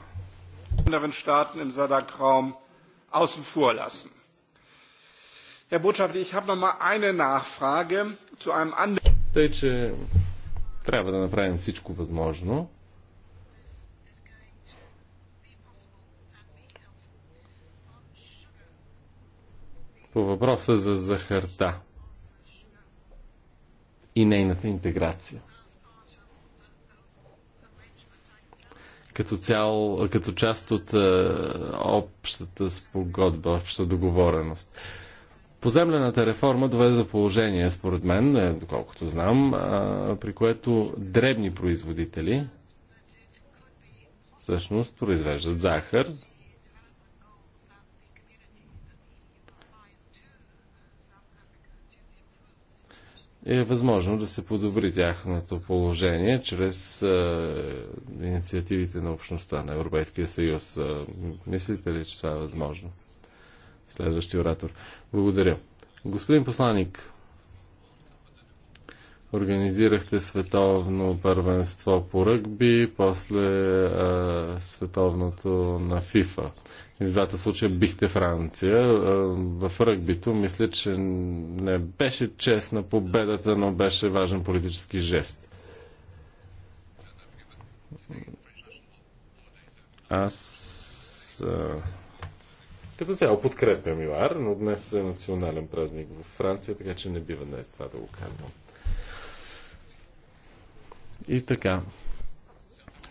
Herr Botschafter, ich habe noch mal eine Nachfrage zu einem anderen. Тъй, че трябва да направим всичко възможно. По въпроса за захарта и нейната интеграция. като, цял, като част от е, общата спогодба, общата договореност. Поземлената реформа доведе до положение, според мен, е, доколкото знам, при което дребни производители всъщност произвеждат захар, е възможно да се подобри тяхното положение чрез е, инициативите на общността на Европейския съюз. Е, мислите ли, че това е възможно? Следващия оратор. Благодаря. Господин посланник, организирахте световно първенство по ръгби, после е, световното на ФИФА в двата случая бихте Франция. Е, в ръгбито мисля, че не беше честна победата, но беше важен политически жест. Аз е, като цяло подкрепям Юар, но днес е национален празник в Франция, така че не бива днес това да го казвам. И така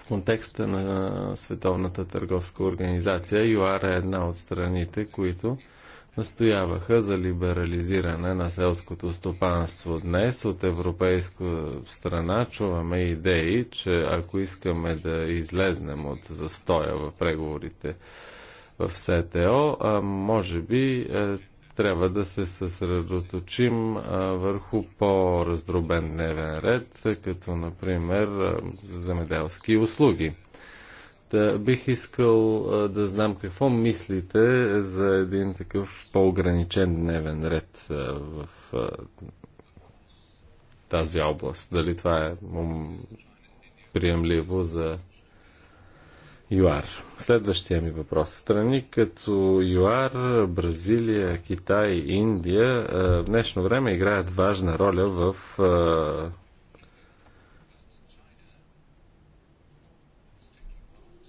контекста на Световната търговска организация ЮАР е една от страните, които настояваха за либерализиране на селското стопанство. Днес от европейска страна чуваме идеи, че ако искаме да излезнем от застоя в преговорите в СТО, а може би е, трябва да се съсредоточим върху по-раздробен дневен ред, като например земеделски услуги. Та, бих искал да знам какво мислите за един такъв по-ограничен дневен ред в тази област. Дали това е приемливо за ЮАР. Следващия ми въпрос. Страни като ЮАР, Бразилия, Китай, Индия е, в днешно време играят важна роля в е,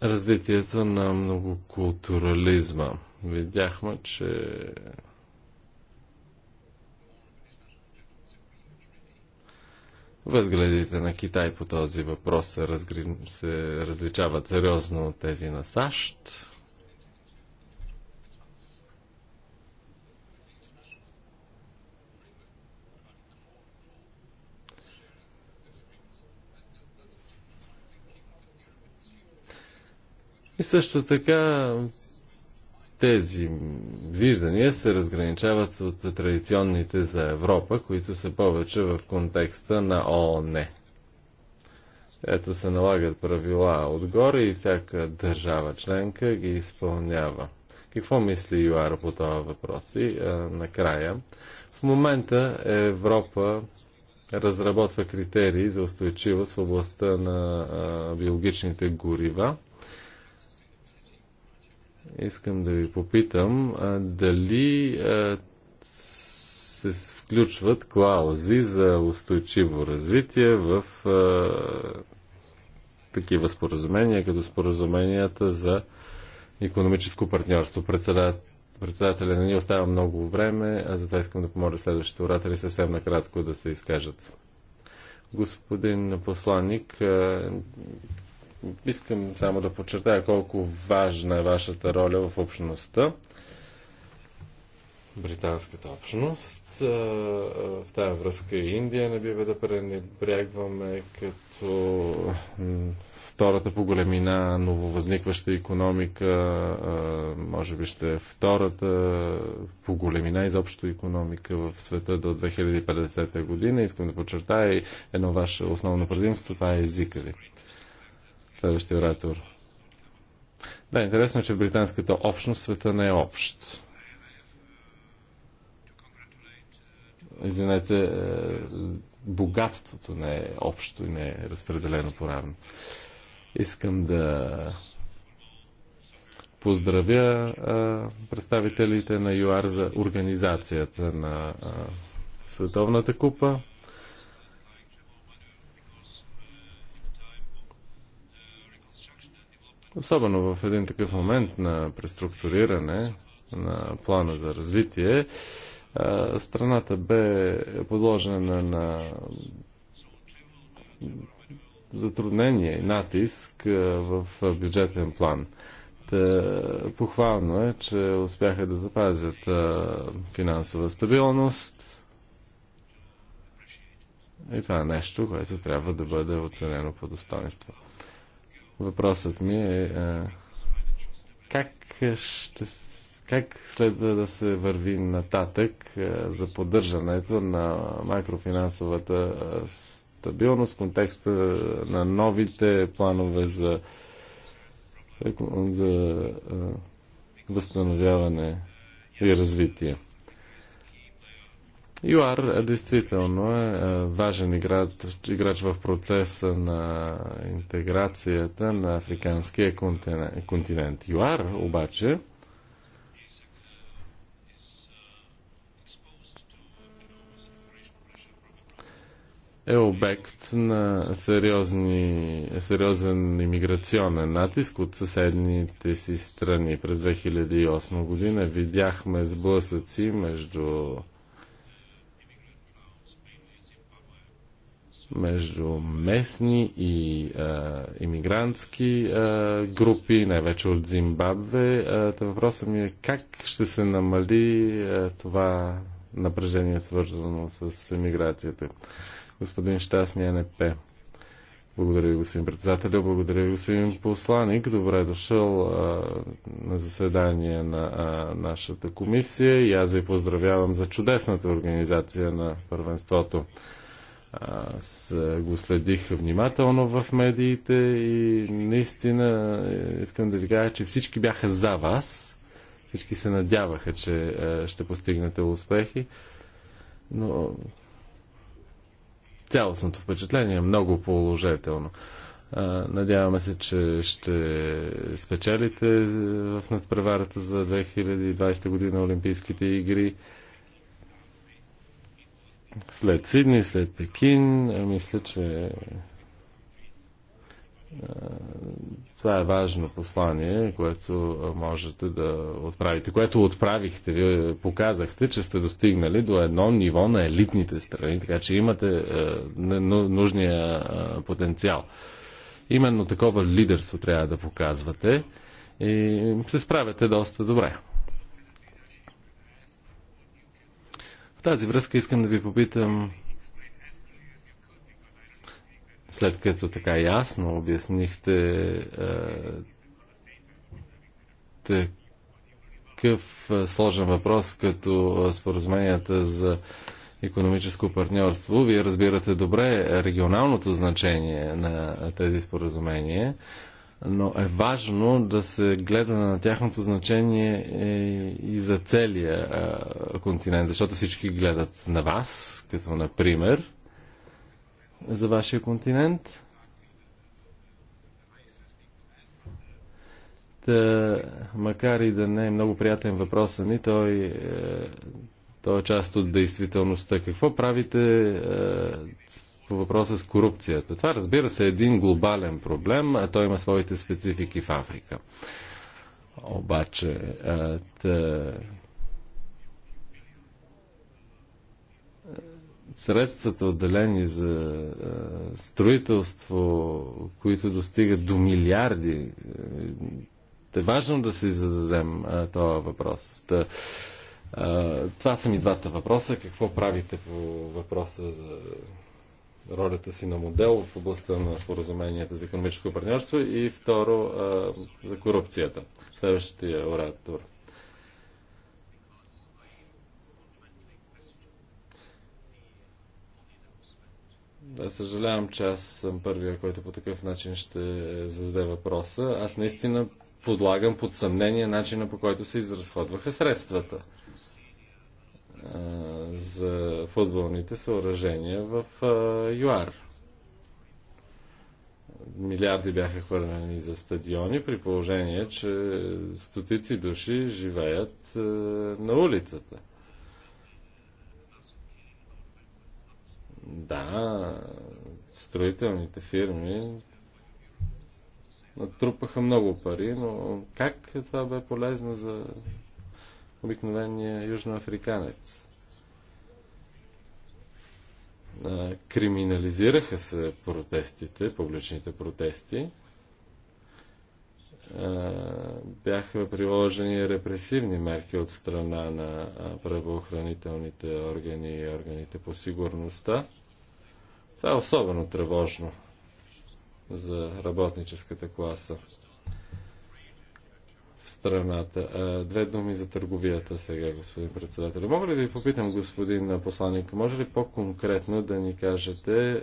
развитието на многокултурализма. Видяхме, че Възгледите на Китай по този въпрос се, разгр... се различават сериозно от тези на САЩ. И също така тези виждания се разграничават от традиционните за Европа, които са повече в контекста на ООН. Ето се налагат правила отгоре и всяка държава членка ги изпълнява. Какво мисли ЮАР по това въпрос? И а, накрая, в момента Европа разработва критерии за устойчивост в областта на а, биологичните горива Искам да ви попитам а, дали а, се включват клаузи за устойчиво развитие в а, такива споразумения, като споразуменията за економическо партньорство. Председател, председателя не ни остава много време, а затова искам да помоля следващите оратели съвсем накратко да се изкажат. Господин посланник, Искам само да подчертая колко важна е вашата роля в общността, британската общност. В тази връзка и Индия не бива да пренебрегваме като втората по големина нововъзникваща економика, може би ще е втората по големина изобщо економика в света до 2050 година. Искам да подчертая едно ваше основно предимство, това е езика ви. Следващия оратор. Да, интересно е, че британската общност света не е общ. Извинете, е, богатството не е общо и не е разпределено по-равно. Искам да поздравя е, представителите на ЮАР за организацията на е, Световната купа. Особено в един такъв момент на преструктуриране на плана за развитие, страната бе подложена на затруднение и натиск в бюджетен план. Та, похвално е, че успяха да запазят финансова стабилност. И това е нещо, което трябва да бъде оценено по достоинство. Въпросът ми е как, ще, как следва да се върви нататък за поддържането на макрофинансовата стабилност в контекста на новите планове за, за възстановяване и развитие. ЮАР е, действително е, е важен играч, играч в процеса на интеграцията на африканския континент. ЮАР обаче е обект на сериозни, сериозен иммиграционен натиск от съседните си страни. През 2008 година видяхме сблъсъци между между местни и а, иммигрантски а, групи, най-вече от Зимбабве. Та въпросът ми е как ще се намали а, това напрежение, свързано с иммиграцията. Господин Щастни НП. Благодаря ви, господин председател, Благодаря ви, господин посланик. Добре е дошъл а, на заседание на а, нашата комисия и аз ви поздравявам за чудесната организация на първенството. Аз го следих внимателно в медиите и наистина е, искам да ви кажа, че всички бяха за вас. Всички се надяваха, че ще постигнете успехи. Но цялостното впечатление е много положително. Надяваме се, че ще спечелите е, в надпреварата за 2020 година Олимпийските игри. След Сидни, след Пекин, мисля, че това е важно послание, което можете да отправите, което отправихте, вие показахте, че сте достигнали до едно ниво на елитните страни, така че имате нужния потенциал. Именно такова лидерство трябва да показвате и се справяте доста добре. тази връзка искам да ви попитам, след като така ясно обяснихте е, такъв сложен въпрос, като споразуменията за економическо партньорство. Вие разбирате добре регионалното значение на тези споразумения но е важно да се гледа на тяхното значение е и за целия континент, защото всички гледат на вас, като например за вашия континент. Та, макар и да не е много приятен въпросът ни, той, е, той е част от действителността. Какво правите е, по въпроса с корупцията. Това разбира се е един глобален проблем, а той има своите специфики в Африка. Обаче, тъ... средствата отделени за строителство, които достигат до милиарди, е, е важно да си зададем този въпрос. Тъ... Това са ми двата въпроса. Какво правите по въпроса за ролята си на модел в областта на споразуменията за економическо партньорство и второ за корупцията. Следващия оратор. Да, съжалявам, че аз съм първия, който по такъв начин ще зададе въпроса. Аз наистина подлагам под съмнение начина по който се изразходваха средствата за футболните съоръжения в ЮАР. Милиарди бяха хвърлени за стадиони, при положение, че стотици души живеят на улицата. Да, строителните фирми натрупаха много пари, но как това бе полезно за обикновения южноафриканец. Криминализираха се протестите, публичните протести. Бяха приложени репресивни мерки от страна на правоохранителните органи и органите по сигурността. Това е особено тревожно за работническата класа страната. Две думи за търговията сега, господин председател. Мога ли да ви попитам, господин посланник, може ли по-конкретно да ни кажете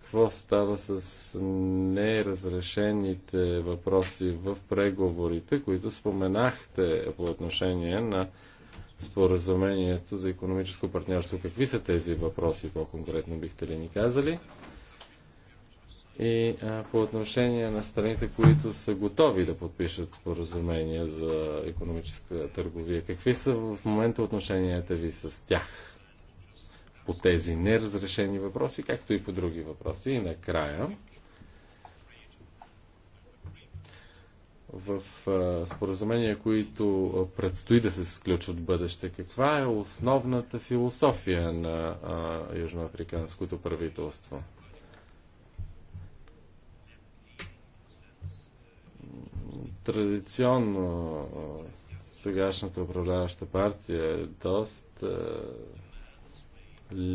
какво става с неразрешените въпроси в преговорите, които споменахте по отношение на споразумението за економическо партньорство. Какви са тези въпроси по-конкретно, бихте ли ни казали? и а, по отношение на страните, които са готови да подпишат споразумение за економическа търговия. Какви са в момента отношенията ви с тях по тези неразрешени въпроси, както и по други въпроси? И накрая, в а, споразумения, които предстои да се сключат в бъдеще, каква е основната философия на а, южноафриканското правителство? Традиционно сегашната управляваща партия е доста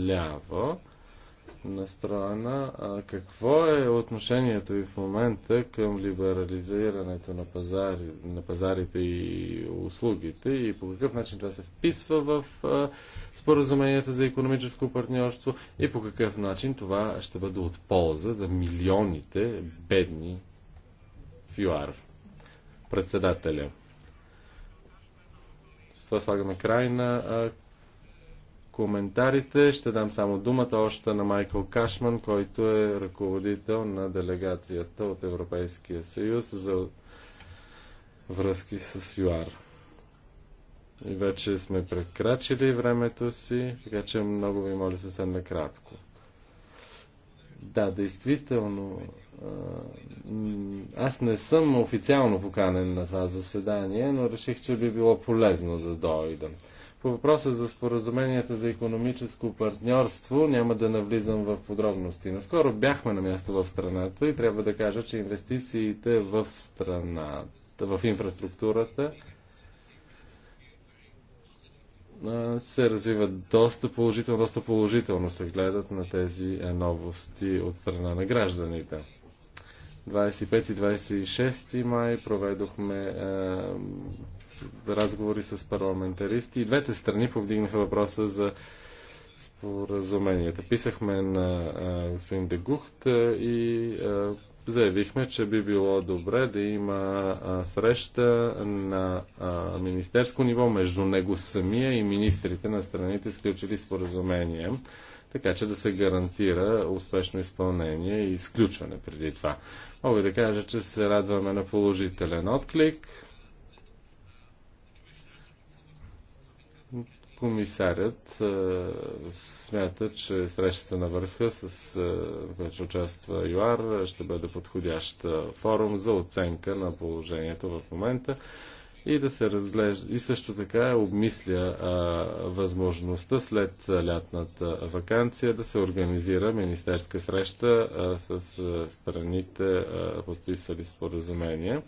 ляво настроена. А какво е отношението ви в момента към либерализирането на, пазари, на пазарите и услугите и по какъв начин това се вписва в споразуменията за економическо партньорство и по какъв начин това ще бъде от полза за милионите бедни в ЮАР? председателя. С това слагаме край на а, коментарите. Ще дам само думата още на Майкъл Кашман, който е ръководител на делегацията от Европейския съюз за връзки с ЮАР. И вече сме прекрачили времето си, така че много ви моля съвсем накратко. Да, действително аз не съм официално поканен на това заседание, но реших, че би било полезно да дойда. По въпроса за споразуменията за економическо партньорство няма да навлизам в подробности. Наскоро бяхме на място в страната и трябва да кажа, че инвестициите в страната, в инфраструктурата се развиват доста положително, доста положително се гледат на тези новости от страна на гражданите. 25 и 26 май проведохме е, разговори с парламентаристи и двете страни повдигнаха въпроса за споразуменията. Писахме на е, господин Дегухт е, и е, заявихме, че би било добре да има е, среща на е, министерско ниво между него самия и министрите на страните, сключили споразумение така че да се гарантира успешно изпълнение и изключване преди това. Мога да кажа, че се радваме на положителен отклик. комисарят смята, че срещата на върха, с която участва ЮАР, ще бъде подходящ форум за оценка на положението в момента и да се разглежда и също така обмисля а, възможността след лятната вакансия да се организира министерска среща а, с страните а, подписали споразумения.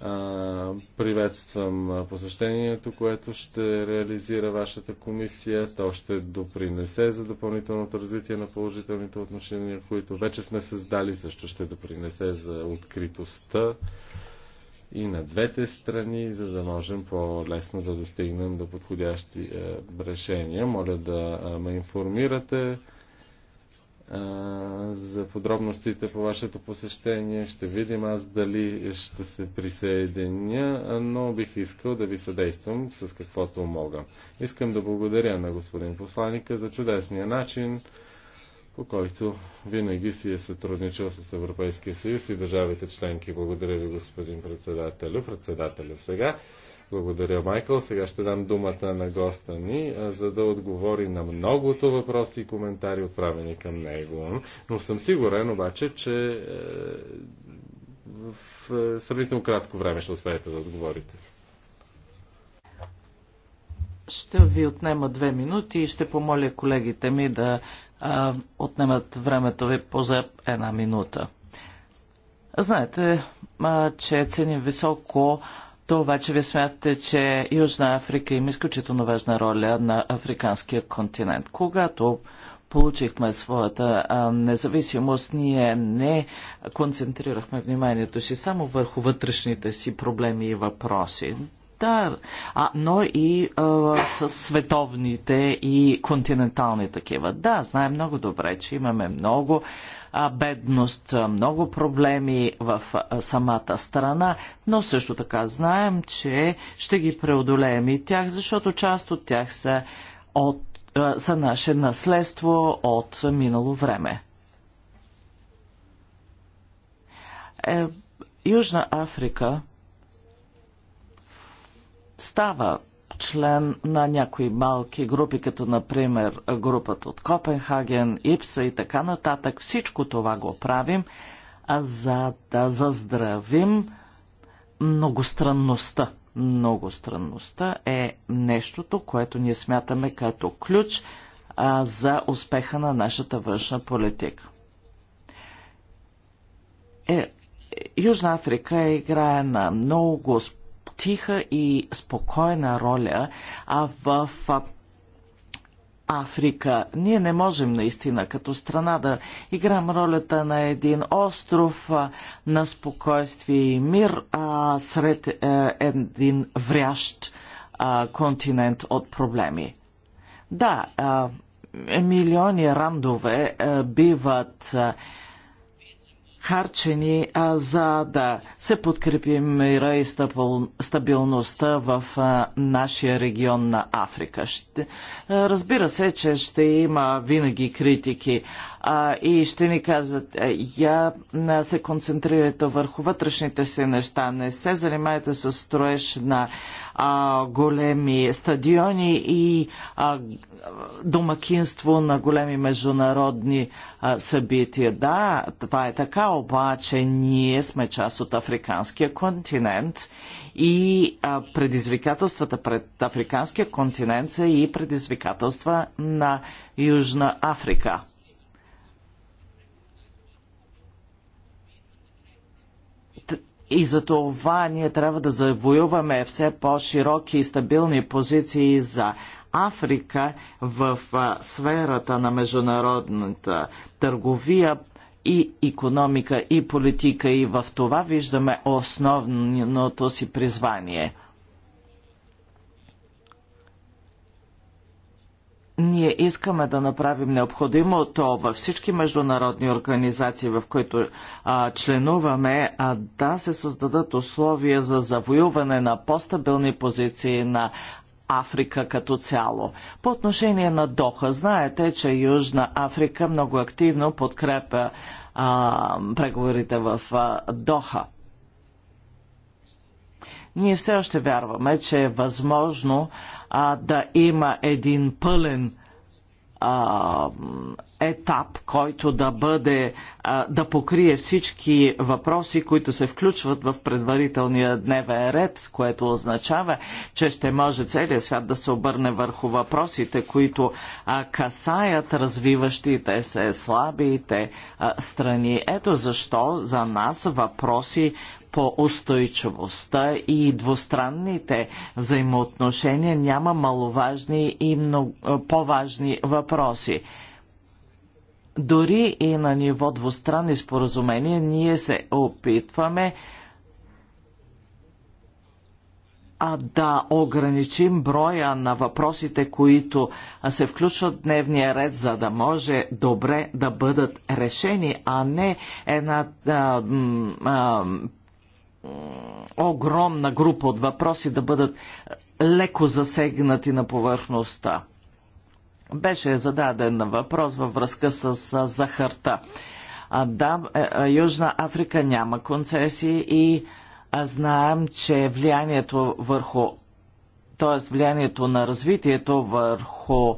А, приветствам посещението, което ще реализира вашата комисия. То ще допринесе за допълнителното развитие на положителните отношения, които вече сме създали, също ще допринесе за откритостта и на двете страни, за да можем по-лесно да достигнем до подходящи е, решения. Моля да е, ме информирате е, за подробностите по вашето посещение. Ще видим аз дали ще се присъединя, но бих искал да ви съдействам с каквото мога. Искам да благодаря на господин посланика за чудесния начин, по който винаги си е сътрудничал с Европейския съюз и държавите членки. Благодаря ви, господин председателю. Председателя сега. Благодаря, Майкъл. Сега ще дам думата на госта ни, за да отговори на многото въпроси и коментари, отправени към него. Но съм сигурен обаче, че е, в е, сравнително кратко време ще успеете да отговорите. Ще ви отнема две минути и ще помоля колегите ми да отнемат времето ви по за една минута. Знаете, а, че ценим високо това, че ви смятате, че Южна Африка има изключително важна роля на африканския континент. Когато получихме своята а, независимост, ние не концентрирахме вниманието си само върху вътрешните си проблеми и въпроси пазар, а, но и а, с световните и континентални такива. Да, знаем много добре, че имаме много а, бедност, много проблеми в а, самата страна, но също така знаем, че ще ги преодолеем и тях, защото част от тях са, от, а, са наше наследство от минало време. Е, Южна Африка става член на някои малки групи, като например групата от Копенхаген, Ипса и така нататък. Всичко това го правим, а за да заздравим многостранността. Многостранността е нещото, което ние смятаме като ключ а, за успеха на нашата външна политика. Е, Южна Африка играе на много тиха и спокойна роля а в Африка. Ние не можем наистина като страна да играем ролята на един остров на спокойствие и мир а, сред е, един врящ а, континент от проблеми. Да, а, милиони рандове а, биват а, харчени а, за да се подкрепи мира и стабилността в нашия регион на Африка. Ще, разбира се, че ще има винаги критики а, и ще ни кажат, е, я не се концентрирайте върху вътрешните си неща, не се занимайте с строеж на а, големи стадиони и а, домакинство на големи международни а, събития. Да, това е така, обаче ние сме част от африканския континент и а, предизвикателствата пред африканския континент са и предизвикателства на Южна Африка. И за това ние трябва да завоюваме все по-широки и стабилни позиции за Африка в сферата на международната търговия и економика и политика и в това виждаме основното си призвание. Ние искаме да направим необходимото във всички международни организации, в които а, членуваме, а да се създадат условия за завоюване на по-стабилни позиции на Африка като цяло. По отношение на Доха, знаете, че Южна Африка много активно подкрепя а, преговорите в а, Доха. Ние все още вярваме, че е възможно а, да има един пълен етап, който да бъде, да покрие всички въпроси, които се включват в предварителния дневен ред, което означава, че ще може целият свят да се обърне върху въпросите, които касаят развиващите се слабите страни. Ето защо за нас въпроси, по устойчивостта и двустранните взаимоотношения няма маловажни и много, по-важни въпроси. Дори и на ниво двустранни споразумения ние се опитваме а да ограничим броя на въпросите, които се включват в дневния ред, за да може добре да бъдат решени, а не една а, а, огромна група от въпроси да бъдат е, леко засегнати на повърхността. Беше зададен въпрос във връзка с захарта. Да, е, Южна Африка няма концесии и знаем, че влиянието върху т.е. влиянието на развитието върху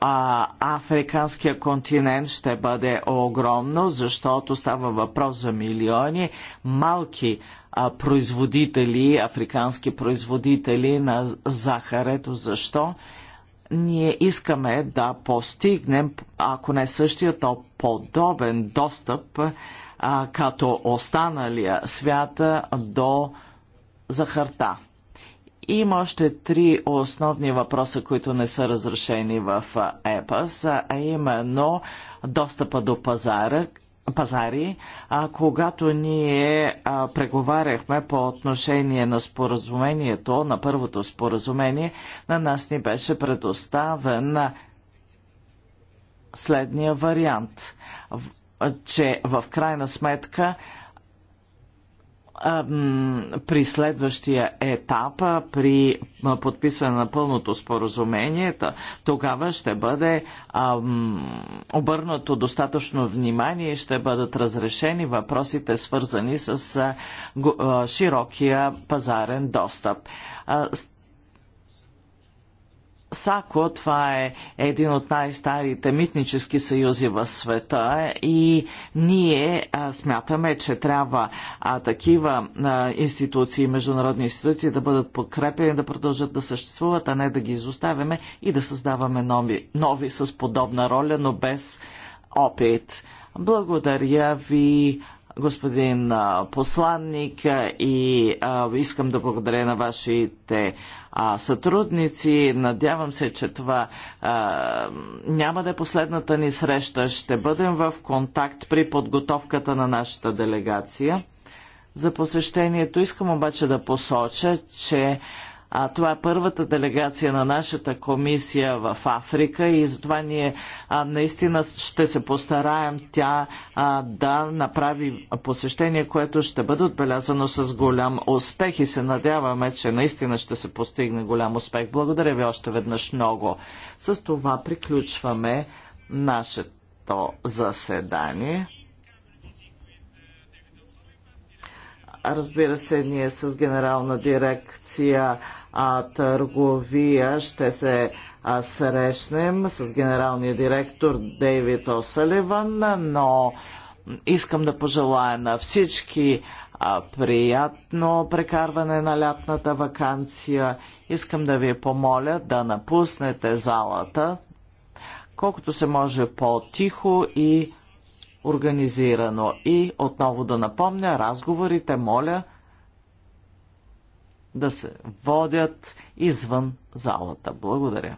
а, африканския континент ще бъде огромно, защото става въпрос за милиони малки производители, африкански производители на захар. Ето защо ние искаме да постигнем, ако не същия, то подобен достъп а, като останалия свят до захарта. Има още три основни въпроса, които не са разрешени в ЕПАС, а именно достъпа до пазара, пазари, а когато ние а, преговаряхме по отношение на споразумението, на първото споразумение, на нас ни беше предоставен следния вариант, че в крайна сметка при следващия етап, при подписване на пълното споразумение, тогава ще бъде обърнато достатъчно внимание и ще бъдат разрешени въпросите, свързани с широкия пазарен достъп. САКО, това е един от най-старите митнически съюзи в света и ние а, смятаме, че трябва а, такива а, институции, международни институции да бъдат подкрепени, да продължат да съществуват, а не да ги изоставяме и да създаваме нови, нови с подобна роля, но без опит. Благодаря ви господин посланник и а, искам да благодаря на вашите а, сътрудници. Надявам се, че това а, няма да е последната ни среща. Ще бъдем в контакт при подготовката на нашата делегация за посещението. Искам обаче да посоча, че а, това е първата делегация на нашата комисия в Африка и затова ние а, наистина ще се постараем тя а, да направи посещение, което ще бъде отбелязано с голям успех и се надяваме, че наистина ще се постигне голям успех. Благодаря ви още веднъж много. С това приключваме нашето заседание. разбира се, ние с генерална дирекция а, търговия ще се а, срещнем с генералния директор Дейвид О'Саливан, но искам да пожелая на всички а, приятно прекарване на лятната вакансия. Искам да ви помоля да напуснете залата колкото се може по-тихо и организирано. И отново да напомня, разговорите, моля, да се водят извън залата. Благодаря.